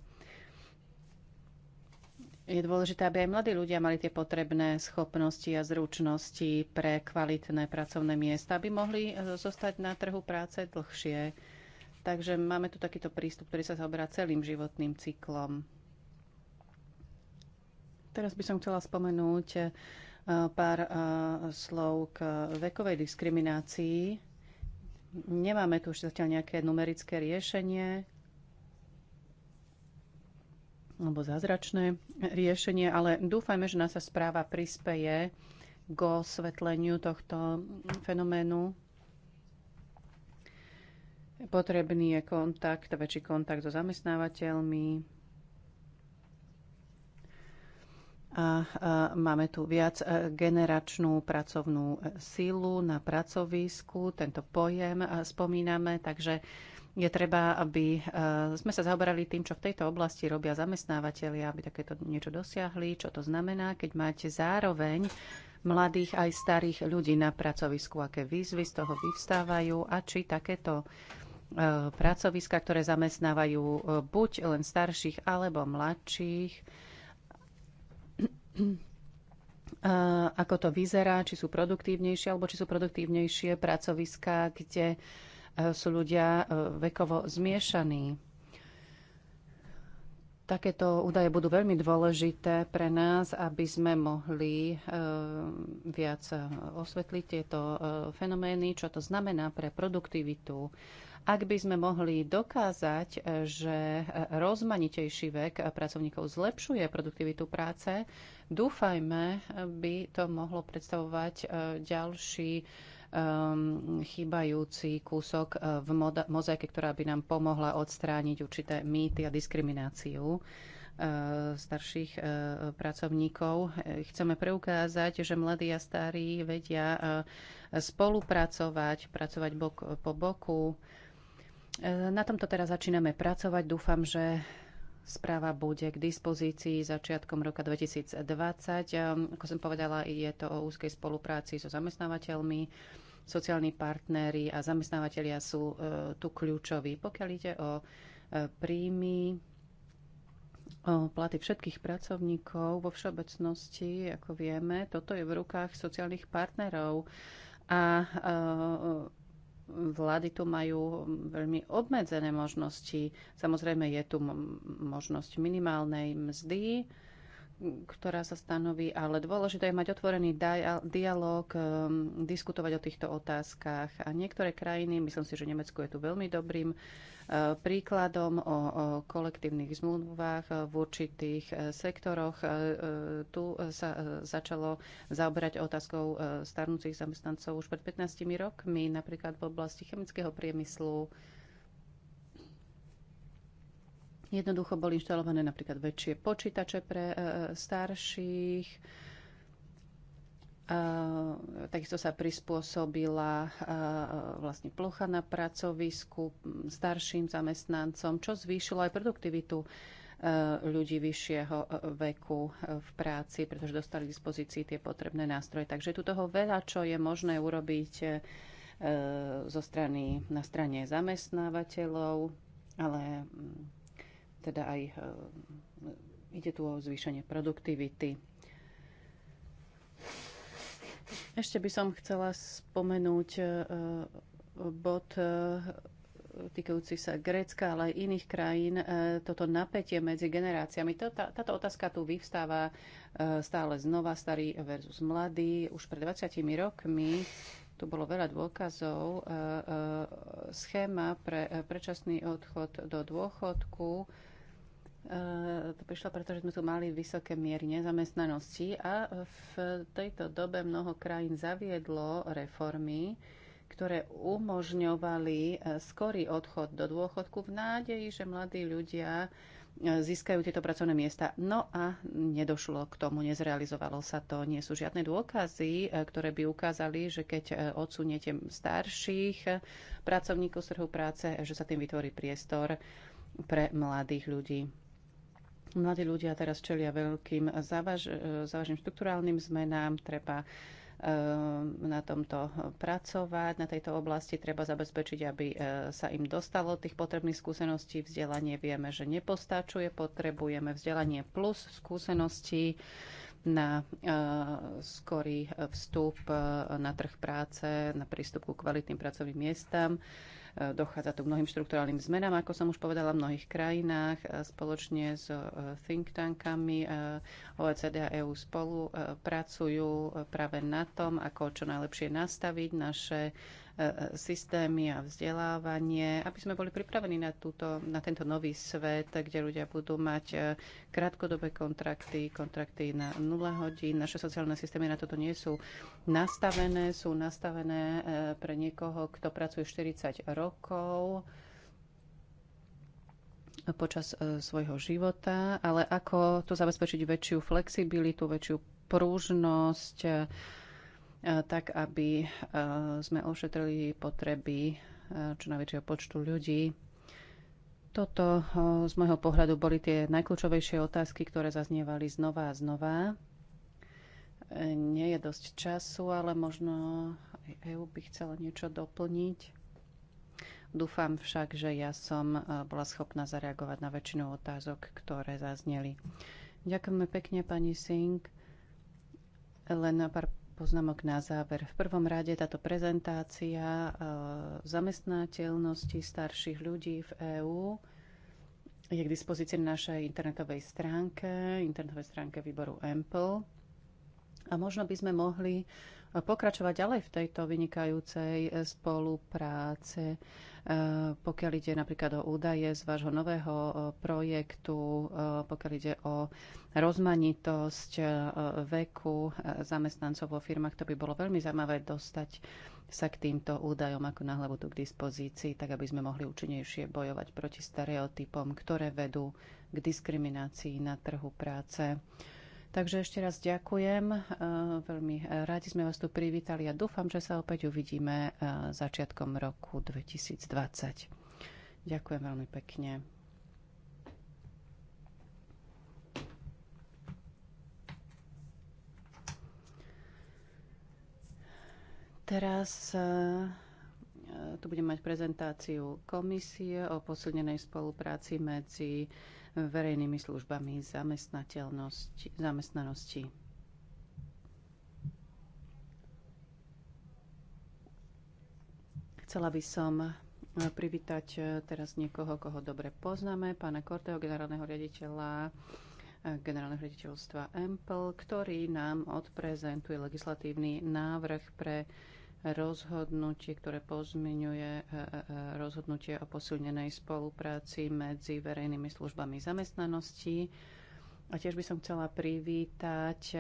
B: Je dôležité, aby aj mladí ľudia mali tie potrebné schopnosti a zručnosti pre kvalitné pracovné miesta, aby mohli e, zostať na trhu práce dlhšie. Takže máme tu takýto prístup, ktorý sa zaoberá celým životným cyklom. Teraz by som chcela spomenúť eh, pár eh, slov k vekovej diskriminácii. Nemáme tu už zatiaľ nejaké numerické riešenie, alebo zázračné riešenie, ale dúfajme, že nás sa správa prispeje k osvetleniu tohto fenoménu. Potrebný je kontakt, väčší kontakt so zamestnávateľmi. A, máme tu viac e, generačnú pracovnú e, silu na pracovisku. Tento pojem e, spomíname, takže je treba, aby sme sa zaoberali tým, čo v tejto oblasti robia zamestnávateľia, aby takéto niečo dosiahli, čo to znamená, keď máte zároveň mladých aj starých ľudí na pracovisku, aké výzvy z toho vyvstávajú a či takéto E, pracoviska, ktoré zamestnávajú e, buď len starších alebo mladších. E, ako to vyzerá, či sú produktívnejšie alebo či sú produktívnejšie pracoviska, kde sú ľudia vekovo zmiešaní. Takéto údaje budú veľmi dôležité pre nás, aby sme mohli eh, viac eh, osvetliť tieto eh, fenomény, čo to znamená pre produktivitu. Ak by sme mohli dokázať, že rozmanitejší vek pracovníkov zlepšuje produktivitu práce, dúfajme, by to mohlo predstavovať ďalší um, chýbajúci kúsok eh, v mozaike, ktorá by nám pomohla odstrániť určité mýty a diskrimináciu eh, starších eh, pracovníkov. Chceme preukázať, že mladí a starí vedia spolupracovať, pracovať bok po boku. Na tomto teraz začíname pracovať. Dúfam, že Správa bude k dispozícii začiatkom roka 2020. Ehm, ako som povedala, je to o úzkej spolupráci so zamestnávateľmi. Sociálni partnery a zamestnávateľia sú e, tu kľúčoví. Pokiaľ ide o e, príjmy, o platy všetkých pracovníkov vo všeobecnosti, ako vieme, toto je v rukách sociálnych partnerov a e, vlády tu majú veľmi obmedzené možnosti. Samozrejme je tu možnosť minimálnej mzdy, ktorá sa stanoví, ale dôležité je mať otvorený dialog, um, diskutovať o týchto otázkach. A niektoré krajiny, myslím si, že Nemecko je tu veľmi dobrým príkladom o kolektívnych zmluvách v určitých e, sektoroch. E, e, tu sa začalo zaoberať otázkou starnúcich zamestnancov už pred 15 rokmi, napríklad v oblasti chemického priemyslu. Jednoducho boli inštalované napríklad väčšie počítače pre starších, Eh, takisto sa prispôsobila eh, vlastne plocha na pracovisku starším zamestnancom, čo zvýšilo aj produktivitu eh, ľudí vyššieho veku v práci, pretože dostali k dispozícii tie potrebné nástroje. Takže tu toho veľa, čo je možné urobiť zo strany, na strane zamestnávateľov, ale mm, teda aj ide tu o zvýšenie produktivity ešte by som chcela spomenúť e, e, bod e, týkajúci sa Grécka, ale aj iných krajín, toto napätie medzi generáciami. Táto, táto otázka tu vyvstáva stále znova, starý versus mladý. Už pred 20 rokmi tu bolo veľa dôkazov. Schéma pre predčasný odchod do dôchodku E, to prišlo, pretože sme tu mali vysoké miery nezamestnanosti a v tejto dobe mnoho krajín zaviedlo reformy, ktoré umožňovali e, skorý odchod do dôchodku v nádeji, že mladí ľudia e, získajú tieto pracovné miesta. No a nedošlo k tomu, nezrealizovalo sa to. Nie sú žiadne dôkazy, ktoré by ukázali, že keď odsuniete starších pracovníkov z trhu práce, že sa tým vytvorí priestor pre mladých ľudí. Mladí ľudia teraz čelia veľkým závaž, e, závažným štruktúrálnym zmenám, treba e, na tomto pracovať, na tejto oblasti treba zabezpečiť, aby e, sa im dostalo tých potrebných skúseností. Vzdelanie vieme, že nepostačuje, potrebujeme vzdelanie plus skúsenosti na skorý vstup na trh práce, na prístup ku kvalitným pracovným miestam. E, dochádza tu k mnohým štruktúrálnym zmenám, ako som už povedala, v mnohých krajinách e, spoločne s e, think tankami OECD a EU spolu pracujú práve na tom, ako čo najlepšie nastaviť naše E, e, systémy a vzdelávanie, aby sme boli pripravení na, túto, na tento nový svet, kde ľudia budú mať e, krátkodobé kontrakty, kontrakty na 0 hodín. Naše sociálne systémy na toto nie sú nastavené, sú nastavené pre niekoho, kto pracuje 40 rokov počas svojho života, ale ako tu zabezpečiť väčšiu flexibilitu, väčšiu prúžnosť, tak aby sme ošetrili potreby čo najväčšieho počtu ľudí. Toto z môjho pohľadu boli tie najkľúčovejšie otázky, ktoré zaznievali znova a znova. E, nie je dosť času, ale možno aj e EU by chcela niečo doplniť. Dúfam však, že ja som bola schopná zareagovať na väčšinu otázok, ktoré zazneli. Ďakujeme pekne, pani Singh. Len pár poznámok na záver. V prvom rade táto prezentácia e, zamestnateľnosti starších ľudí v EÚ je k dispozícii na našej internetovej stránke, internetovej stránke výboru EMPL. A možno by sme mohli pokračovať ďalej v tejto vynikajúcej eh, spolupráce, eh, pokiaľ ide napríklad o údaje z vášho nového eh, projektu, pokiaľ ide o rozmanitosť veku zamestnancov vo firmách, to by bolo veľmi zaujímavé dostať sa k týmto údajom ako náhle budú k dispozícii, tak aby sme mohli účinnejšie bojovať proti stereotypom, ktoré vedú k diskriminácii na trhu práce Takže ešte raz ďakujem. E, veľmi rádi sme vás tu privítali a dúfam, že sa opäť uvidíme e, začiatkom roku 2020. Ďakujem veľmi pekne. Teraz e, tu budem mať prezentáciu komisie o posilnenej spolupráci medzi verejnými službami zamestnanosti. Chcela by som eh, privítať eh, teraz niekoho, koho dobre poznáme, pána Korteho, generálneho riaditeľa eh, generálneho riaditeľstva EMPL, ktorý nám odprezentuje legislatívny návrh pre rozhodnutie, ktoré pozmeňuje e, e, e, rozhodnutie o posilnenej spolupráci medzi verejnými službami zamestnanosti. A tiež by som chcela privítať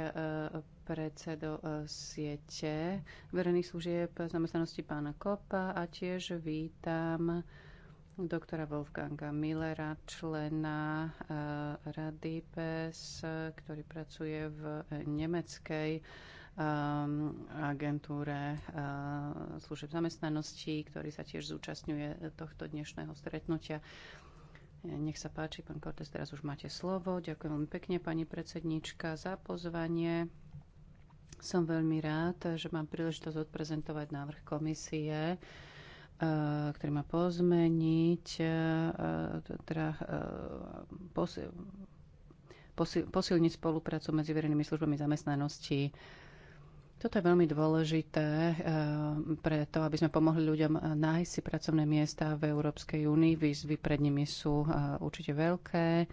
B: predsedo siete verejných služieb zamestnanosti pána Kopa a tiež vítam doktora Wolfganga Millera, člena rady PES, ktorý pracuje v nemeckej Um, agentúre uh, služeb zamestnanosti, ktorý sa tiež zúčastňuje tohto dnešného stretnutia. Nech sa páči, pán Kortes, teraz už máte slovo. Ďakujem veľmi pekne, pani predsednička, za pozvanie. Som veľmi rád, že mám príležitosť odprezentovať návrh komisie, uh, ktorý má pozmeniť, uh, teda posilniť spoluprácu medzi verejnými službami zamestnanosti toto je veľmi dôležité eh, pre to, aby sme pomohli ľuďom eh, nájsť si pracovné miesta v Európskej únii. Výzvy pred nimi sú eh, určite veľké.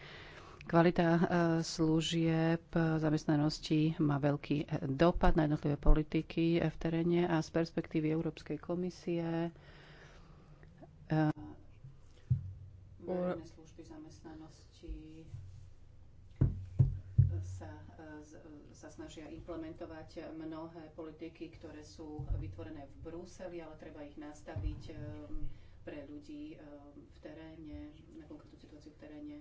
B: Kvalita služieb zamestnanosti má veľký dopad na jednotlivé politiky v teréne a z perspektívy Európskej komisie verejné služby zamestnanosti sa snažia implementovať mnohé politiky, ktoré sú vytvorené v Bruseli, ale treba ich nastaviť eh, pre ľudí eh, v teréne, na konkrétnu situáciu v teréne.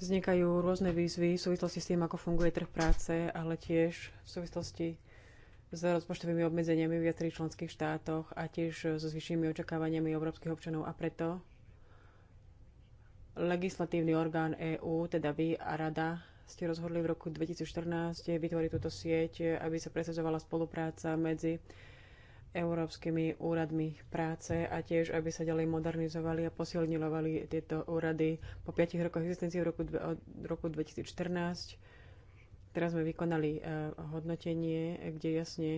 A: Vznikajú rôzne výzvy v súvislosti s tým, ako funguje trh práce, ale tiež v súvislosti s rozpočtovými obmedzeniami v viacerých členských štátoch a tiež so zvyšenými očakávaniami európskych občanov. A preto legislatívny orgán EÚ, teda vy a rada, ste rozhodli v roku 2014 vytvoriť túto sieť, aby sa presadzovala spolupráca medzi európskymi úradmi práce a tiež, aby sa ďalej modernizovali a posilňovali tieto úrady. Po 5 rokoch existencie v roku, od roku 2014 teraz sme vykonali e, hodnotenie, kde jasne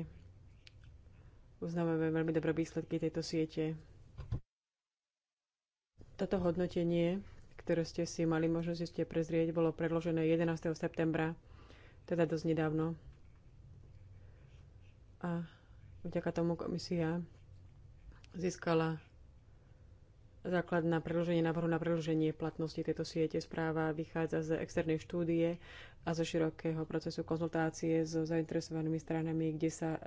A: uznávame veľmi dobré výsledky tejto siete. Toto hodnotenie ktoré ste si mali možnosť ste prezrieť, bolo predložené 11. septembra, teda dosť nedávno. A vďaka tomu komisia získala základ na predloženie návrhu na predloženie platnosti tejto siete. Správa vychádza z externej štúdie a zo širokého procesu konzultácie so zainteresovanými stranami, kde sa e,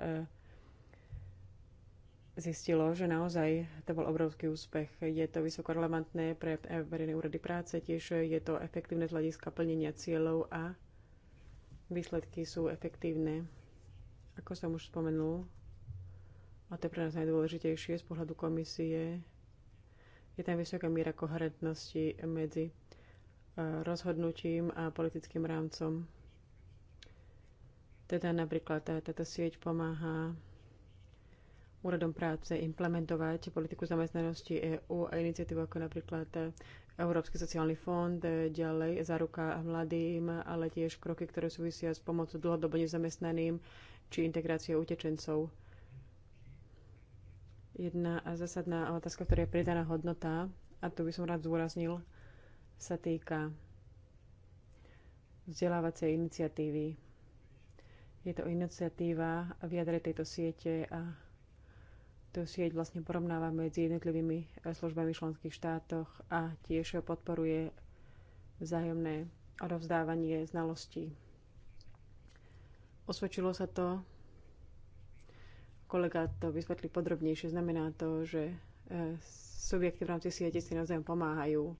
A: zistilo, že naozaj to bol obrovský úspech. Je to vysoko relevantné pre verejné úrady práce, tiež je to efektívne z hľadiska plnenia cieľov a výsledky sú efektívne. Ako som už spomenul, a to je pre nás najdôležitejšie z pohľadu komisie, je tam vysoká miera koherentnosti medzi eh, rozhodnutím a politickým rámcom. Teda napríklad eh, táto sieť pomáha úradom práce implementovať politiku zamestnanosti EÚ a iniciatívu ako napríklad Európsky sociálny fond, ďalej ruka mladým, ale tiež kroky, ktoré súvisia s pomocou dlhodobo nezamestnaným či integrácie utečencov. Jedna zásadná otázka, ktorá je pridaná hodnota, a tu by som rád zúraznil, sa týka vzdelávacej iniciatívy. Je to iniciatíva v jadre tejto siete a tú sieť vlastne porovnáva medzi jednotlivými eh, službami v členských štátoch a tiež podporuje vzájomné odovzdávanie znalostí. Osvedčilo sa to, kolega to vysvetlí podrobnejšie, znamená to, že eh, subjekty v rámci siete si navzájom pomáhajú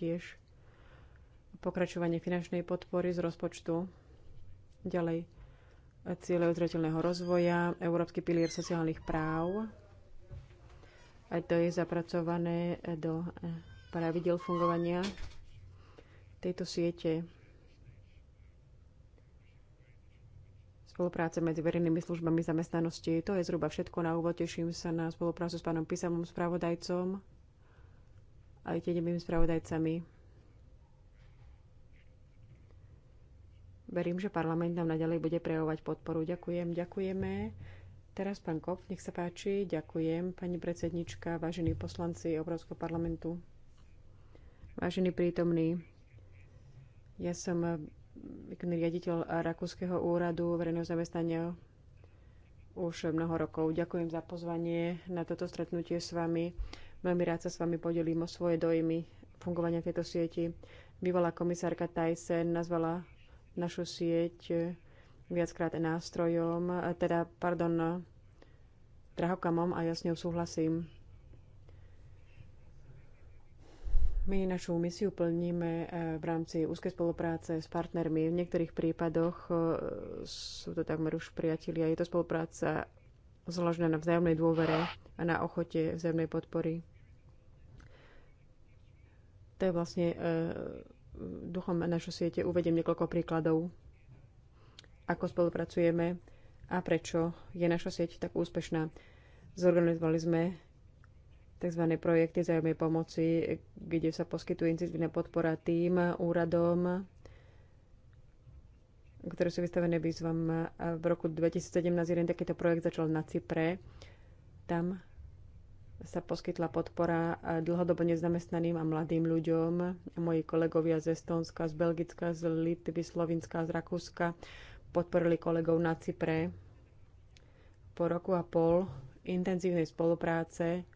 A: tiež pokračovanie finančnej podpory z rozpočtu, ďalej e, cieľe udržateľného rozvoja, Európsky pilier sociálnych práv. Aj to je zapracované do e, pravidel fungovania tejto siete. spolupráce medzi verejnými službami zamestnanosti. To je zhruba všetko na úvod. Teším sa na spoluprácu s pánom Písamom, spravodajcom aj tenevými spravodajcami. Verím, že parlament nám naďalej bude prejavovať podporu. Ďakujem, ďakujeme. Teraz pán Kop, nech sa páči. Ďakujem, pani predsednička, vážení poslanci Európskeho parlamentu, vážení prítomní. Ja som eh, výkonný riaditeľ Rakúskeho úradu verejného zamestnania už mnoho rokov. Ďakujem za pozvanie na toto stretnutie s vami. Veľmi rád sa s vami podelím o svoje dojmy fungovania tejto sieti. Bývalá komisárka Tyson nazvala našu sieť viackrát nástrojom, teda, pardon, drahokamom a ja s ňou súhlasím. My našu misiu plníme eh, v rámci úzkej spolupráce s partnermi. V niektorých prípadoch eh, sú to takmer už priatelia. Je to spolupráca založená na vzájomnej dôvere a na ochote vzájomnej podpory. To je vlastne e, duchom našho siete. Uvediem niekoľko príkladov, ako spolupracujeme a prečo je naša sieť tak úspešná. Zorganizovali sme tzv. projekty vzájomnej pomoci, kde sa poskytuje intenzívna podpora tým, úradom, ktoré sú vystavené výzvam. V roku 2017 jeden takýto projekt začal na Cypre. Tam sa poskytla podpora dlhodobo nezamestnaným a mladým ľuďom. Moji kolegovia z Estónska, z Belgicka, z Litvy, Slovinska, z Rakúska podporili kolegov na Cypre. Po roku a pol intenzívnej spolupráce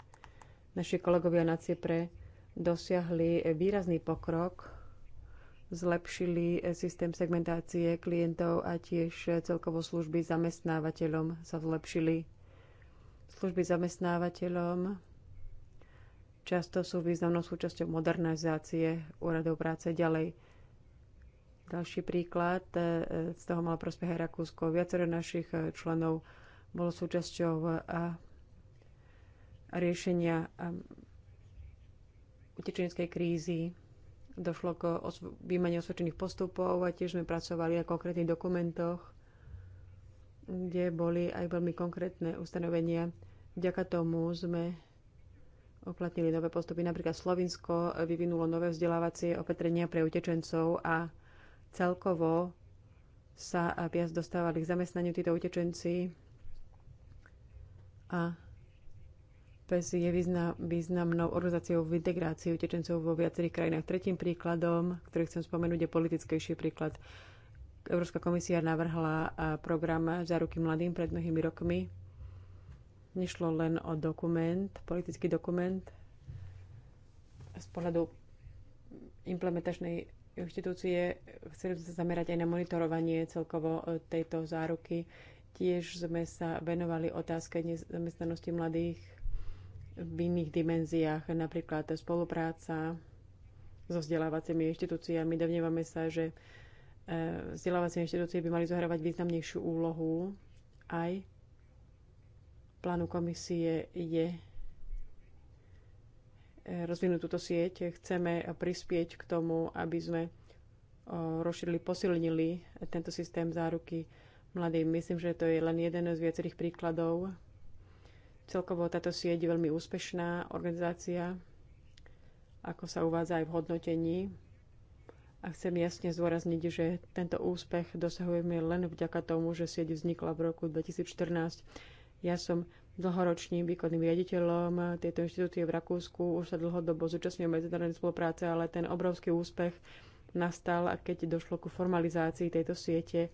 A: naši kolegovia na Cypre dosiahli výrazný pokrok zlepšili systém segmentácie klientov a tiež celkovo služby zamestnávateľom sa zlepšili. Služby zamestnávateľom často sú významnou súčasťou modernizácie úradov práce ďalej. Ďalší príklad, e, z toho mal prospech aj Rakúsko. Viacero našich e, členov bolo súčasťou e, a, riešenia a utečeneckej krízy Došlo k výmene osvedčených postupov a tiež sme pracovali na konkrétnych dokumentoch, kde boli aj veľmi konkrétne ustanovenia. Vďaka tomu sme uplatnili nové postupy. Napríklad Slovinsko vyvinulo nové vzdelávacie opatrenia pre utečencov a celkovo sa viac dostávali k zamestnaniu títo utečenci a PES je významnou organizáciou v integrácii utečencov vo viacerých krajinách. Tretím príkladom, ktorý chcem spomenúť, je politickejší príklad. Európska komisia navrhla program Záruky mladým pred mnohými rokmi. Nešlo len o dokument, politický dokument z pohľadu implementačnej inštitúcie. Chceli sa zamerať aj na monitorovanie celkovo e, tejto záruky. Tiež sme sa venovali otázke nezamestnanosti mladých v iných dimenziách, napríklad spolupráca so vzdelávacími inštitúciami. Dovnievame sa, že e, vzdelávacie inštitúcie by mali zohrávať významnejšiu úlohu. Aj plánu komisie je e, rozvinúť túto sieť. Chceme prispieť k tomu, aby sme e, rozšírili, posilnili tento systém záruky mladým. Myslím, že to je len jeden z viacerých príkladov Celkovo táto sieť je veľmi úspešná organizácia, ako sa uvádza aj v hodnotení. A chcem jasne zdôrazniť, že tento úspech dosahujeme len vďaka tomu, že sieť vznikla v roku 2014. Ja som dlhoročným výkonným riaditeľom tejto inštitúcie v Rakúsku. Už sa dlhodobo zúčastňujem medzinárodnej spolupráce, ale ten obrovský úspech nastal, keď došlo ku formalizácii tejto siete.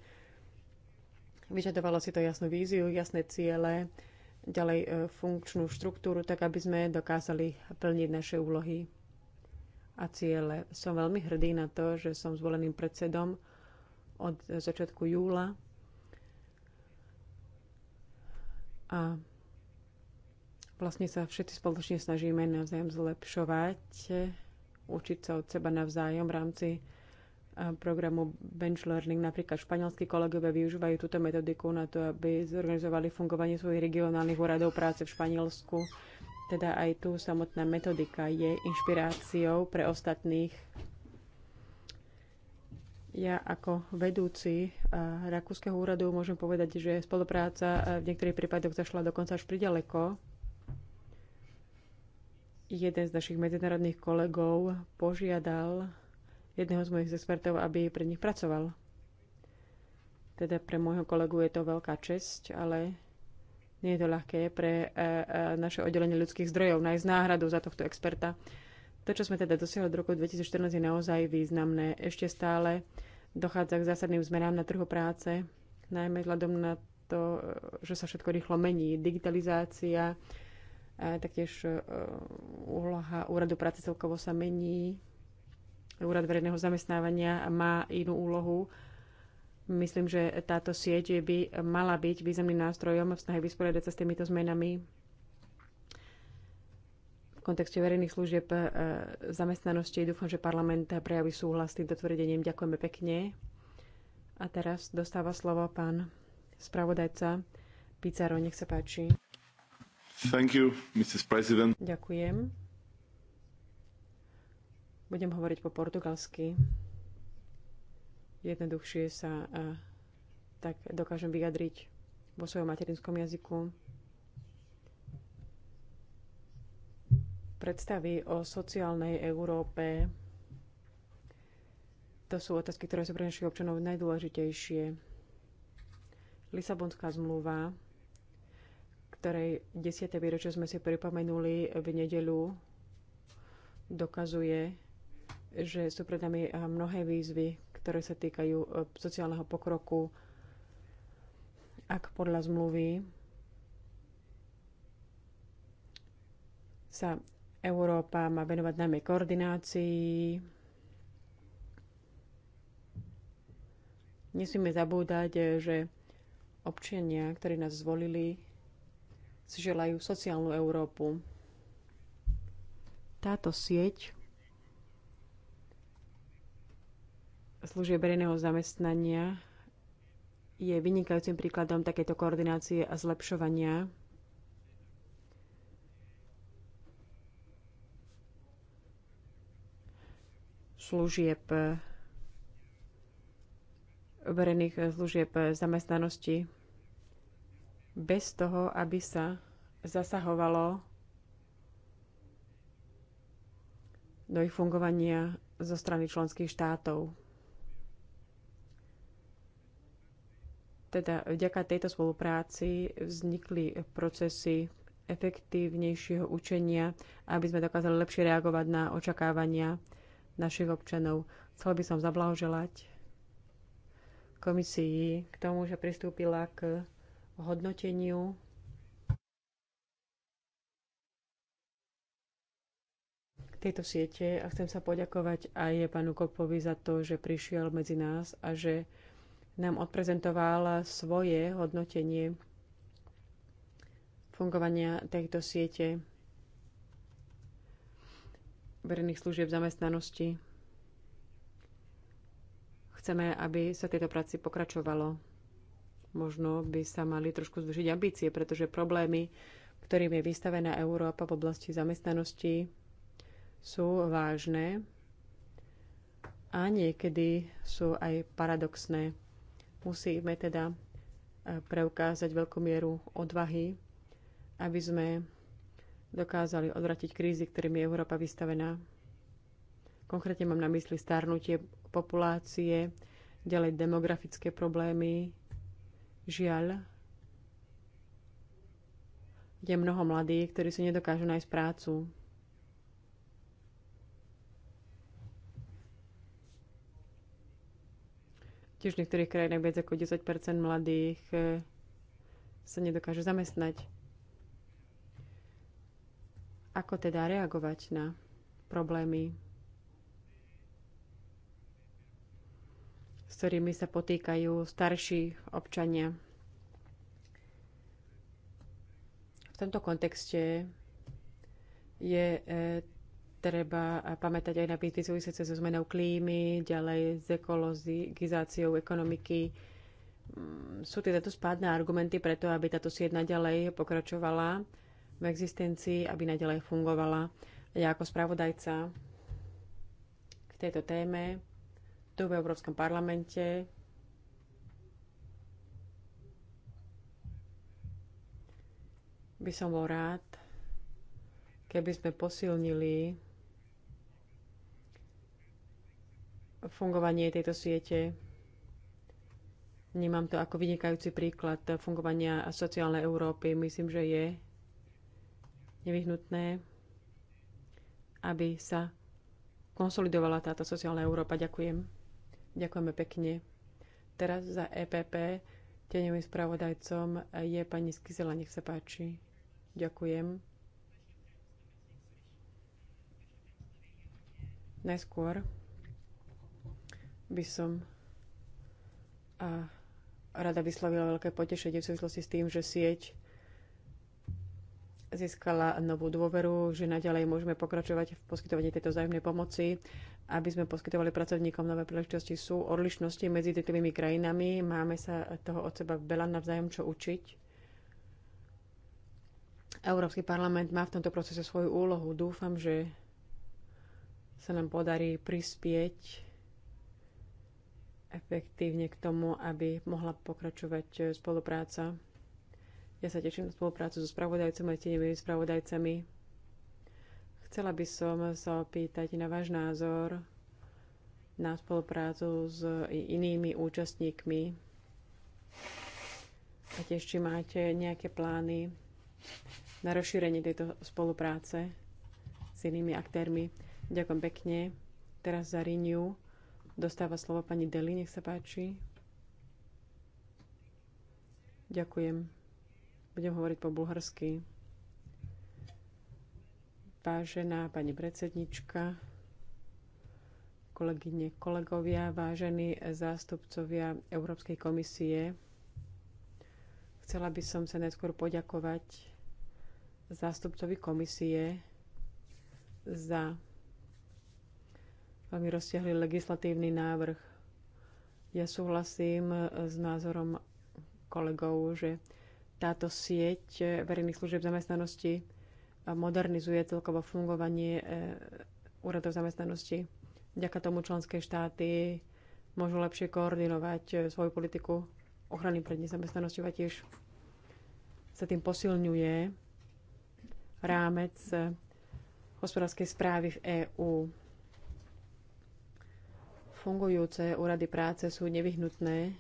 A: Vyžadovalo si to jasnú víziu, jasné ciele, ďalej e, funkčnú štruktúru, tak aby sme dokázali plniť naše úlohy a ciele. Som veľmi hrdý na to, že som zvoleným predsedom od začiatku júla a vlastne sa všetci spoločne snažíme navzájom zlepšovať, učiť sa od seba navzájom v rámci programu Bench Learning. Napríklad španielskí kolegovia využívajú túto metodiku na to, aby zorganizovali fungovanie svojich regionálnych úradov práce v Španielsku. Teda aj tu samotná metodika je inšpiráciou pre ostatných. Ja ako vedúci eh, Rakúskeho úradu môžem povedať, že spolupráca eh, v niektorých prípadoch zašla dokonca až priďaleko jeden z našich medzinárodných kolegov požiadal jedného z mojich expertov, aby pre nich pracoval. Teda pre môjho kolegu je to veľká česť, ale nie je to ľahké pre e, e, naše oddelenie ľudských zdrojov nájsť náhradu za tohto experta. To, čo sme teda dosiahli od roku 2014, je naozaj významné. Ešte stále dochádza k zásadným zmenám na trhu práce, najmä vzhľadom na to, e, že sa všetko rýchlo mení. Digitalizácia, taktiež úloha úradu práce celkovo sa mení, Úrad verejného zamestnávania má inú úlohu. Myslím, že táto sieť by mala byť významným nástrojom v snahe vysporiadať sa s týmito zmenami v kontexte verejných služieb e, zamestnanosti. Dúfam, že parlament prejaví súhlas s týmto tvrdením. Ďakujeme pekne. A teraz dostáva slovo pán spravodajca Pizarro. Nech sa páči.
C: Thank you, Mrs. President.
A: Ďakujem. Budem hovoriť po portugalsky. Jednoduchšie sa a, e, tak dokážem vyjadriť vo svojom materinskom jazyku. Predstavy o sociálnej Európe to sú otázky, ktoré sú pre našich občanov najdôležitejšie. Lisabonská zmluva, ktorej 10. výročie sme si pripomenuli v nedeľu, dokazuje, že sú pred nami eh, mnohé výzvy, ktoré sa týkajú eh, sociálneho pokroku, ak podľa zmluvy sa Európa má venovať najmä koordinácii. Nesmieme zabúdať, eh, že občania, ktorí nás zvolili, si želajú sociálnu Európu. Táto sieť služieb verejného zamestnania je vynikajúcim príkladom takéto koordinácie a zlepšovania. služieb verejných eh, služieb zamestnanosti bez toho, aby sa zasahovalo do ich fungovania zo strany členských štátov. Teda vďaka tejto spolupráci vznikli procesy efektívnejšieho učenia, aby sme dokázali lepšie reagovať na očakávania našich občanov. Chcel by som zablahoželať komisii k tomu, že pristúpila k hodnoteniu tejto siete a chcem sa poďakovať aj pánu Kopovi za to, že prišiel medzi nás a že nám odprezentoval svoje hodnotenie fungovania tejto siete verejných služieb zamestnanosti. Chceme, aby sa tieto práci pokračovalo. Možno by sa mali trošku zvýšiť ambície, pretože problémy, ktorým je vystavená Európa v oblasti zamestnanosti, sú vážne a niekedy sú aj paradoxné. Musíme teda e, preukázať veľkú mieru odvahy, aby sme dokázali odvratiť krízy, ktorým je Európa vystavená. Konkrétne mám na mysli starnutie populácie, ďalej demografické problémy. Žiaľ, je mnoho mladých, ktorí si nedokážu nájsť prácu. Tiež v niektorých krajinách viac ako 10 mladých eh, sa nedokáže zamestnať. Ako teda reagovať na problémy, s ktorými sa potýkajú starší občania? V tomto kontexte je eh, Treba pamätať aj na pýty súvisiace so zmenou klímy, ďalej s ekologizáciou ekonomiky. Mm, sú tieto spádne argumenty preto, aby táto sieť naďalej pokračovala v existencii, aby naďalej fungovala. Ja ako spravodajca k tejto téme tu v Európskom parlamente by som bol rád, keby sme posilnili fungovanie tejto siete. Vnímam to ako vynikajúci príklad fungovania sociálnej Európy. Myslím, že je nevyhnutné, aby sa konsolidovala táto sociálna Európa. Ďakujem. Ďakujeme pekne. Teraz za EPP teňovým spravodajcom je pani Skizela. Nech sa páči. Ďakujem. Najskôr by som a rada vyslovila veľké potešenie v súvislosti s tým, že sieť získala novú dôveru, že naďalej môžeme pokračovať v poskytovaní tejto vzájomnej pomoci, aby sme poskytovali pracovníkom nové príležitosti. Sú odlišnosti medzi tými krajinami, máme sa toho od seba veľa navzájom čo učiť. Európsky parlament má v tomto procese svoju úlohu. Dúfam, že sa nám podarí prispieť efektívne k tomu, aby mohla pokračovať e, spolupráca. Ja sa teším na spoluprácu so spravodajcami a tenými spravodajcami. Chcela by som sa opýtať na váš názor na spoluprácu s inými účastníkmi a tiež či máte nejaké plány na rozšírenie tejto spolupráce s inými aktérmi. Ďakujem pekne. Teraz za Renew Dostáva slovo pani Deli, nech sa páči. Ďakujem. Budem hovoriť po bulharsky. Vážená pani predsednička, kolegyne, kolegovia, vážení zástupcovia Európskej komisie, chcela by som sa najskôr poďakovať zástupcovi komisie za veľmi rozťahlý legislatívny návrh. Ja súhlasím s názorom kolegov, že táto sieť verejných služieb zamestnanosti modernizuje celkovo fungovanie e, úradov zamestnanosti. Vďaka tomu členské štáty môžu lepšie koordinovať e, svoju politiku ochrany pred nezamestnanosťou a tiež sa tým posilňuje rámec e, hospodárskej správy v EÚ. Fungujúce úrady práce sú nevyhnutné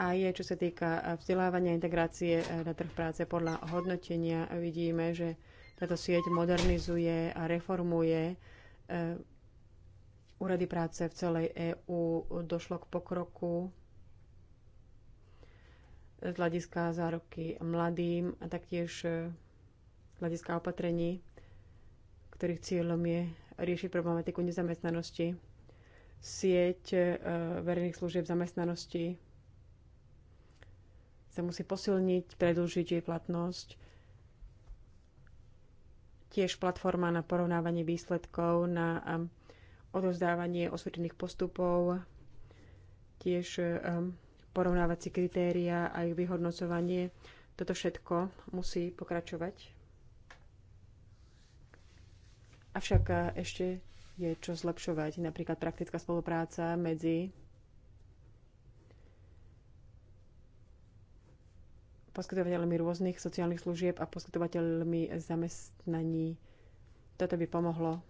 A: A je čo sa týka vzdelávania a integrácie e, na trh práce podľa hodnotenia vidíme, že táto sieť modernizuje a reformuje e, úrady práce v celej EÚ. Došlo k pokroku z hľadiska zároky mladým a taktiež e, z hľadiska opatrení, ktorých cieľom je riešiť problematiku nezamestnanosti, sieť e, verejných služieb zamestnanosti sa musí posilniť, predlžiť jej platnosť. Tiež platforma na porovnávanie výsledkov, na e, odovzdávanie osvedených postupov, tiež e, porovnávacie kritéria a ich vyhodnocovanie. Toto všetko musí pokračovať Avšak eh, ešte je čo zlepšovať. Napríklad praktická spolupráca medzi poskytovateľmi rôznych sociálnych služieb a poskytovateľmi zamestnaní. Toto by pomohlo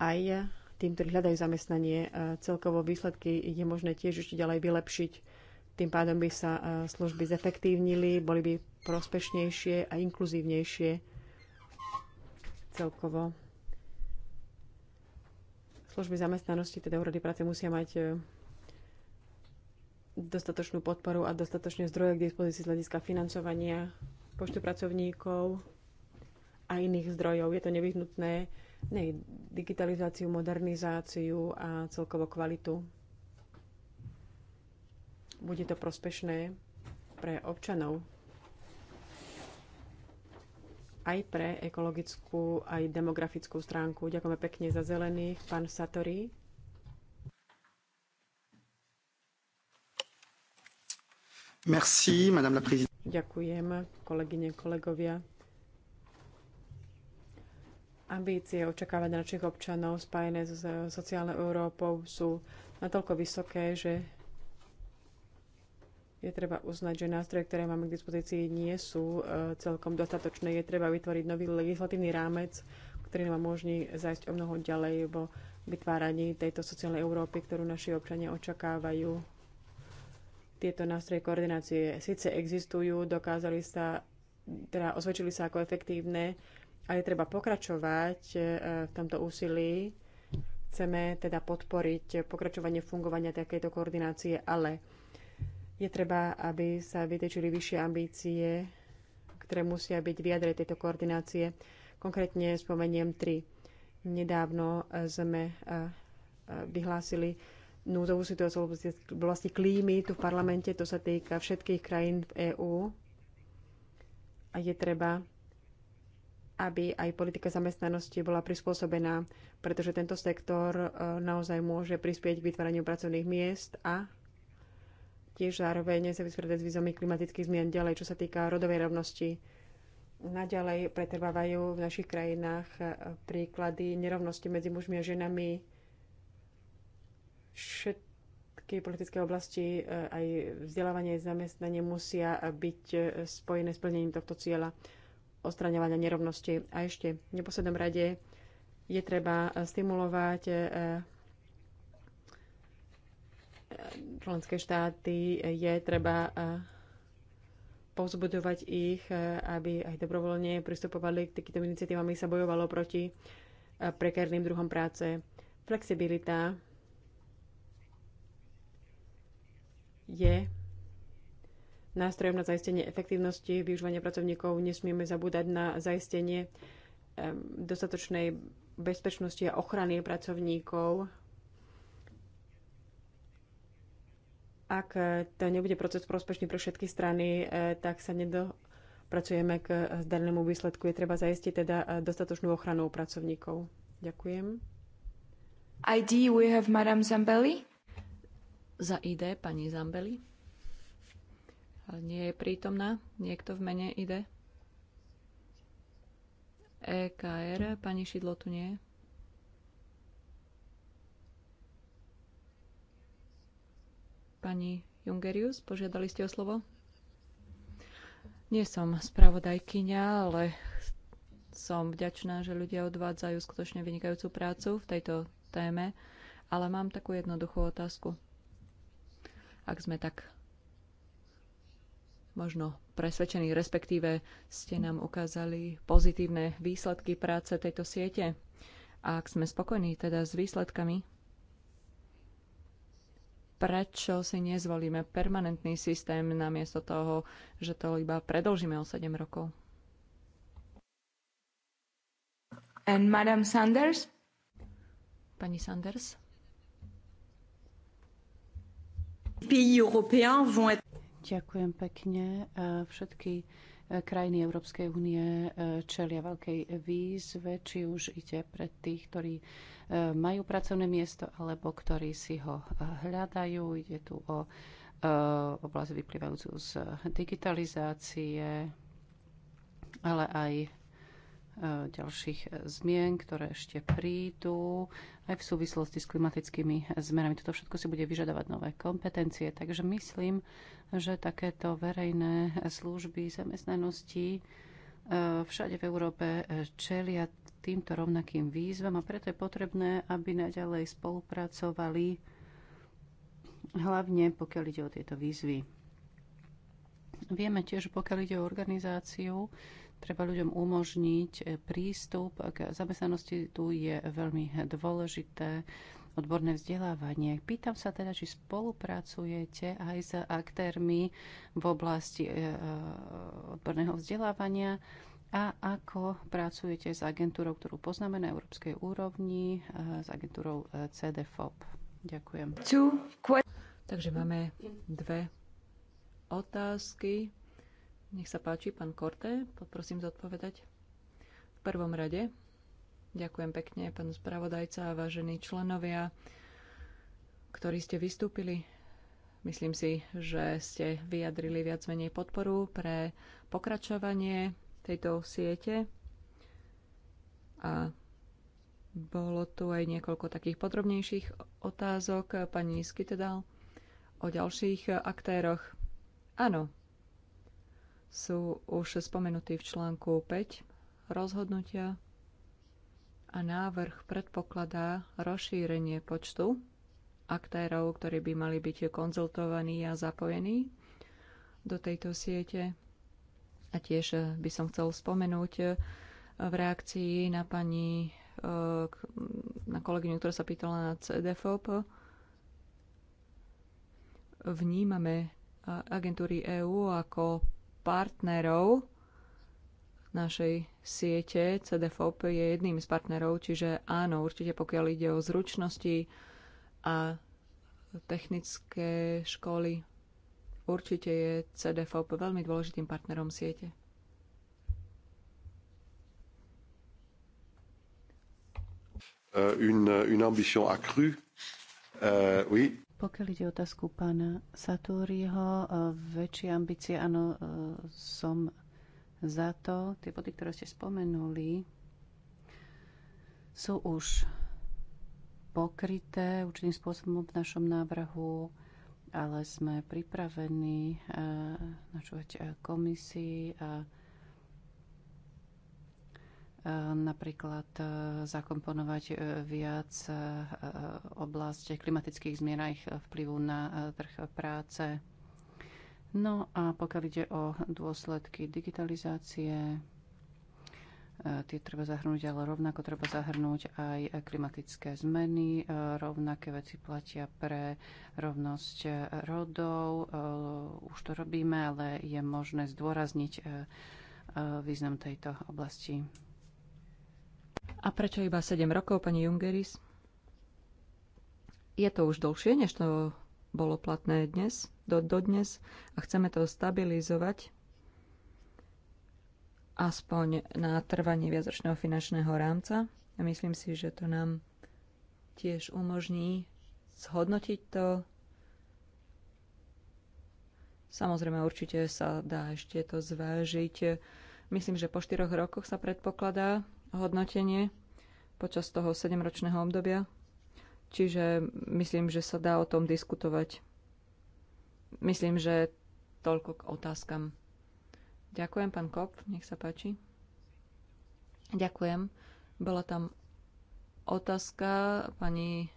A: aj tým, ktorí hľadajú zamestnanie. Eh, celkovo výsledky je možné tiež ešte ďalej vylepšiť. Tým pádom by sa eh, služby zefektívnili, boli by prospešnejšie a inkluzívnejšie celkovo služby zamestnanosti, teda úrady práce musia mať e, dostatočnú podporu a dostatočné zdroje k dispozícii z hľadiska financovania počtu pracovníkov a iných zdrojov. Je to nevyhnutné na digitalizáciu, modernizáciu a celkovo kvalitu. Bude to prospešné pre občanov aj pre ekologickú, aj demografickú stránku. Ďakujeme pekne za zelených. Pán Satori.
B: Merci, madame la présidente.
A: Ďakujem, kolegyne, kolegovia. Ambície očakávania našich občanov spájené s sociálnou Európou sú natoľko vysoké, že je treba uznať, že nástroje, ktoré máme k dispozícii, nie sú e, celkom dostatočné. Je treba vytvoriť nový legislatívny rámec, ktorý nám umožní zajsť o mnoho ďalej vo vytváraní tejto sociálnej Európy, ktorú naši občania očakávajú. Tieto nástroje koordinácie síce existujú, dokázali sa, teda osvedčili sa ako efektívne, a je treba pokračovať e, v tomto úsilí. Chceme teda podporiť pokračovanie fungovania takejto koordinácie, ale je treba, aby sa vytečili vyššie ambície, ktoré musia byť v jadre tejto koordinácie. Konkrétne spomeniem tri. Nedávno sme e, e, vyhlásili núzovú situáciu v oblasti klímy tu v parlamente. To sa týka všetkých krajín v EÚ. A je treba, aby aj politika zamestnanosti bola prispôsobená, pretože tento sektor e, naozaj môže prispieť k vytváraniu pracovných miest a tiež zároveň sa vysporiadať s výzvami klimatických zmien ďalej, čo sa týka rodovej rovnosti. Naďalej pretrvávajú v našich krajinách e, príklady nerovnosti medzi mužmi a ženami. Všetky politické oblasti, e, aj vzdelávanie, zamestnanie musia byť e, spojené s plnením tohto cieľa ostraňovania nerovnosti. A ešte v neposlednom rade je treba stimulovať členské štáty je treba e, povzbudovať ich, e, aby aj dobrovoľne pristupovali k takýmto iniciatívam, aby sa bojovalo proti e, prekerným druhom práce. Flexibilita je nástrojom na zaistenie efektívnosti využívania pracovníkov. Nesmieme zabúdať na zaistenie dostatočnej bezpečnosti a ochrany pracovníkov Ak e, to nebude proces prospešný pre všetky strany, e, tak sa nedopracujeme k zdarnému výsledku. Je treba zaistiť teda e, dostatočnú ochranu pracovníkov.
C: Ďakujem. ID we have Madame Zambelli. Za ID pani Zambelli. Nie je prítomná niekto v mene ID? EKR, pani Šidlo tu nie je. Pani Jungerius, požiadali ste o slovo? Nie som spravodajkyňa, ale som vďačná, že ľudia odvádzajú skutočne vynikajúcu prácu v tejto téme, ale mám takú jednoduchú otázku. Ak sme tak možno presvedčení, respektíve ste nám ukázali pozitívne výsledky práce tejto siete. A ak sme spokojní teda s výsledkami, prečo si nezvolíme permanentný systém namiesto toho, že to iba predlžíme o 7 rokov. And Madam Sanders? Pani Sanders?
B: Ďakujem pekne. Všetky Krajiny Európskej únie e, čelia veľkej výzve, či už ide pre tých, ktorí e, majú pracovné miesto alebo ktorí si ho e, hľadajú. Ide tu o oblasť vyplývajúcu z digitalizácie, ale aj E, ďalších e, zmien, ktoré ešte prídu aj v súvislosti s klimatickými zmenami. Toto všetko si bude vyžadovať nové kompetencie. Takže myslím, že takéto verejné služby zamestnanosti e, všade v Európe čelia týmto rovnakým výzvam a preto je potrebné, aby naďalej spolupracovali hlavne pokiaľ ide o tieto výzvy. Vieme tiež, pokiaľ ide o organizáciu, Treba ľuďom umožniť eh, prístup k zamestnanosti. Tu je veľmi dôležité odborné vzdelávanie. Pýtam sa teda, či spolupracujete aj s aktérmi v oblasti eh, eh, odborného vzdelávania a ako pracujete s agentúrou, ktorú poznáme na európskej úrovni, s agentúrou CDFOP. Ďakujem.
C: Takže máme dve otázky. Nech sa páči, pán Korte, poprosím zodpovedať. V prvom rade ďakujem pekne, pán spravodajca a vážení členovia, ktorí ste vystúpili. Myslím si, že ste vyjadrili viac menej podporu pre pokračovanie tejto siete a bolo tu aj niekoľko takých podrobnejších otázok pani Skytedal o ďalších aktéroch. Áno, sú už spomenutí v článku 5 rozhodnutia a návrh predpokladá rozšírenie počtu aktérov, ktorí by mali byť konzultovaní a zapojení do tejto siete. A tiež by som chcel spomenúť v reakcii na pani, eh, na kolegyňu, ktorá sa pýtala na CDFOP, vnímame agentúry EÚ ako partnerov našej siete. CDFOP je jedným z partnerov, čiže áno, určite pokiaľ ide o zručnosti a technické školy, určite je CDFOP veľmi dôležitým partnerom siete. Euh, une, une ambition accrue. Uh, oui.
B: Pokiaľ ide otázku pána Satúriho, e, väčšie ambície, áno, e, som za to. Tie body, ktoré ste spomenuli, sú už pokryté určitým spôsobom v našom návrhu, ale sme pripravení e, načúvať komisii a napríklad e, zakomponovať e, viac e, oblasť klimatických zmien a ich vplyvu na trh práce. No a pokiaľ ide o dôsledky digitalizácie, tie treba zahrnúť, ale rovnako treba zahrnúť aj klimatické zmeny. Rovnaké veci platia pre rovnosť rodov. Už to robíme, ale je možné zdôrazniť
C: význam tejto oblasti. A prečo iba 7 rokov, pani Jungeris? Je to už dlhšie, než to bolo platné dnes, do, do dnes a chceme to stabilizovať aspoň na trvanie viacročného finančného rámca. A myslím si, že to nám tiež umožní zhodnotiť to. Samozrejme, určite sa dá ešte to zvážiť. Myslím, že po štyroch rokoch sa predpokladá hodnotenie počas toho 7-ročného obdobia. Čiže myslím, že sa dá o tom diskutovať. Myslím, že toľko k otázkam. Ďakujem, pán Kop, nech sa páči. Ďakujem. Bola tam otázka pani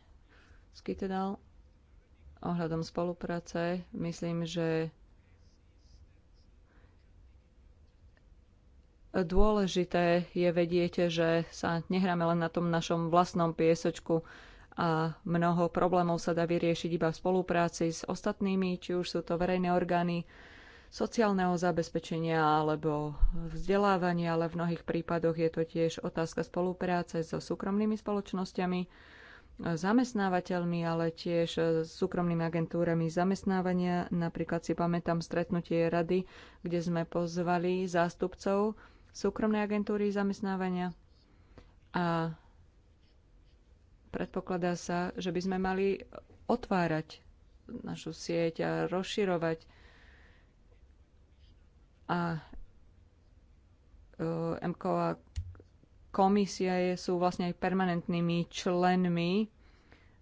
C: Skytedal ohľadom spolupráce. Myslím, že Dôležité je vedieť, že sa nehráme len na tom našom vlastnom piesočku a mnoho problémov sa dá vyriešiť iba v spolupráci s ostatnými, či už sú to verejné orgány, sociálneho zabezpečenia alebo vzdelávania, ale v mnohých prípadoch je to tiež otázka spolupráce so súkromnými spoločnosťami, zamestnávateľmi, ale tiež s súkromnými agentúrami zamestnávania. Napríklad si pamätám stretnutie rady, kde sme pozvali zástupcov súkromnej agentúry zamestnávania a predpokladá sa, že by sme mali otvárať našu sieť a rozširovať a e, MKO a komisia je, sú vlastne aj permanentnými členmi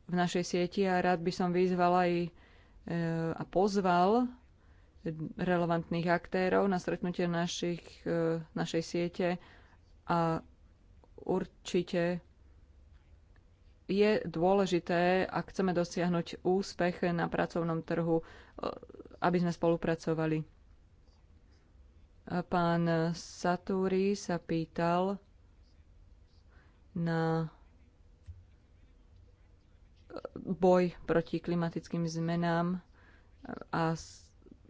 C: v našej sieti a rád by som vyzval aj e, a pozval relevantných aktérov na stretnutie našich, e, našej siete a určite je dôležité, ak chceme dosiahnuť úspech na pracovnom trhu, e, aby sme spolupracovali. Pán Satúri sa pýtal na boj proti klimatickým zmenám a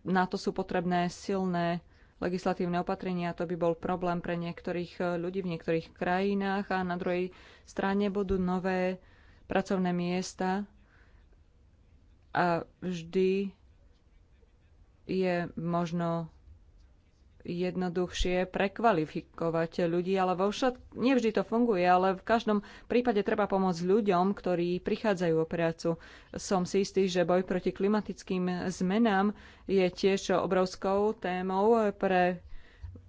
C: na to sú potrebné silné legislatívne opatrenia, to by bol problém pre niektorých eh, ľudí v niektorých krajinách a na druhej strane budú nové pracovné miesta a vždy je možno jednoduchšie prekvalifikovať ľudí, ale vo všet... nevždy to funguje, ale v každom prípade treba pomôcť ľuďom, ktorí prichádzajú o prácu. Som si istý, že boj proti klimatickým zmenám je tiež obrovskou témou pre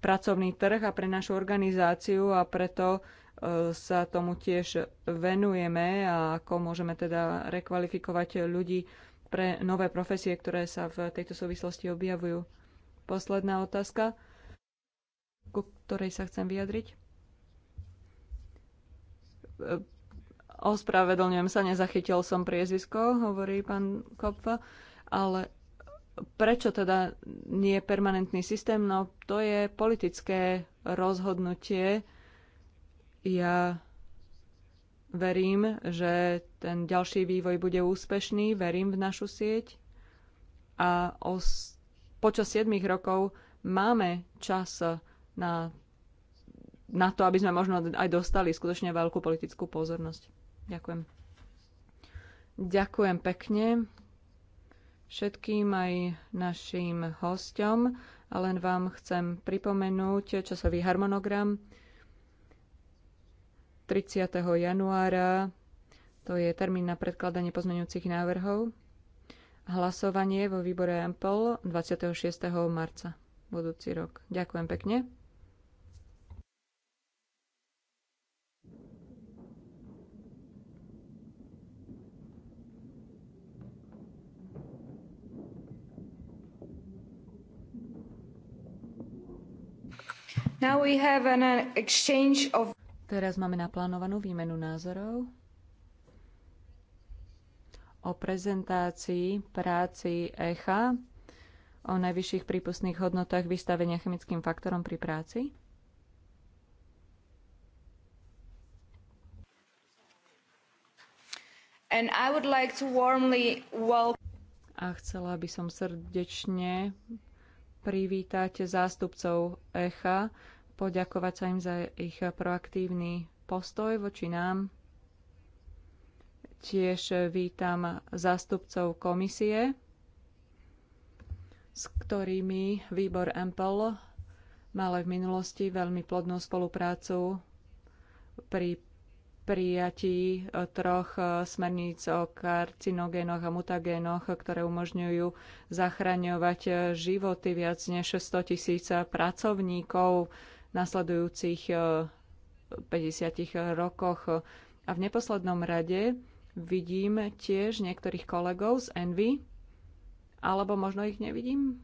C: pracovný trh a pre našu organizáciu a preto e, sa tomu tiež venujeme a ako môžeme teda rekvalifikovať ľudí pre nové profesie, ktoré sa v tejto súvislosti objavujú. Posledná otázka ku ktorej sa chcem vyjadriť. E, ospravedlňujem sa, nezachytil som priezvisko, hovorí pán Kopfa, ale prečo teda nie je permanentný systém? No to je politické rozhodnutie. Ja verím, že ten ďalší vývoj bude úspešný, verím v našu sieť a os- počas 7 rokov máme čas na, na to, aby sme možno aj dostali skutočne veľkú politickú pozornosť. Ďakujem. Ďakujem pekne všetkým aj našim hosťom a len vám chcem pripomenúť časový harmonogram 30. januára to je termín na predkladanie pozmeňujúcich návrhov. Hlasovanie vo výbore MPL 26. marca budúci rok. Ďakujem pekne. Now we have an uh, exchange of... Teraz máme naplánovanú výmenu názorov o prezentácii práci ECHA o najvyšších prípustných hodnotách vystavenia chemickým faktorom pri práci. And I would like to warmly welcome... A chcela by som srdečne privítať zástupcov ECHA, poďakovať sa im za ich proaktívny postoj voči nám. Tiež vítam zástupcov komisie, s ktorými výbor EMPL mal v minulosti veľmi plodnú spoluprácu pri prijatí e, troch e, smerníc o karcinogénoch a mutagénoch, ktoré umožňujú zachraňovať životy viac než 100 tisíc pracovníkov nasledujúcich 50 eh, rokoch. A v neposlednom rade vidím tiež niektorých kolegov z Envy, alebo možno ich nevidím.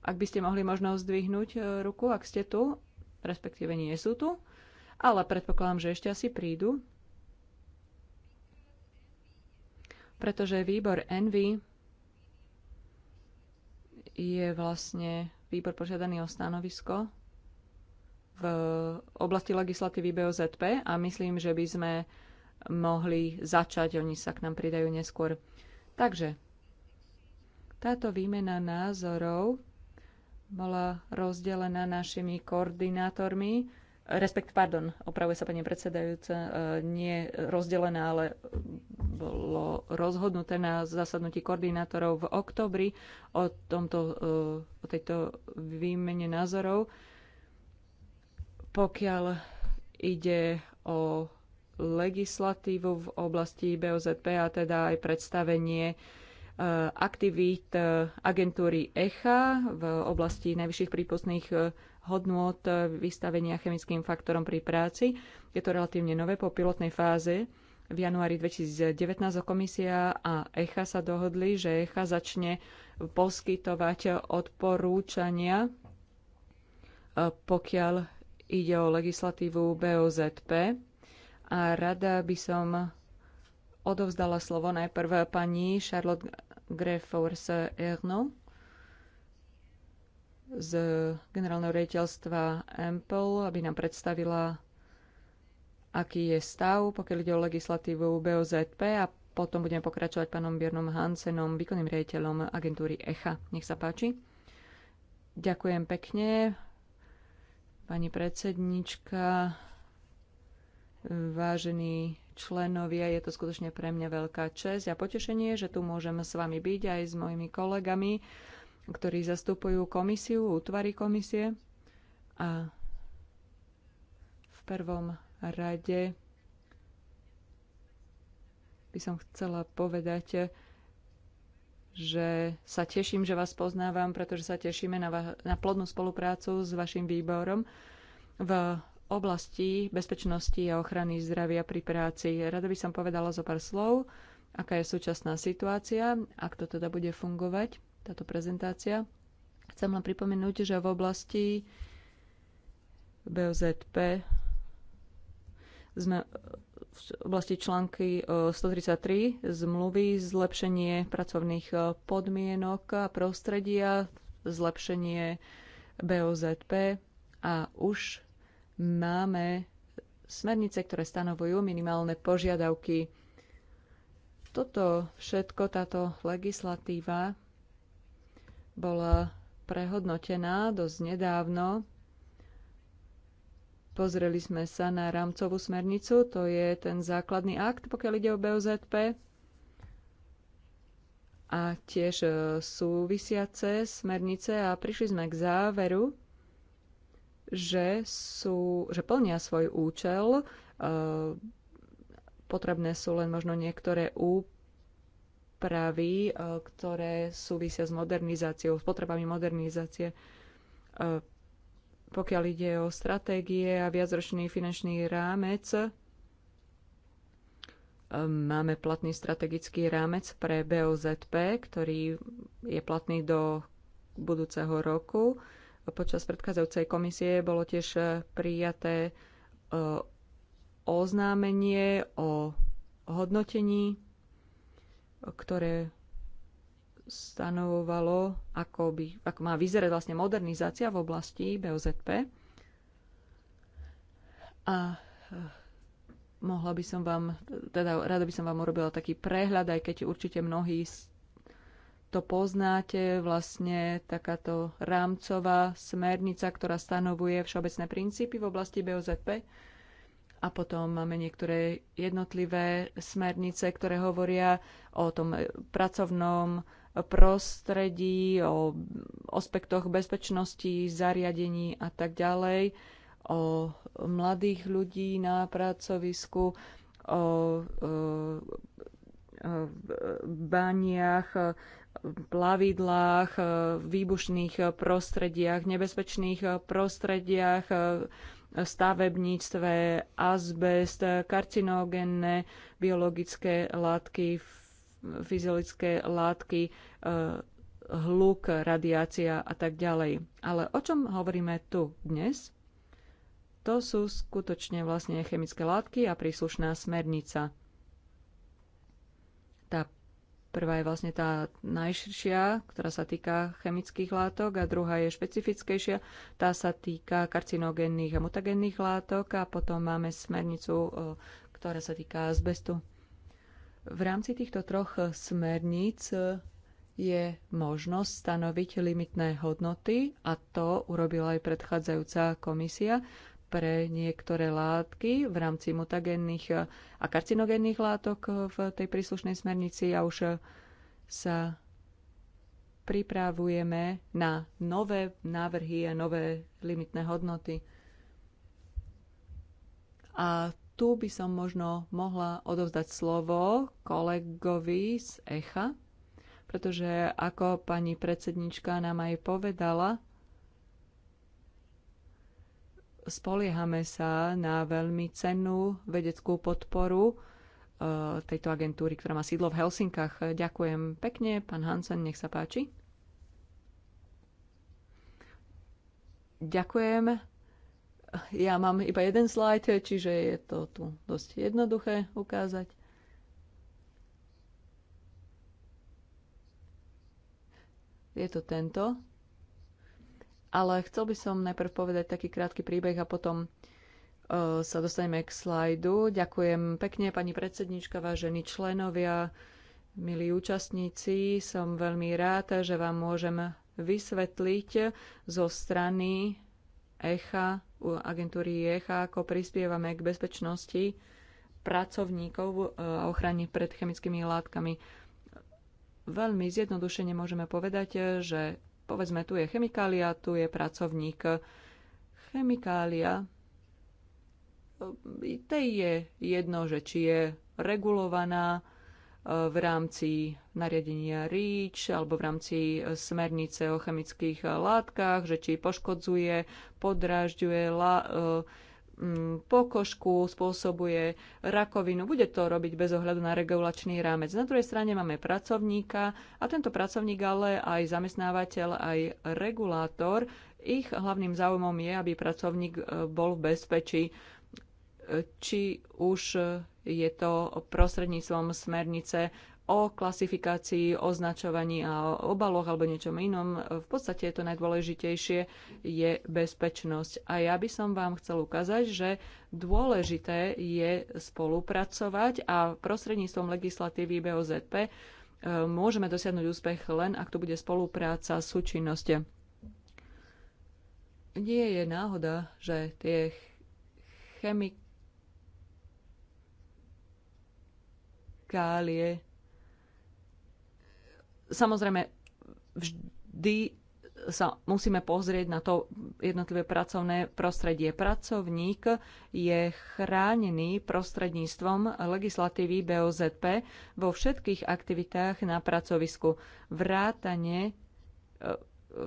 C: Ak by ste mohli možno zdvihnúť eh, ruku, ak ste tu, respektíve nie sú tu, ale predpokladám, že ešte asi prídu. Pretože výbor Envy je vlastne výbor požiadaný o stanovisko v oblasti legislatívy BOZP a myslím, že by sme mohli začať, oni sa k nám pridajú neskôr. Takže táto výmena názorov bola rozdelená našimi koordinátormi, respekt, pardon, opravuje sa pani predsedajúca, e, nie rozdelená, ale bolo rozhodnuté na zasadnutí koordinátorov v oktobri o, tomto, e, o tejto výmene názorov. Pokiaľ ide o legislatívu v oblasti BOZP a teda aj predstavenie e, aktivít e, agentúry ECHA v oblasti najvyšších prípustných e, hodnôt vystavenia chemickým faktorom pri práci. Je to relatívne nové po pilotnej fáze. V januári 2019 komisia a ECHA sa dohodli, že ECHA začne poskytovať odporúčania, pokiaľ Ide o legislatívu BOZP a rada by som odovzdala slovo najprv pani Charlotte Grefors Erno z generálneho rejiteľstva Ampel, aby nám predstavila, aký je stav, pokiaľ ide o legislatívu BOZP a potom budeme pokračovať pánom Biernom Hansenom, výkonným rejiteľom agentúry ECHA. Nech sa páči. Ďakujem pekne, Pani predsednička, vážení členovia, je to skutočne pre mňa veľká čest a potešenie, že tu môžem s vami byť aj s mojimi kolegami, ktorí zastupujú komisiu, útvary komisie. A v prvom rade by som chcela povedať, že sa teším, že vás poznávam, pretože sa tešíme na, va- na plodnú spoluprácu s vašim výborom v oblasti bezpečnosti a ochrany zdravia pri práci. Rada by som povedala zo pár slov, aká je súčasná situácia, ak to teda bude fungovať, táto prezentácia. Chcem len pripomenúť, že v oblasti BOZP sme v oblasti články 133 eh, zmluvy zlepšenie pracovných eh, podmienok a prostredia, zlepšenie BOZP a už máme smernice, ktoré stanovujú minimálne požiadavky. Toto všetko, táto legislatíva bola prehodnotená dosť nedávno Pozreli sme sa na rámcovú smernicu, to je ten základný akt, pokiaľ ide o BOZP a tiež e, súvisiace smernice a prišli sme k záveru, že, sú, že plnia svoj účel. E, potrebné sú len možno niektoré úpravy, e, ktoré súvisia s modernizáciou, s potrebami modernizácie pokiaľ ide o stratégie a viacročný finančný rámec, um, máme platný strategický rámec pre BOZP, ktorý je platný do budúceho roku. Počas predchádzajúcej komisie bolo tiež prijaté uh, oznámenie o hodnotení, ktoré stanovovalo, ako, by, ako má vyzerať vlastne modernizácia v oblasti BOZP. A eh, mohla by som vám, teda rada by som vám urobila taký prehľad, aj keď určite mnohí to poznáte, vlastne takáto rámcová smernica, ktorá stanovuje všeobecné princípy v oblasti BOZP. A potom máme niektoré jednotlivé smernice, ktoré hovoria o tom eh, pracovnom prostredí, o aspektoch bezpečnosti, zariadení a tak ďalej, o mladých ľudí na pracovisku, o baniach, plavidlách, výbušných prostrediach, nebezpečných prostrediach, stavebníctve, azbest, karcinogénne biologické látky, fyziologické látky, e, hluk, radiácia a tak ďalej. Ale o čom hovoríme tu dnes? To sú skutočne vlastne chemické látky a príslušná smernica. Tá prvá je vlastne tá najširšia, ktorá sa týka chemických látok a druhá je špecifickejšia. Tá sa týka karcinogénnych a mutagénnych látok a potom máme smernicu, ktorá sa týka azbestu. V rámci týchto troch smerníc je možnosť stanoviť limitné hodnoty a to urobila aj predchádzajúca komisia pre niektoré látky v rámci mutagénnych a karcinogénnych látok v tej príslušnej smernici a už sa pripravujeme na nové návrhy a nové limitné hodnoty. A tu by som možno mohla odovzdať slovo kolegovi z ECHA, pretože ako pani predsednička nám aj povedala, spoliehame sa na veľmi cennú vedeckú podporu e, tejto agentúry, ktorá má sídlo v Helsinkách. Ďakujem pekne, pán Hansen, nech sa páči. Ďakujem ja mám iba jeden slajd, čiže je to tu dosť jednoduché ukázať. Je to tento. Ale chcel by som najprv povedať taký krátky príbeh a potom uh, sa dostaneme k slajdu. Ďakujem pekne, pani predsednička, vážení členovia, milí účastníci. Som veľmi rád, že vám môžem vysvetliť zo strany echa agentúry ECHA, ako prispievame k bezpečnosti pracovníkov e, a ochrane pred chemickými látkami. Veľmi zjednodušene môžeme povedať, e, že povedzme tu je chemikália, tu je pracovník. Chemikália, e, tej je jedno, že či je regulovaná, v rámci nariadenia REACH alebo v rámci smernice o chemických látkach, že či poškodzuje, podrážďuje la, e, pokožku, spôsobuje rakovinu. Bude to robiť bez ohľadu na regulačný rámec. Na druhej strane máme pracovníka a tento pracovník, ale aj zamestnávateľ, aj regulátor, ich hlavným záujmom je, aby pracovník e, bol v bezpečí, e, či už je to prostredníctvom smernice o klasifikácii, označovaní a obaloch alebo niečom inom. V podstate je to najdôležitejšie je bezpečnosť. A ja by som vám chcel ukázať, že dôležité je spolupracovať a prostredníctvom legislatívy BOZP eh, môžeme dosiahnuť úspech len, ak to bude spolupráca, súčinnosť. Nie je náhoda, že tie chemik fekálie. Samozrejme, vždy sa musíme pozrieť na to jednotlivé pracovné prostredie. Pracovník je chránený prostredníctvom legislatívy BOZP vo všetkých aktivitách na pracovisku. Vrátane e,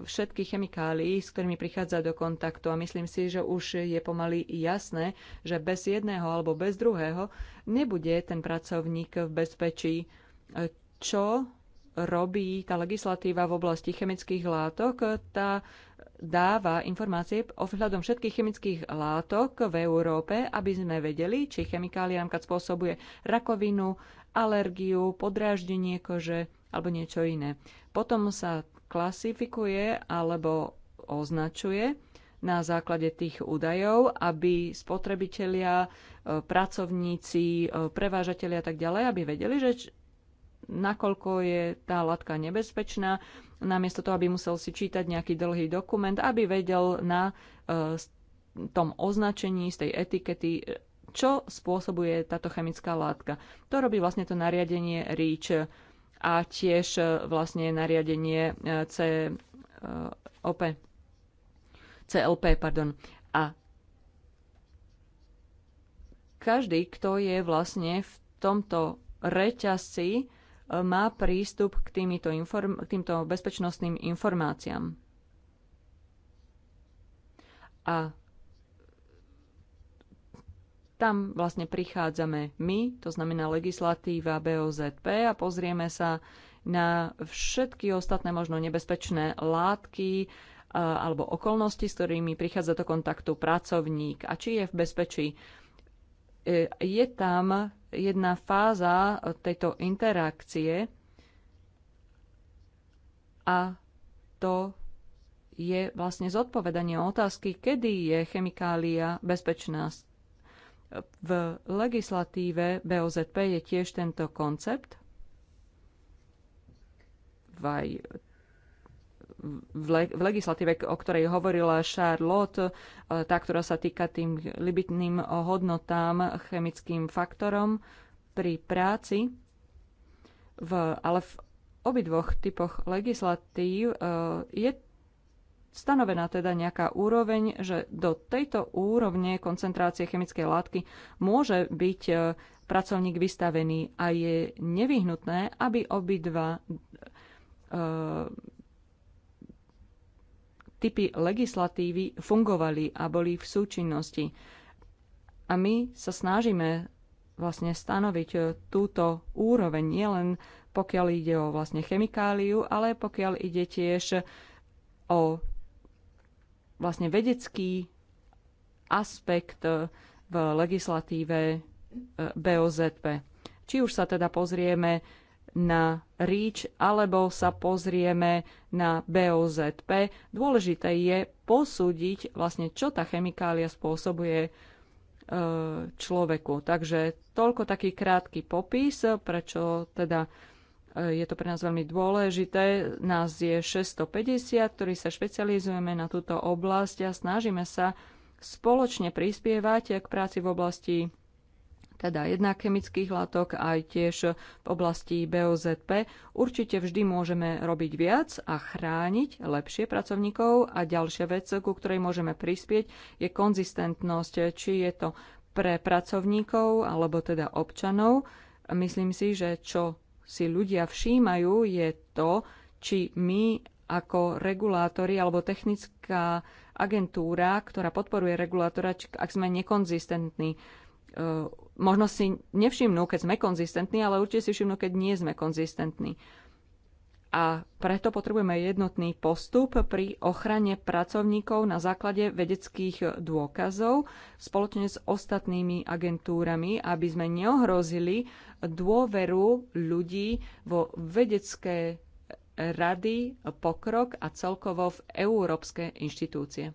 C: všetky chemikálií, s ktorými prichádza do kontaktu. A myslím si, že už je pomaly jasné, že bez jedného alebo bez druhého nebude ten pracovník v bezpečí. Čo robí tá legislatíva v oblasti chemických látok? Tá dáva informácie vzhľadom všetkých chemických látok v Európe, aby sme vedeli, či chemikália napríklad spôsobuje rakovinu, alergiu, podráždenie kože alebo niečo iné. Potom sa klasifikuje alebo označuje na základe tých údajov, aby spotrebitelia, e, pracovníci, e, prevážatelia a tak ďalej, aby vedeli, že nakoľko je tá látka nebezpečná, namiesto toho, aby musel si čítať nejaký dlhý dokument, aby vedel na e, tom označení z tej etikety, čo spôsobuje táto chemická látka. To robí vlastne to nariadenie REACH a tiež e, vlastne nariadenie e, COP, e, CLP. Pardon. A každý, kto je vlastne v tomto reťazci, má prístup k, inform- k týmto bezpečnostným informáciám. A tam vlastne prichádzame my, to znamená legislatíva BOZP a pozrieme sa na všetky ostatné možno nebezpečné látky alebo okolnosti, s ktorými prichádza do kontaktu pracovník a či je v bezpečí. E, je tam jedna fáza tejto interakcie a to je vlastne zodpovedanie otázky, kedy je chemikália bezpečná. V legislatíve BOZP je tiež tento koncept. Vaj, v, le, v legislatíve, o ktorej hovorila Charlotte, tá, ktorá sa týka tým libitným hodnotám, chemickým faktorom pri práci, v, ale v obidvoch typoch legislatív e, je stanovená teda nejaká úroveň, že do tejto úrovne koncentrácie chemickej látky môže byť e, pracovník vystavený a je nevyhnutné, aby obidva e, typy legislatívy fungovali a boli v súčinnosti. A my sa snažíme vlastne stanoviť e, túto úroveň nielen pokiaľ ide o vlastne chemikáliu, ale pokiaľ ide tiež o vlastne vedecký aspekt eh, v legislatíve eh, BOZP. Či už sa teda pozrieme na REACH alebo sa pozrieme na BOZP, dôležité je posúdiť vlastne, čo tá chemikália spôsobuje eh, človeku. Takže toľko taký krátky popis, prečo teda je to pre nás veľmi dôležité. Nás je 650, ktorí sa špecializujeme na túto oblasť a snažíme sa spoločne prispievať k práci v oblasti teda jednak chemických látok, aj tiež v oblasti BOZP. Určite vždy môžeme robiť viac a chrániť lepšie pracovníkov a ďalšia vec, ku ktorej môžeme prispieť, je konzistentnosť, či je to pre pracovníkov alebo teda občanov. Myslím si, že čo si ľudia všímajú, je to, či my ako regulátori alebo technická agentúra, ktorá podporuje regulátora, či, ak sme nekonzistentní. E, možno si nevšimnú, keď sme konzistentní, ale určite si všimnú, keď nie sme konzistentní a preto potrebujeme jednotný postup pri ochrane pracovníkov na základe vedeckých dôkazov spoločne s ostatnými agentúrami, aby sme neohrozili dôveru ľudí vo vedecké rady, pokrok a celkovo v európske inštitúcie.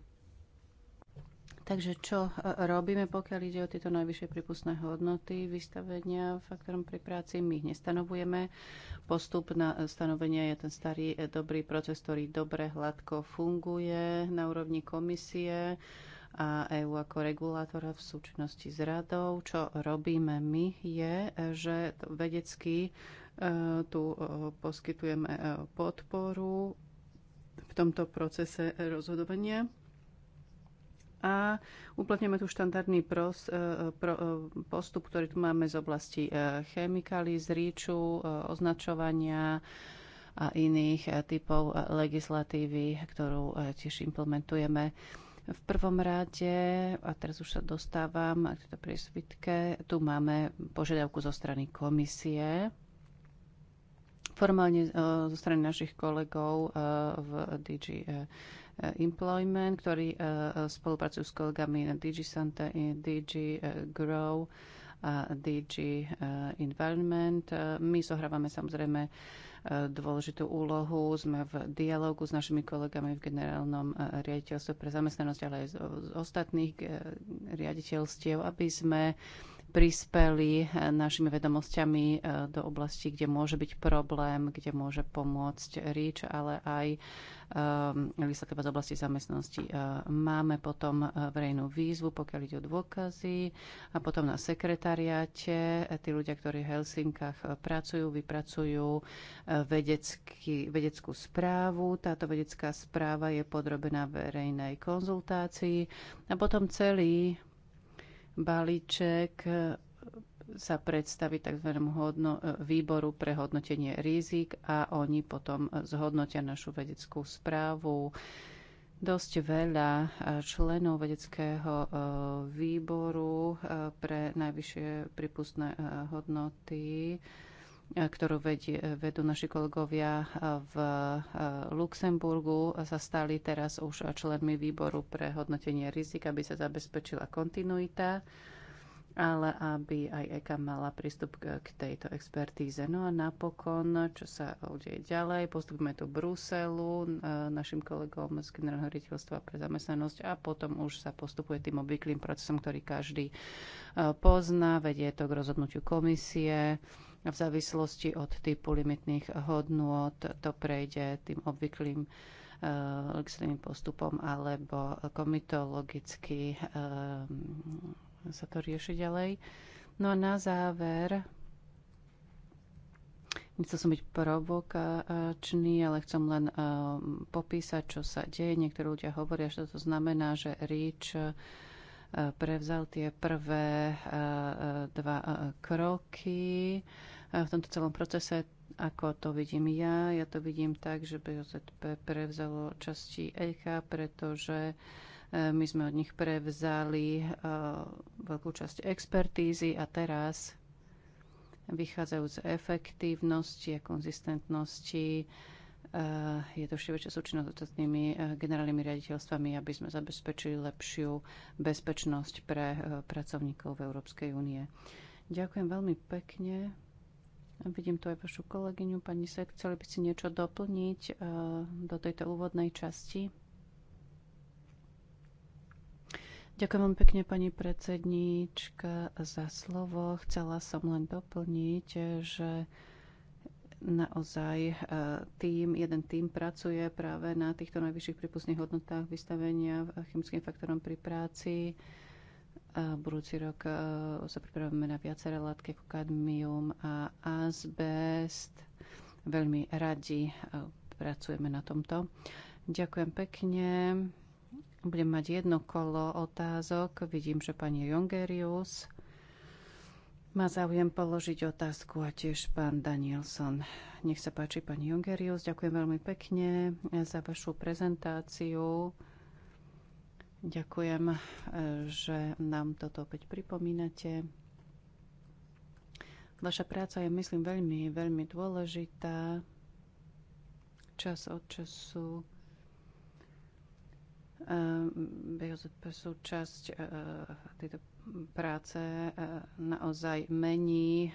B: Takže čo e, robíme, pokiaľ ide o tieto najvyššie prípustné hodnoty vystavenia faktorom pri práci? My ich nestanovujeme. Postup na stanovenie je ten starý e, dobrý proces, ktorý dobre, hladko funguje na úrovni komisie a EÚ ako regulátora v súčinnosti s radou. Čo robíme my je, že vedecky e, tu poskytujeme podporu v tomto procese rozhodovania a uplatňujeme tu štandardný pros, e, pro, e, postup, ktorý tu máme z oblasti e, chemikálií, z ríču, označovania a iných typov legislatívy, ktorú tiež implementujeme. V prvom rade, a teraz už sa dostávam k tejto prísvitke, tu máme požiadavku zo strany komisie, formálne zo strany našich kolegov v DG Eh, employment, ktorí eh, eh, spolupracujú s kolegami na DG Santa, DG Grow a DG Environment. My zohrávame samozrejme dôležitú úlohu. Sme v dialogu s našimi kolegami v generálnom riaditeľstve pre zamestnanosť, ale aj z ostatných riaditeľstiev, aby sme prispeli eh, našimi vedomosťami eh, do oblasti, kde môže byť problém, kde môže pomôcť REACH, ale aj ehm, legislatíva z oblasti zamestnosti. Eh, máme potom verejnú výzvu, pokiaľ ide o dôkazy a potom na sekretariáte tí ľudia, ktorí v Helsinkách pracujú, vypracujú vedeckú správu. Táto vedecká správa je podrobená verejnej konzultácii a potom celý balíček e, sa predstaví tzv. Hodno, e, výboru pre hodnotenie rizik a oni potom e, zhodnotia našu vedeckú správu. Dosť veľa členov vedeckého výboru pre najvyššie prípustné hodnoty ktorú vedú naši kolegovia eh, v eh, Luxemburgu, sa stali teraz už členmi výboru pre hodnotenie rizik, aby sa zabezpečila kontinuita, ale aby aj EKA mala prístup k tejto expertíze. No a napokon, čo sa udeje ďalej, postupíme tu Bruselu, eh, našim kolegom z Generálneho riaditeľstva pre zamestnanosť a potom už sa postupuje tým obvyklým procesom, ktorý každý pozná, vedie to k rozhodnutiu komisie v závislosti od typu limitných hodnôt to prejde tým obvyklým eh, legislatívnym postupom alebo komitologicky eh, sa to rieši ďalej. No a na záver, nechcel som byť provokačný, ale chcem len eh, popísať, čo sa deje. Niektorí ľudia hovoria, že to znamená, že REACH prevzal tie prvé dva kroky v tomto celom procese, ako to vidím ja. Ja to vidím tak, že BOZP prevzalo časti ECHA, pretože e, my sme od nich prevzali e, veľkú časť expertízy a teraz vychádzajú z efektívnosti a konzistentnosti e, je to všetko súčinnosť s ostatnými generálnymi riaditeľstvami, aby sme zabezpečili lepšiu bezpečnosť pre pracovníkov v Európskej únie. Ďakujem veľmi pekne. Vidím tu aj vašu kolegyňu. Pani Sek, chceli by ste niečo doplniť eh, do tejto úvodnej časti? Ďakujem vám pekne, pani predsedníčka, za slovo. Chcela som len doplniť, že naozaj eh, tým, jeden tým pracuje práve na týchto najvyšších prípustných hodnotách vystavenia chemickým faktorom pri práci. Budúci rok e, sa pripravujeme na viaceré látky ako kadmium a azbest. Veľmi radi e, pracujeme na tomto. Ďakujem pekne. Budem mať jedno kolo otázok. Vidím, že pani Jongerius má záujem položiť otázku a tiež pán Danielson. Nech sa páči, pani Jongerius, ďakujem veľmi pekne za vašu prezentáciu. Ďakujem, e, že nám toto opäť pripomínate. Vaša práca je, myslím, veľmi, veľmi dôležitá. Čas od času e, BOZP sú časť e, tejto práce naozaj mení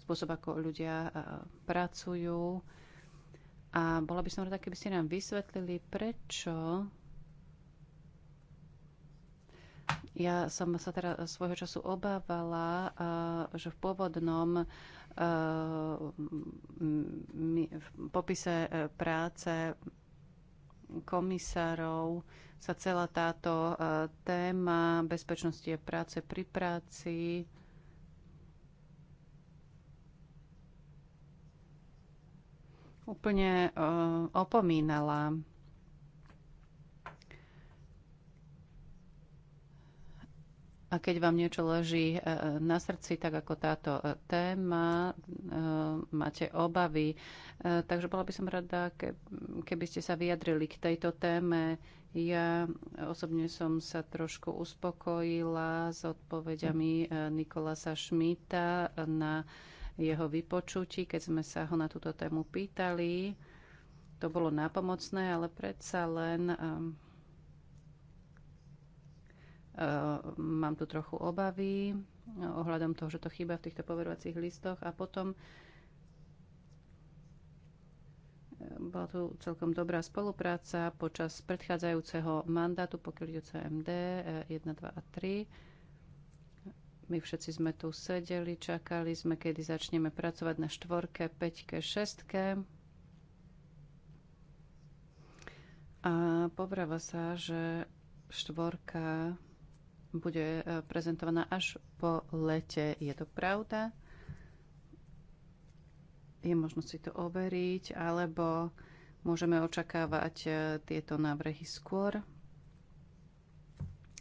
B: spôsob, ako ľudia pracujú. A bola by som rada, keby ste nám vysvetlili, prečo ja som sa teda svojho času obávala, že v pôvodnom v popise e, práce komisárov sa celá táto e, téma bezpečnosti práce pri práci úplne e, opomínala. A keď vám niečo leží e, e, na srdci, tak ako táto e, téma, máte obavy. Takže bola by som rada, keby ste sa vyjadrili k tejto téme. Ja osobne som sa trošku uspokojila s odpovediami Nikolasa Šmita na jeho vypočutí, keď sme sa ho na túto tému pýtali. To bolo nápomocné, ale predsa len Ehm, mám tu trochu obavy eh, ohľadom toho, že to chýba v týchto poverovacích listoch a potom eh, bola tu celkom dobrá spolupráca počas predchádzajúceho mandátu, pokiaľ ide o CMD 1, 2 a 3. My všetci sme tu sedeli, čakali sme, kedy začneme pracovať na štvorke, peťke, šestke. A povráva sa, že štvorka bude e, prezentovaná až po lete. Je to pravda? Je možno si to overiť, alebo môžeme očakávať e, tieto návrhy skôr.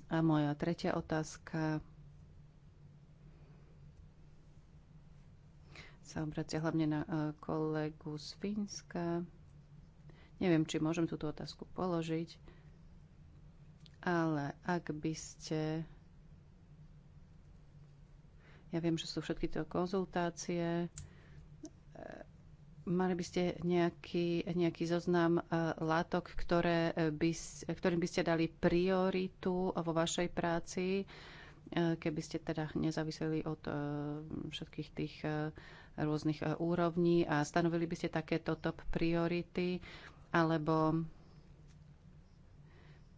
B: A moja tretia otázka sa obracia hlavne na e, kolegu z Fínska. Neviem, či môžem túto otázku položiť ale ak by ste... Ja viem, že sú všetky to konzultácie. E, mali by ste nejaký, nejaký zoznam e, látok, ktoré e, by, ktorým by ste dali prioritu vo vašej práci, keby ste teda nezaviseli od všetkých tých rôznych úrovní a stanovili by ste takéto top priority, alebo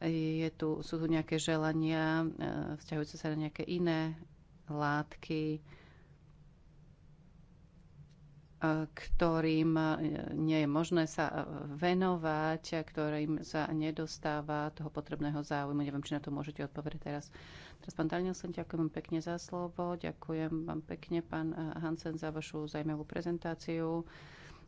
B: je tu, sú tu nejaké želania e, vzťahujúce sa na nejaké iné látky, e, ktorým e, nie je možné sa venovať, a ktorým sa nedostáva toho potrebného záujmu. Neviem, či na to môžete odpovedať teraz. Teraz pán Danielson, ďakujem vám pekne za slovo, ďakujem vám pekne, pán Hansen, za vašu zaujímavú prezentáciu.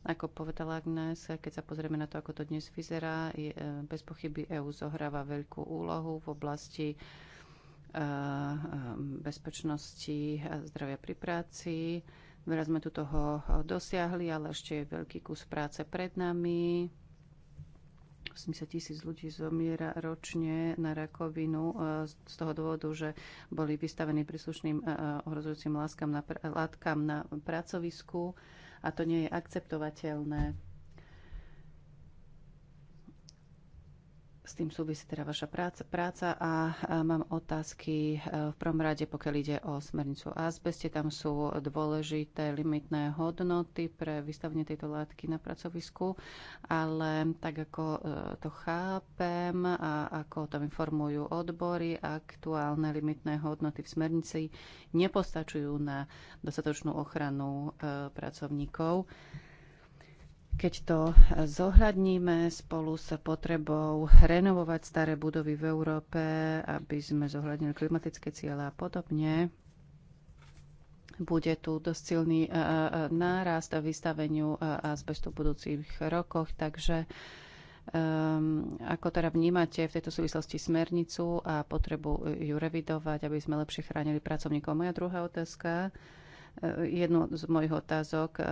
B: Ako povedala Agnes, keď sa pozrieme na to, ako to dnes vyzerá, je, e, bez pochyby EÚ zohráva veľkú úlohu v oblasti e, e, bezpečnosti a zdravia pri práci. Veľa sme tu toho dosiahli, ale ešte je veľký kus práce pred nami. 80 tisíc ľudí zomiera ročne na rakovinu z toho dôvodu, že boli vystavení príslušným ohrozujúcim látkam na, pr látkam na pracovisku a to nie je akceptovateľné. S tým súvisí teda vaša práca, práca a mám otázky e, v prvom rade, pokiaľ ide o smernicu azbeste. Tam sú dôležité limitné hodnoty pre vystavenie tejto látky na pracovisku, ale tak ako e, to chápem a ako tam informujú odbory, aktuálne limitné hodnoty v smernici nepostačujú na dostatočnú ochranu e, pracovníkov. Keď to zohľadníme spolu s potrebou renovovať staré budovy v Európe, aby sme zohľadnili klimatické ciele a podobne, bude tu dosť silný e, e, e, nárast vystaveniu azbestu v budúcich rokoch, takže Um, ako teda vnímate v tejto súvislosti smernicu a potrebu ju revidovať, aby sme lepšie chránili pracovníkov? Moja druhá otázka Eh, jednu z mojich otázok eh,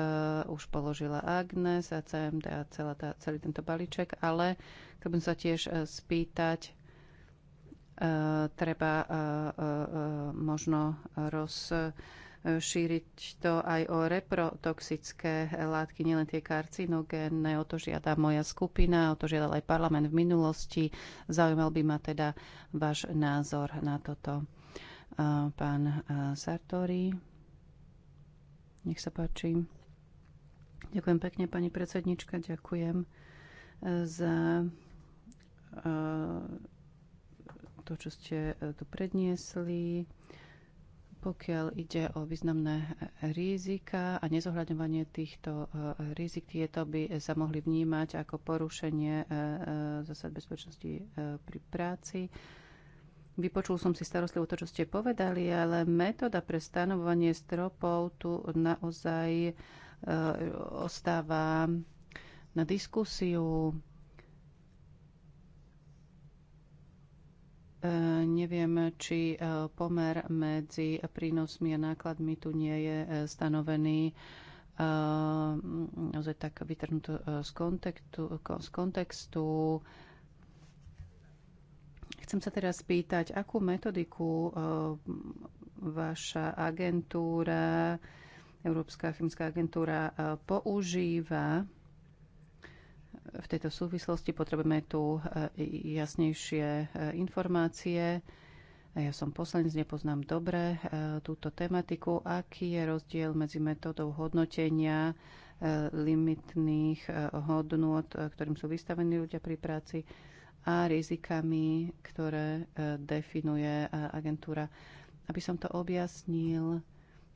B: už položila Agnes a CMD a celá tá, celý tento balíček, ale chcem sa tiež eh, spýtať, treba možno rozšíriť to aj o reprotoxické látky, nielen tie karcinogénne. O to žiada moja skupina, o to žiadal aj parlament v minulosti. Zaujímal by ma teda váš názor na toto, pán Sartori. Nech sa páči. Ďakujem pekne, pani predsednička. Ďakujem e, za e, to, čo ste e, tu predniesli. Pokiaľ ide o významné rizika a nezohľadňovanie týchto rizik, tieto by sa mohli vnímať ako porušenie zásad bezpečnosti pri práci Vypočul som si starostlivo to, čo ste povedali, ale metóda pre stanovovanie stropov tu naozaj e, ostáva na diskusiu. E, neviem, či e, pomer medzi prínosmi a nákladmi tu nie je e, stanovený e, naozaj tak vytrhnuto e, z kontextu. Z kontextu Chcem sa teraz spýtať, akú metodiku eh, vaša agentúra, Európska chemická agentúra eh, používa eh, v tejto súvislosti. Potrebujeme tu jasnejšie informácie. Ja som poslanec, nepoznám dobre túto tematiku. Aký je rozdiel medzi metódou hodnotenia limitných hodnôt, ktorým sú vystavení ľudia pri práci a rizikami, ktoré e, definuje e, agentúra. Aby som to objasnil,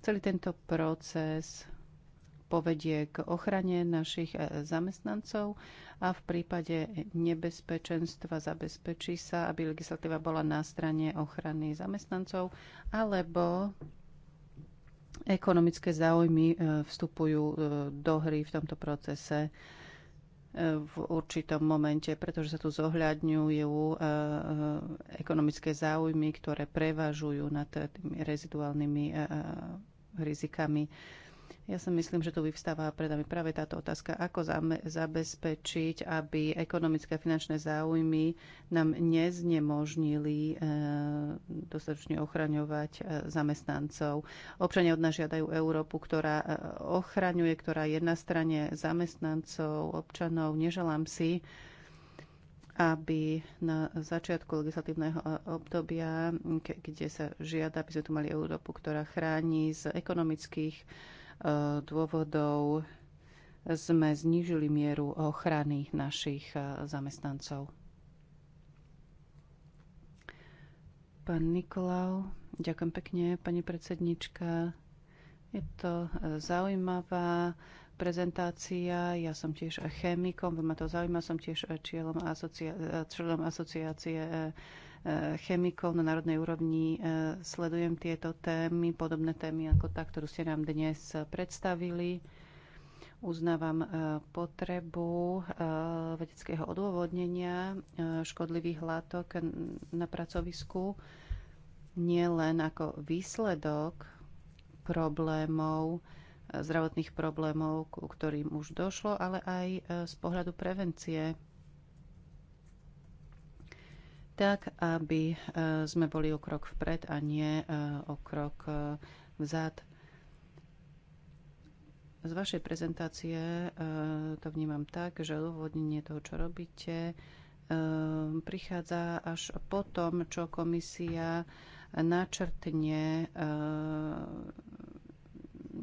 B: celý tento proces povedie k ochrane našich e, zamestnancov a v prípade nebezpečenstva zabezpečí sa, aby legislatíva bola na strane ochrany zamestnancov alebo ekonomické záujmy vstupujú do hry v tomto procese v určitom momente, pretože sa tu zohľadňujú e, e, ekonomické záujmy, ktoré prevažujú nad tými reziduálnymi e, rizikami ja si myslím, že tu vyvstáva pred nami práve táto otázka, ako zabezpečiť, aby ekonomické a finančné záujmy nám neznemožnili e, dostatočne ochraňovať e, zamestnancov. Občania od nás žiadajú Európu, ktorá e, ochraňuje, ktorá je na strane zamestnancov, občanov. Neželám si, aby na začiatku legislatívneho obdobia, kde sa žiada, aby sme tu mali Európu, ktorá chráni z ekonomických E, dôvodov sme znížili mieru ochrany našich e, zamestnancov. Pán Nikolau, ďakujem pekne, pani predsednička. Je to e, zaujímavá prezentácia. Ja som tiež chemikom, ma to zaujíma, som tiež členom, asocia- členom asociácie chemikov na národnej úrovni. E, sledujem tieto témy, podobné témy ako tá, ktorú ste nám dnes predstavili. Uznávam e, potrebu e, vedeckého odôvodnenia škodlivých látok na pracovisku nie len ako výsledok problémov, zdravotných problémov, ku ktorým už došlo, ale aj z pohľadu prevencie tak aby e, sme boli o krok vpred a nie e, o krok e, vzad. Z vašej prezentácie to vnímam tak, že odôvodnenie toho, čo robíte, prichádza až po tom, čo komisia načrtne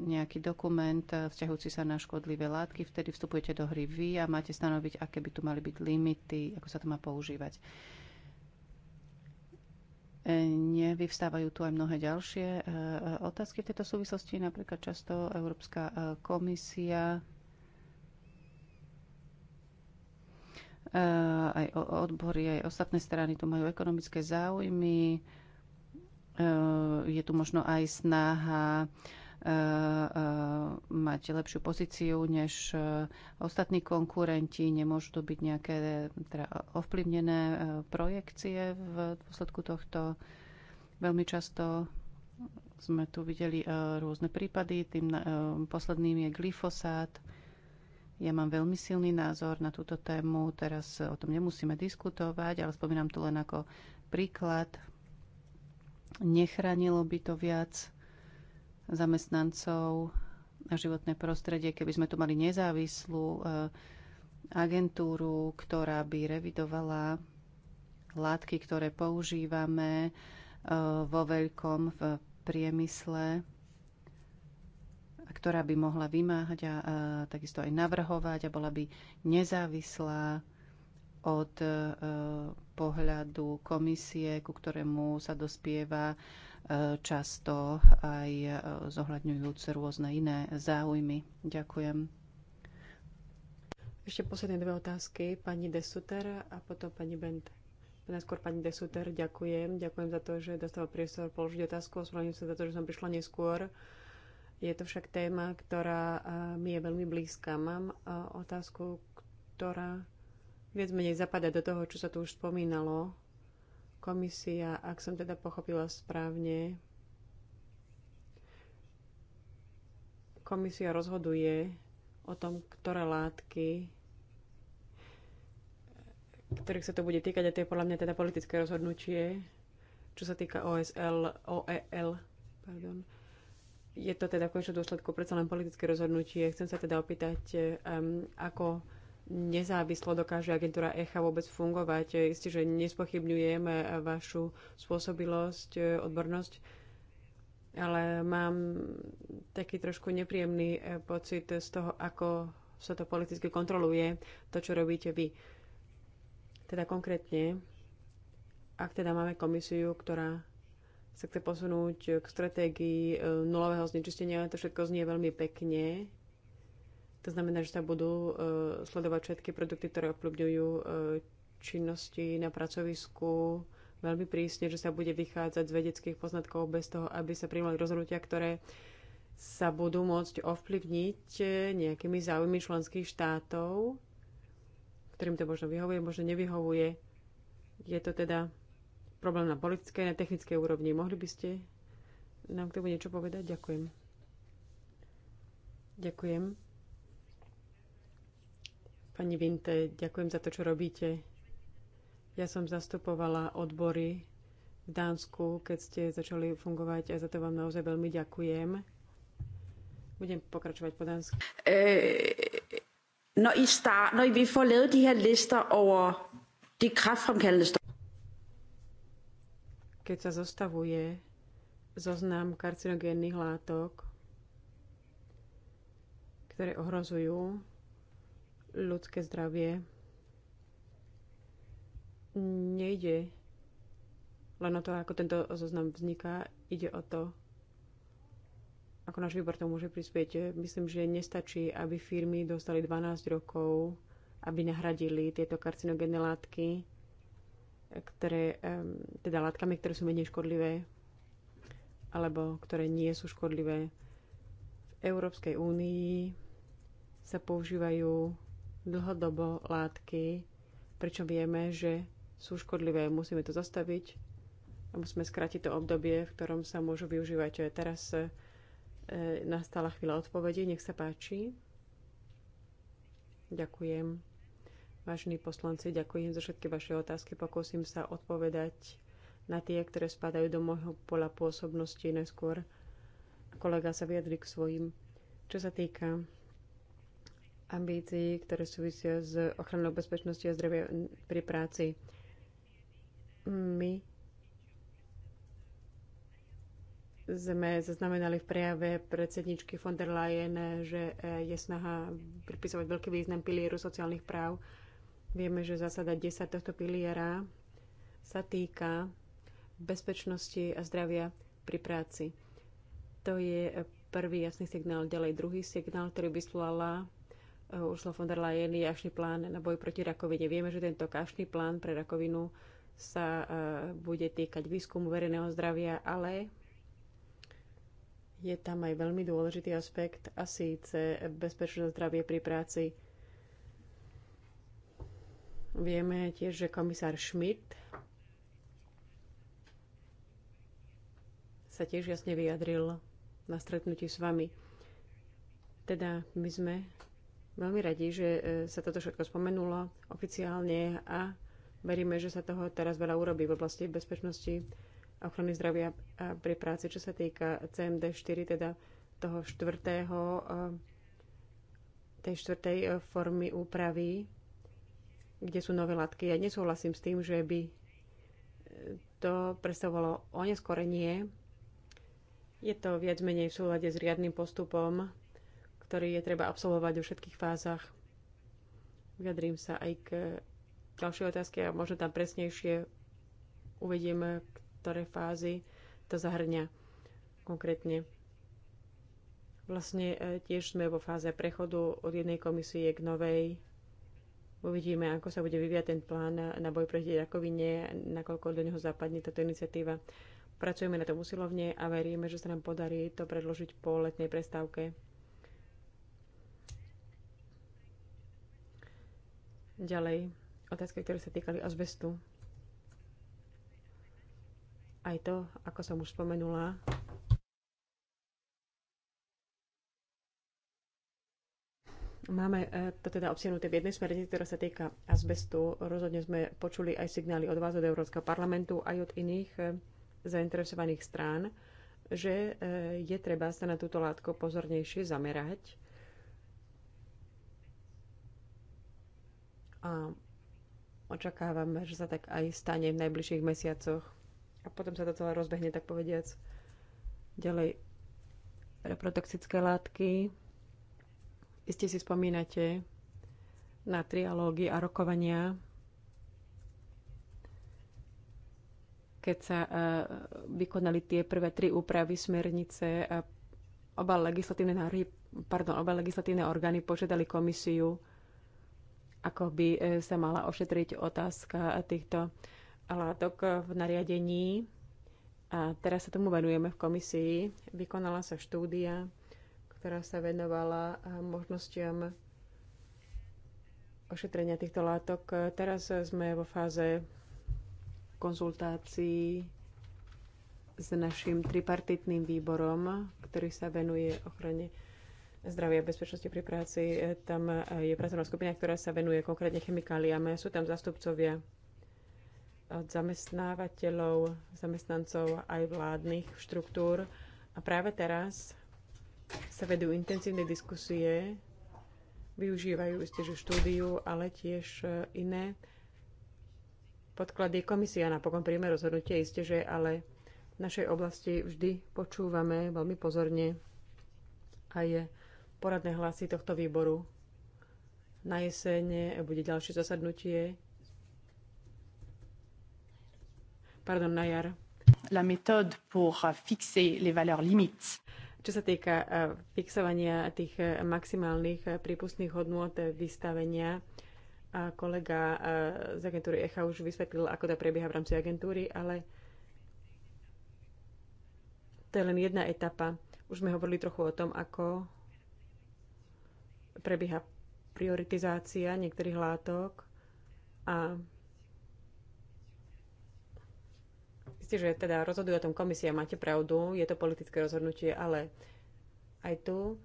B: nejaký dokument vzťahujúci sa na škodlivé látky, vtedy vstupujete do hry vy a máte stanoviť, aké by tu mali byť limity, ako sa to má používať. E, nevyvstávajú tu aj mnohé ďalšie e, e, otázky v tejto súvislosti. Napríklad často Európska komisia aj odbory, aj ostatné strany tu majú ekonomické záujmy. Je tu možno aj snaha E, e, mať lepšiu pozíciu než e, ostatní konkurenti, nemôžu to byť nejaké teda ovplyvnené projekcie v dôsledku tohto. Veľmi často sme tu videli rôzne prípady, tým posledným je glyfosát. Ja mám veľmi silný názor na túto tému, teraz o tom nemusíme diskutovať, ale spomínam to len ako príklad. Nechránilo by to viac zamestnancov a životné prostredie, keby sme tu mali nezávislú eh, agentúru, ktorá by revidovala látky, ktoré používame eh, vo veľkom v priemysle, ktorá by mohla vymáhať a, eh, takisto aj navrhovať a bola by nezávislá od pohľadu komisie, ku ktorému sa dospieva často aj e, zohľadňujúc rôzne
A: iné záujmy. Ďakujem. Ešte posledné dve otázky. Pani Desuter a potom pani Bent. Najskôr pani Desuter, ďakujem. Ďakujem za to, že dostal priestor položiť otázku. Ospravedlňujem sa za to, že som prišla neskôr. Je to však téma, ktorá e, mi je veľmi blízka. Mám e, otázku, ktorá viac menej zapadá do toho, čo sa tu už spomínalo Komisia, ak som teda pochopila správne, komisia rozhoduje o tom, ktoré látky ktorých sa to bude týkať a to je podľa mňa teda politické rozhodnutie, čo sa týka OSL, OEL, pardon. Je to teda v končnom dôsledku predsa len politické rozhodnutie. Chcem sa teda opýtať, um, ako nezávislo dokáže agentúra ECHA vôbec fungovať. Isté, že nespochybňujem vašu spôsobilosť, odbornosť, ale mám taký trošku nepríjemný eh, pocit z toho, ako sa to politicky kontroluje, to, čo robíte vy. Teda konkrétne, ak teda máme komisiu, ktorá sa chce posunúť k stratégii eh, nulového znečistenia, to všetko znie veľmi pekne, to znamená, že sa budú e, sledovať všetky produkty, ktoré ovplyvňujú e, činnosti na pracovisku veľmi prísne, že sa bude vychádzať z vedeckých poznatkov bez toho, aby sa prijímali rozhodnutia, ktoré sa budú môcť ovplyvniť e, nejakými záujmy členských štátov, ktorým to možno vyhovuje, možno nevyhovuje. Je to teda problém na politickej, na technickej úrovni. Mohli by ste nám k tomu niečo povedať? Ďakujem. Ďakujem. Pani Vinte, ďakujem za to, čo robíte. Ja som zastupovala odbory v Dánsku, keď ste začali fungovať a za to vám naozaj veľmi ďakujem. Budem pokračovať po dánsku. E, eh, når I, start, når I får lavet de her lister over de kraftfremkaldende Keď sa zostavuje zoznam karcinogénnych látok, ktoré ohrozujú ľudské zdravie. Nejde len o to, ako tento zoznam vzniká, ide o to, ako náš výbor to môže prispieť. Myslím, že nestačí, aby firmy dostali 12 rokov, aby nahradili tieto karcinogénne látky, ktoré, teda látkami, ktoré sú menej škodlivé, alebo ktoré nie sú škodlivé. V Európskej únii sa používajú dlhodobo látky, pričom vieme, že sú škodlivé. Musíme to zastaviť a musíme skrátiť to obdobie, v ktorom sa môžu využívať. Teraz e, nastala chvíľa odpovede. Nech sa páči. Ďakujem. Vážení poslanci, ďakujem za všetky vaše otázky. Pokúsim sa odpovedať na tie, ktoré spadajú do môjho pola pôsobnosti neskôr. Kolega sa vyjadri k svojim. Čo sa týka ambícií, ktoré súvisia s ochranou bezpečnosti a zdravia pri práci. My sme zaznamenali v prejave predsedničky von der Leyen, že eh, je snaha pripisovať veľký význam pilieru sociálnych práv. Vieme, že zásada 10 tohto piliera sa týka bezpečnosti a zdravia pri práci. To je eh, prvý jasný signál. Ďalej druhý signál, ktorý vyslala Ursula von der Leyen je akčný plán na boj proti rakovine. Vieme, že tento akčný plán pre rakovinu sa e, bude týkať výskumu verejného zdravia, ale je tam aj veľmi dôležitý aspekt a síce bezpečné zdravie pri práci. Vieme tiež, že komisár Schmidt sa tiež jasne vyjadril na stretnutí s vami. Teda my sme veľmi radi, že e, sa toto všetko spomenulo oficiálne a veríme, že sa toho teraz veľa urobí v oblasti bezpečnosti a ochrany zdravia a pri práci, čo sa týka CMD4, teda toho štvrtého, e, tej štvrtej e, formy úpravy, kde sú nové látky. Ja nesúhlasím s tým, že by to predstavovalo oneskorenie. Je to viac menej v súlade s riadnym postupom ktorý je treba absolvovať vo všetkých fázach. Vyjadrím sa aj k ďalšej otázke a možno tam presnejšie uvedieme, ktoré fázy to zahrňa konkrétne. Vlastne e, tiež sme vo fáze prechodu od jednej komisie k novej. Uvidíme, ako sa bude vyvíjať ten plán na boj proti rakovine, nakoľko do neho zapadne táto iniciatíva. Pracujeme na tom usilovne a veríme, že sa nám podarí to predložiť po letnej prestávke. Ďalej, otázky, ktoré sa týkali azbestu. Aj to, ako som už spomenula, Máme e, to teda obsiahnuté v jednej smernici, ktorá sa týka azbestu. Rozhodne sme počuli aj signály od vás, od Európskeho parlamentu, aj od iných e, zainteresovaných strán, že e, je treba sa na túto látku pozornejšie zamerať a očakávame, že sa tak aj stane v najbližších mesiacoch a potom sa to celé rozbehne, tak povediac. Ďalej, reprotoxické látky. Iste si spomínate na trialógy a rokovania, keď sa e, vykonali tie prvé tri úpravy smernice a oba legislatívne, pardon, oba legislatívne orgány požiadali komisiu ako by e, sa mala ošetriť otázka týchto látok v nariadení. A teraz sa tomu venujeme v komisii. Vykonala sa štúdia, ktorá sa venovala e, možnostiam ošetrenia týchto látok. Teraz sme vo fáze konzultácií s našim tripartitným výborom, ktorý sa venuje ochrane zdravia a bezpečnosti pri práci. E, tam e, je pracovná skupina, ktorá sa venuje konkrétne chemikáliám. Sú tam zastupcovia od e, zamestnávateľov, zamestnancov aj vládnych štruktúr. A práve teraz sa vedú intenzívne diskusie, využívajú isteže štúdiu, ale tiež iné podklady. Komisia napokon príjme rozhodnutie že ale v našej oblasti vždy počúvame veľmi pozorne a je poradné hlasy tohto výboru. Na jesene bude ďalšie zasadnutie. Pardon, na jar. La méthode pour euh, fixer les valeurs limites. Čo sa týka euh, fixovania tých euh, maximálnych prípustných hodnôt eh, vystavenia, a kolega z agentúry ECHA už vysvetlil, ako to prebieha v rámci agentúry, ale to je len jedna etapa. Už sme hovorili trochu o tom, ako prebieha prioritizácia niektorých látok a Isté, že teda rozhoduje o tom komisia, máte pravdu, je to politické rozhodnutie, ale aj tu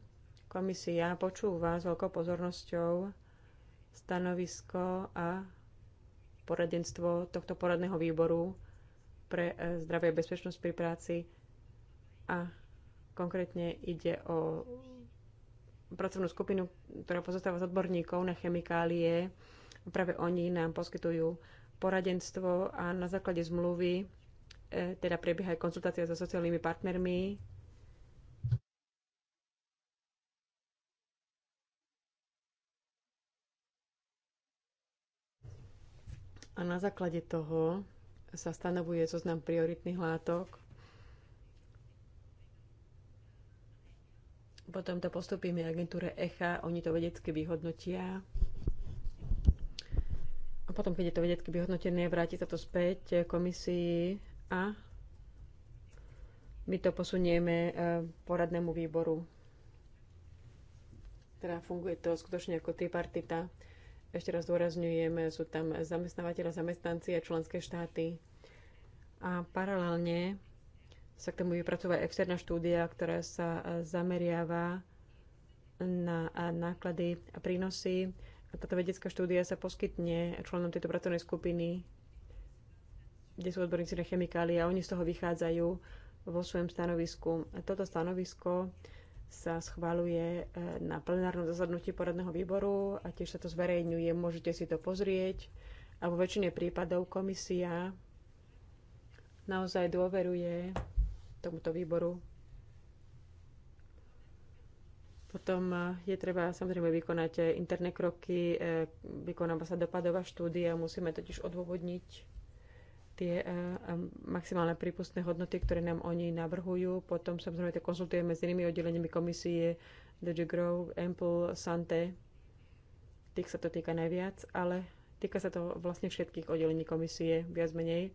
A: komisia počúva s veľkou pozornosťou stanovisko a poradenstvo tohto poradného výboru pre e, zdravie a bezpečnosť pri práci a konkrétne ide o pracovnú skupinu, ktorá pozostáva z odborníkov na chemikálie. Práve oni nám poskytujú poradenstvo a na základe zmluvy e, teda prebieha aj konzultácia so sociálnymi partnermi. A na základe toho sa stanovuje zoznam prioritných látok Potom to postupíme agentúre ECHA, oni to vedecky vyhodnotia. A potom, keď je to vedecky vyhodnotené, vráti sa to späť komisii a my to posunieme e, poradnému výboru. Teda funguje to skutočne ako tripartita. Ešte raz dôrazňujeme, sú tam zamestnávateľa, zamestnanci a členské štáty. A paralelne sa k tomu vypracovať externá štúdia, ktorá sa e, zameriava na e, náklady a prínosy. A táto vedecká štúdia sa poskytne členom tejto pracovnej skupiny, kde sú odborníci na chemikálie a oni z toho vychádzajú vo svojom stanovisku. A toto stanovisko sa schváluje e, na plenárnom zasadnutí poradného výboru a tiež sa to zverejňuje. Môžete si to pozrieť. A vo väčšine prípadov komisia naozaj dôveruje tomuto výboru. Potom e, je treba samozrejme vykonať e, interné kroky, e, vykonáva sa dopadová štúdia, musíme totiž odôvodniť tie maximálne prípustné hodnoty, ktoré nám oni navrhujú. Potom samozrejme to konzultujeme s inými oddeleniami komisie, DG Grow, Ample, Sante. Tých sa to týka najviac, ale týka sa to vlastne všetkých oddelení komisie, viac menej.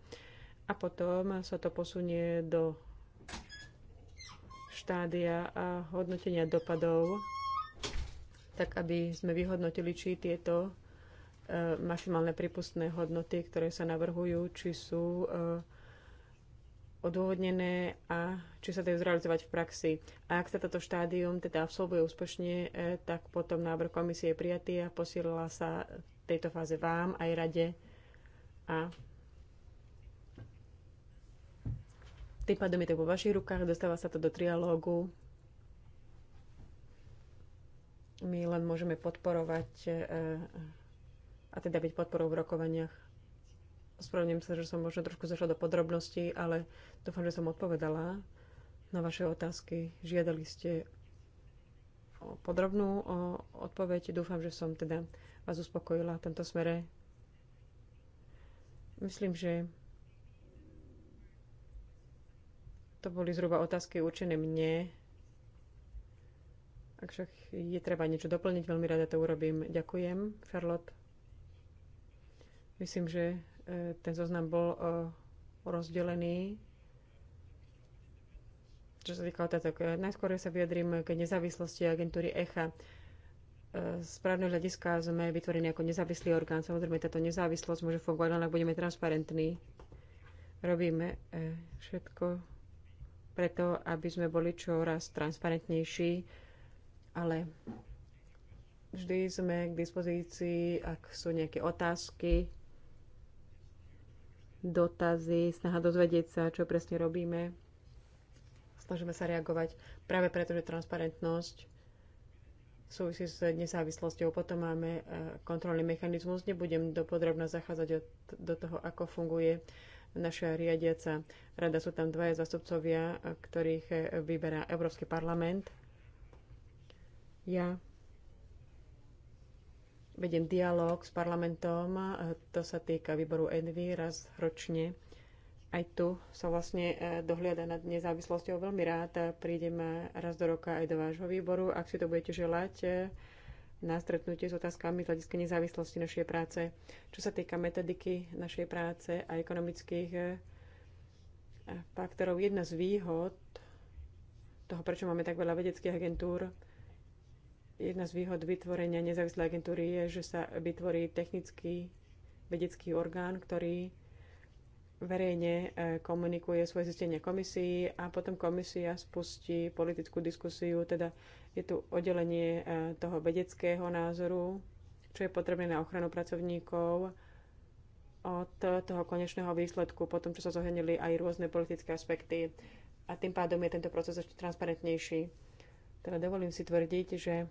A: A potom sa to posunie do štádia a hodnotenia dopadov, tak aby sme vyhodnotili, či tieto e, maximálne prípustné hodnoty, ktoré sa navrhujú, či sú e, odôvodnené a či sa dajú zrealizovať v praxi. A ak sa toto štádium teda absolvuje úspešne, e, tak potom návrh komisie je prijatý a posielala sa v tejto fáze vám aj rade a Tým pádom je to vo vašich rukách, dostáva sa to do trialógu. My len môžeme podporovať e, a teda byť podporou v rokovaniach. Ospravedlňujem sa, že som možno trošku zašla do podrobností, ale dúfam, že som odpovedala na vaše otázky. Žiadali ste podrobnú odpoveď. Dúfam, že som teda vás uspokojila v tomto smere. Myslím, že To boli zhruba otázky určené mne. Ak však je treba niečo doplniť, veľmi rada to urobím. Ďakujem, Ferlot. Myslím, že e, ten zoznam bol e, rozdelený. Čo sa týka otázok, e, najskôr sa vyjadrím k nezávislosti agentúry ECHA. Z právneho hľadiska sme vytvorení ako nezávislý orgán. Samozrejme, táto nezávislosť môže fungovať len, ak budeme transparentní. Robíme všetko, preto aby sme boli čoraz transparentnejší, ale vždy sme k dispozícii, ak sú nejaké otázky, dotazy, snaha dozvedieť sa, čo presne robíme. Snažíme sa reagovať práve preto, že transparentnosť súvisí s nezávislosťou. Potom máme eh, kontrolný mechanizmus. Nebudem dopodrobne zachádzať do toho, ako funguje naša riadiaca rada. Sú tam dvaja zastupcovia, ktorých eh, vyberá Európsky parlament. Ja vedem dialog s parlamentom, eh, to sa týka výboru Envy raz ročne. Aj tu sa vlastne eh, dohliada nad nezávislosťou veľmi rád. Prídem raz do roka aj do vášho výboru, ak si to budete želať na stretnutie s otázkami z hľadiska nezávislosti našej práce. Čo sa týka metodiky našej práce a ekonomických eh, faktorov, jedna z výhod toho, prečo máme tak veľa vedeckých agentúr, jedna z výhod vytvorenia nezávislej agentúry je, že sa vytvorí technický vedecký orgán, ktorý verejne eh, komunikuje svoje zistenia komisii a potom komisia spustí politickú diskusiu, teda je tu oddelenie e, toho vedeckého názoru, čo je potrebné na ochranu pracovníkov od toho konečného výsledku, potom čo sa zohenili aj rôzne politické aspekty. A tým pádom je tento proces ešte transparentnejší. Teda dovolím si tvrdiť, že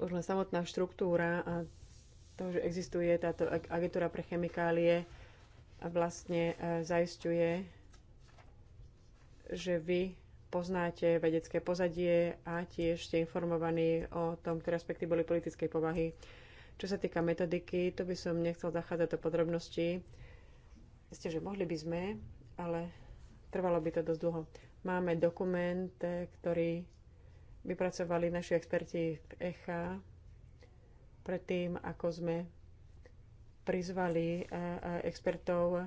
A: už len samotná štruktúra a to, že existuje táto agentúra pre chemikálie, vlastne e, zaistuje, že vy poznáte vedecké pozadie a tiež ste informovaní o tom, ktoré aspekty boli politickej povahy. Čo sa týka metodiky, to by som nechcel zachádzať do podrobností. Ste, že mohli by sme, ale trvalo by to dosť dlho. Máme dokument, ktorý vypracovali naši experti v ECHA predtým, ako sme prizvali expertov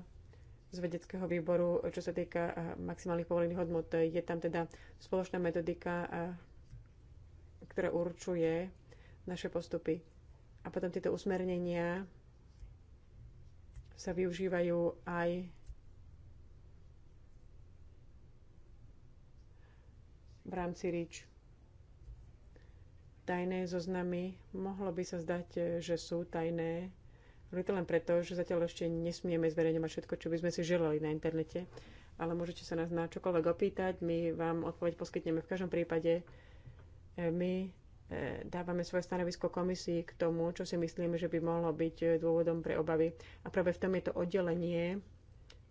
A: z vedeckého výboru, čo sa týka eh, maximálnych povolených hodnot. Je tam teda spoločná metodika, eh, ktorá určuje naše postupy. A potom tieto usmernenia sa využívajú aj v rámci rič. Tajné zoznamy, mohlo by sa zdať, eh, že sú tajné, je to len preto, že zatiaľ ešte nesmieme zverejňovať všetko, čo by sme si želali na internete, ale môžete sa nás na čokoľvek opýtať, my vám odpoveď poskytneme v každom prípade. E, my e, dávame svoje stanovisko komisii k tomu, čo si myslíme, že by mohlo byť e, dôvodom pre obavy. A práve v tom je to oddelenie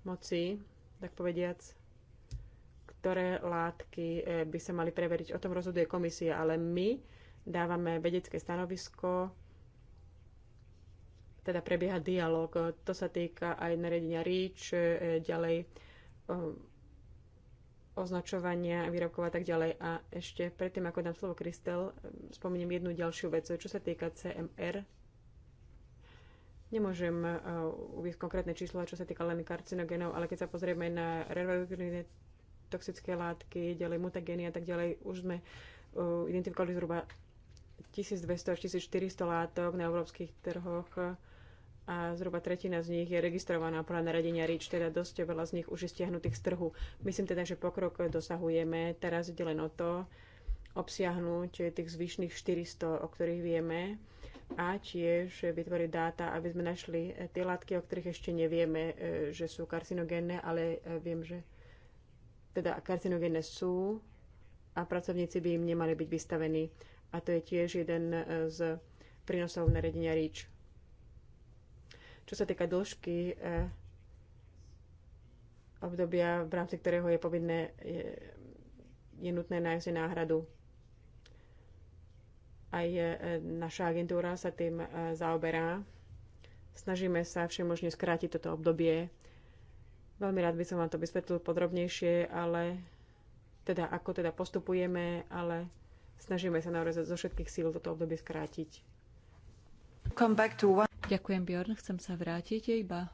A: moci, tak povediac, ktoré látky by sa mali preveriť. O tom rozhoduje komisia, ale my dávame vedecké stanovisko, teda prebieha dialog. To sa týka aj nariadenia REACH, e, ďalej e, označovania výrobkov a tak ďalej. A ešte predtým, ako dám slovo Kristel, e, spomeniem jednu ďalšiu vec, čo sa týka CMR. Nemôžem uvieť konkrétne číslo, čo sa týka len karcinogénov, ale keď sa pozrieme na reverogénne toxické látky, ďalej mutagény a tak ďalej, už sme identifikovali zhruba 1200 až 1400 látok na európskych trhoch a zhruba tretina z nich je registrovaná podľa naradenia REACH, teda dosť veľa z nich už je stiahnutých z trhu. Myslím teda, že pokrok dosahujeme. Teraz ide len o to obsiahnuť tých zvyšných 400, o ktorých vieme a tiež vytvoriť dáta, aby sme našli eh, tie látky, o ktorých ešte nevieme, eh, že sú karcinogénne, ale eh, viem, že teda karcinogénne sú a pracovníci by im nemali byť vystavení. A to je tiež jeden z prínosov naredenia REACH čo sa týka dĺžky e, obdobia, v rámci ktorého je povinné, je, je nutné nájsť náhradu. Aj e, naša agentúra sa tým e, zaoberá. Snažíme sa všemožne skrátiť toto obdobie. Veľmi rád by som vám to vysvetlil podrobnejšie, ale teda ako teda postupujeme, ale snažíme sa naozaj zo všetkých síl toto obdobie skrátiť.
C: Come back to one. Ďakujem, Bjorn. Chcem sa vrátiť iba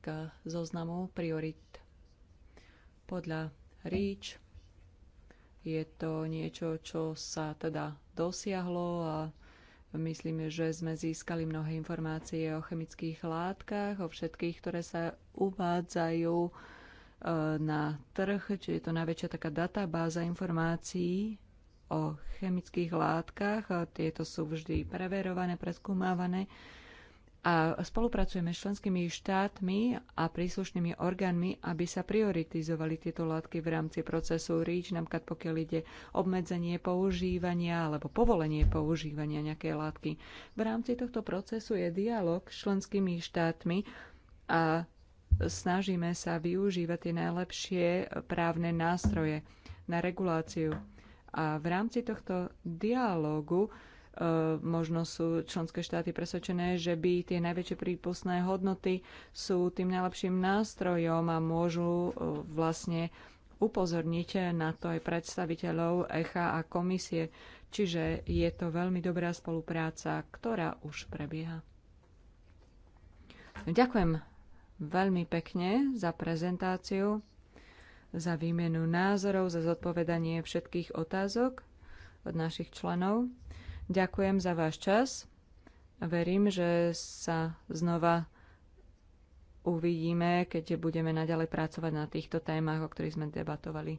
C: k zoznamu priorit. Podľa REACH je to niečo, čo sa teda dosiahlo a Myslíme, že sme získali mnohé informácie o chemických látkach, o všetkých, ktoré sa uvádzajú e, na trh, čiže je to najväčšia taká databáza informácií o chemických látkach. Tieto sú vždy preverované, preskúmávané a spolupracujeme s členskými štátmi a príslušnými orgánmi, aby sa prioritizovali tieto látky v rámci procesu REACH, napríklad pokiaľ ide obmedzenie používania alebo povolenie používania nejakej látky. V rámci tohto procesu je dialog s členskými štátmi a snažíme sa využívať tie najlepšie právne nástroje na reguláciu. A v rámci tohto dialógu E, možno sú členské štáty presvedčené, že by tie najväčšie prípustné hodnoty sú tým najlepším nástrojom a môžu e, vlastne upozorniť na to aj predstaviteľov ECHA a komisie. Čiže je to veľmi dobrá spolupráca, ktorá už prebieha. Ďakujem veľmi pekne za prezentáciu, za výmenu názorov, za zodpovedanie všetkých otázok od našich členov. Ďakujem za váš čas. Verím, že sa znova uvidíme, keď budeme naďalej pracovať na týchto témach, o ktorých sme debatovali.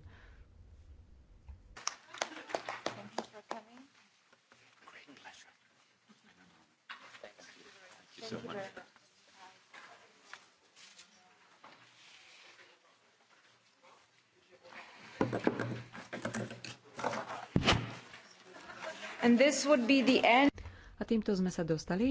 C: A týmto sme sa dostali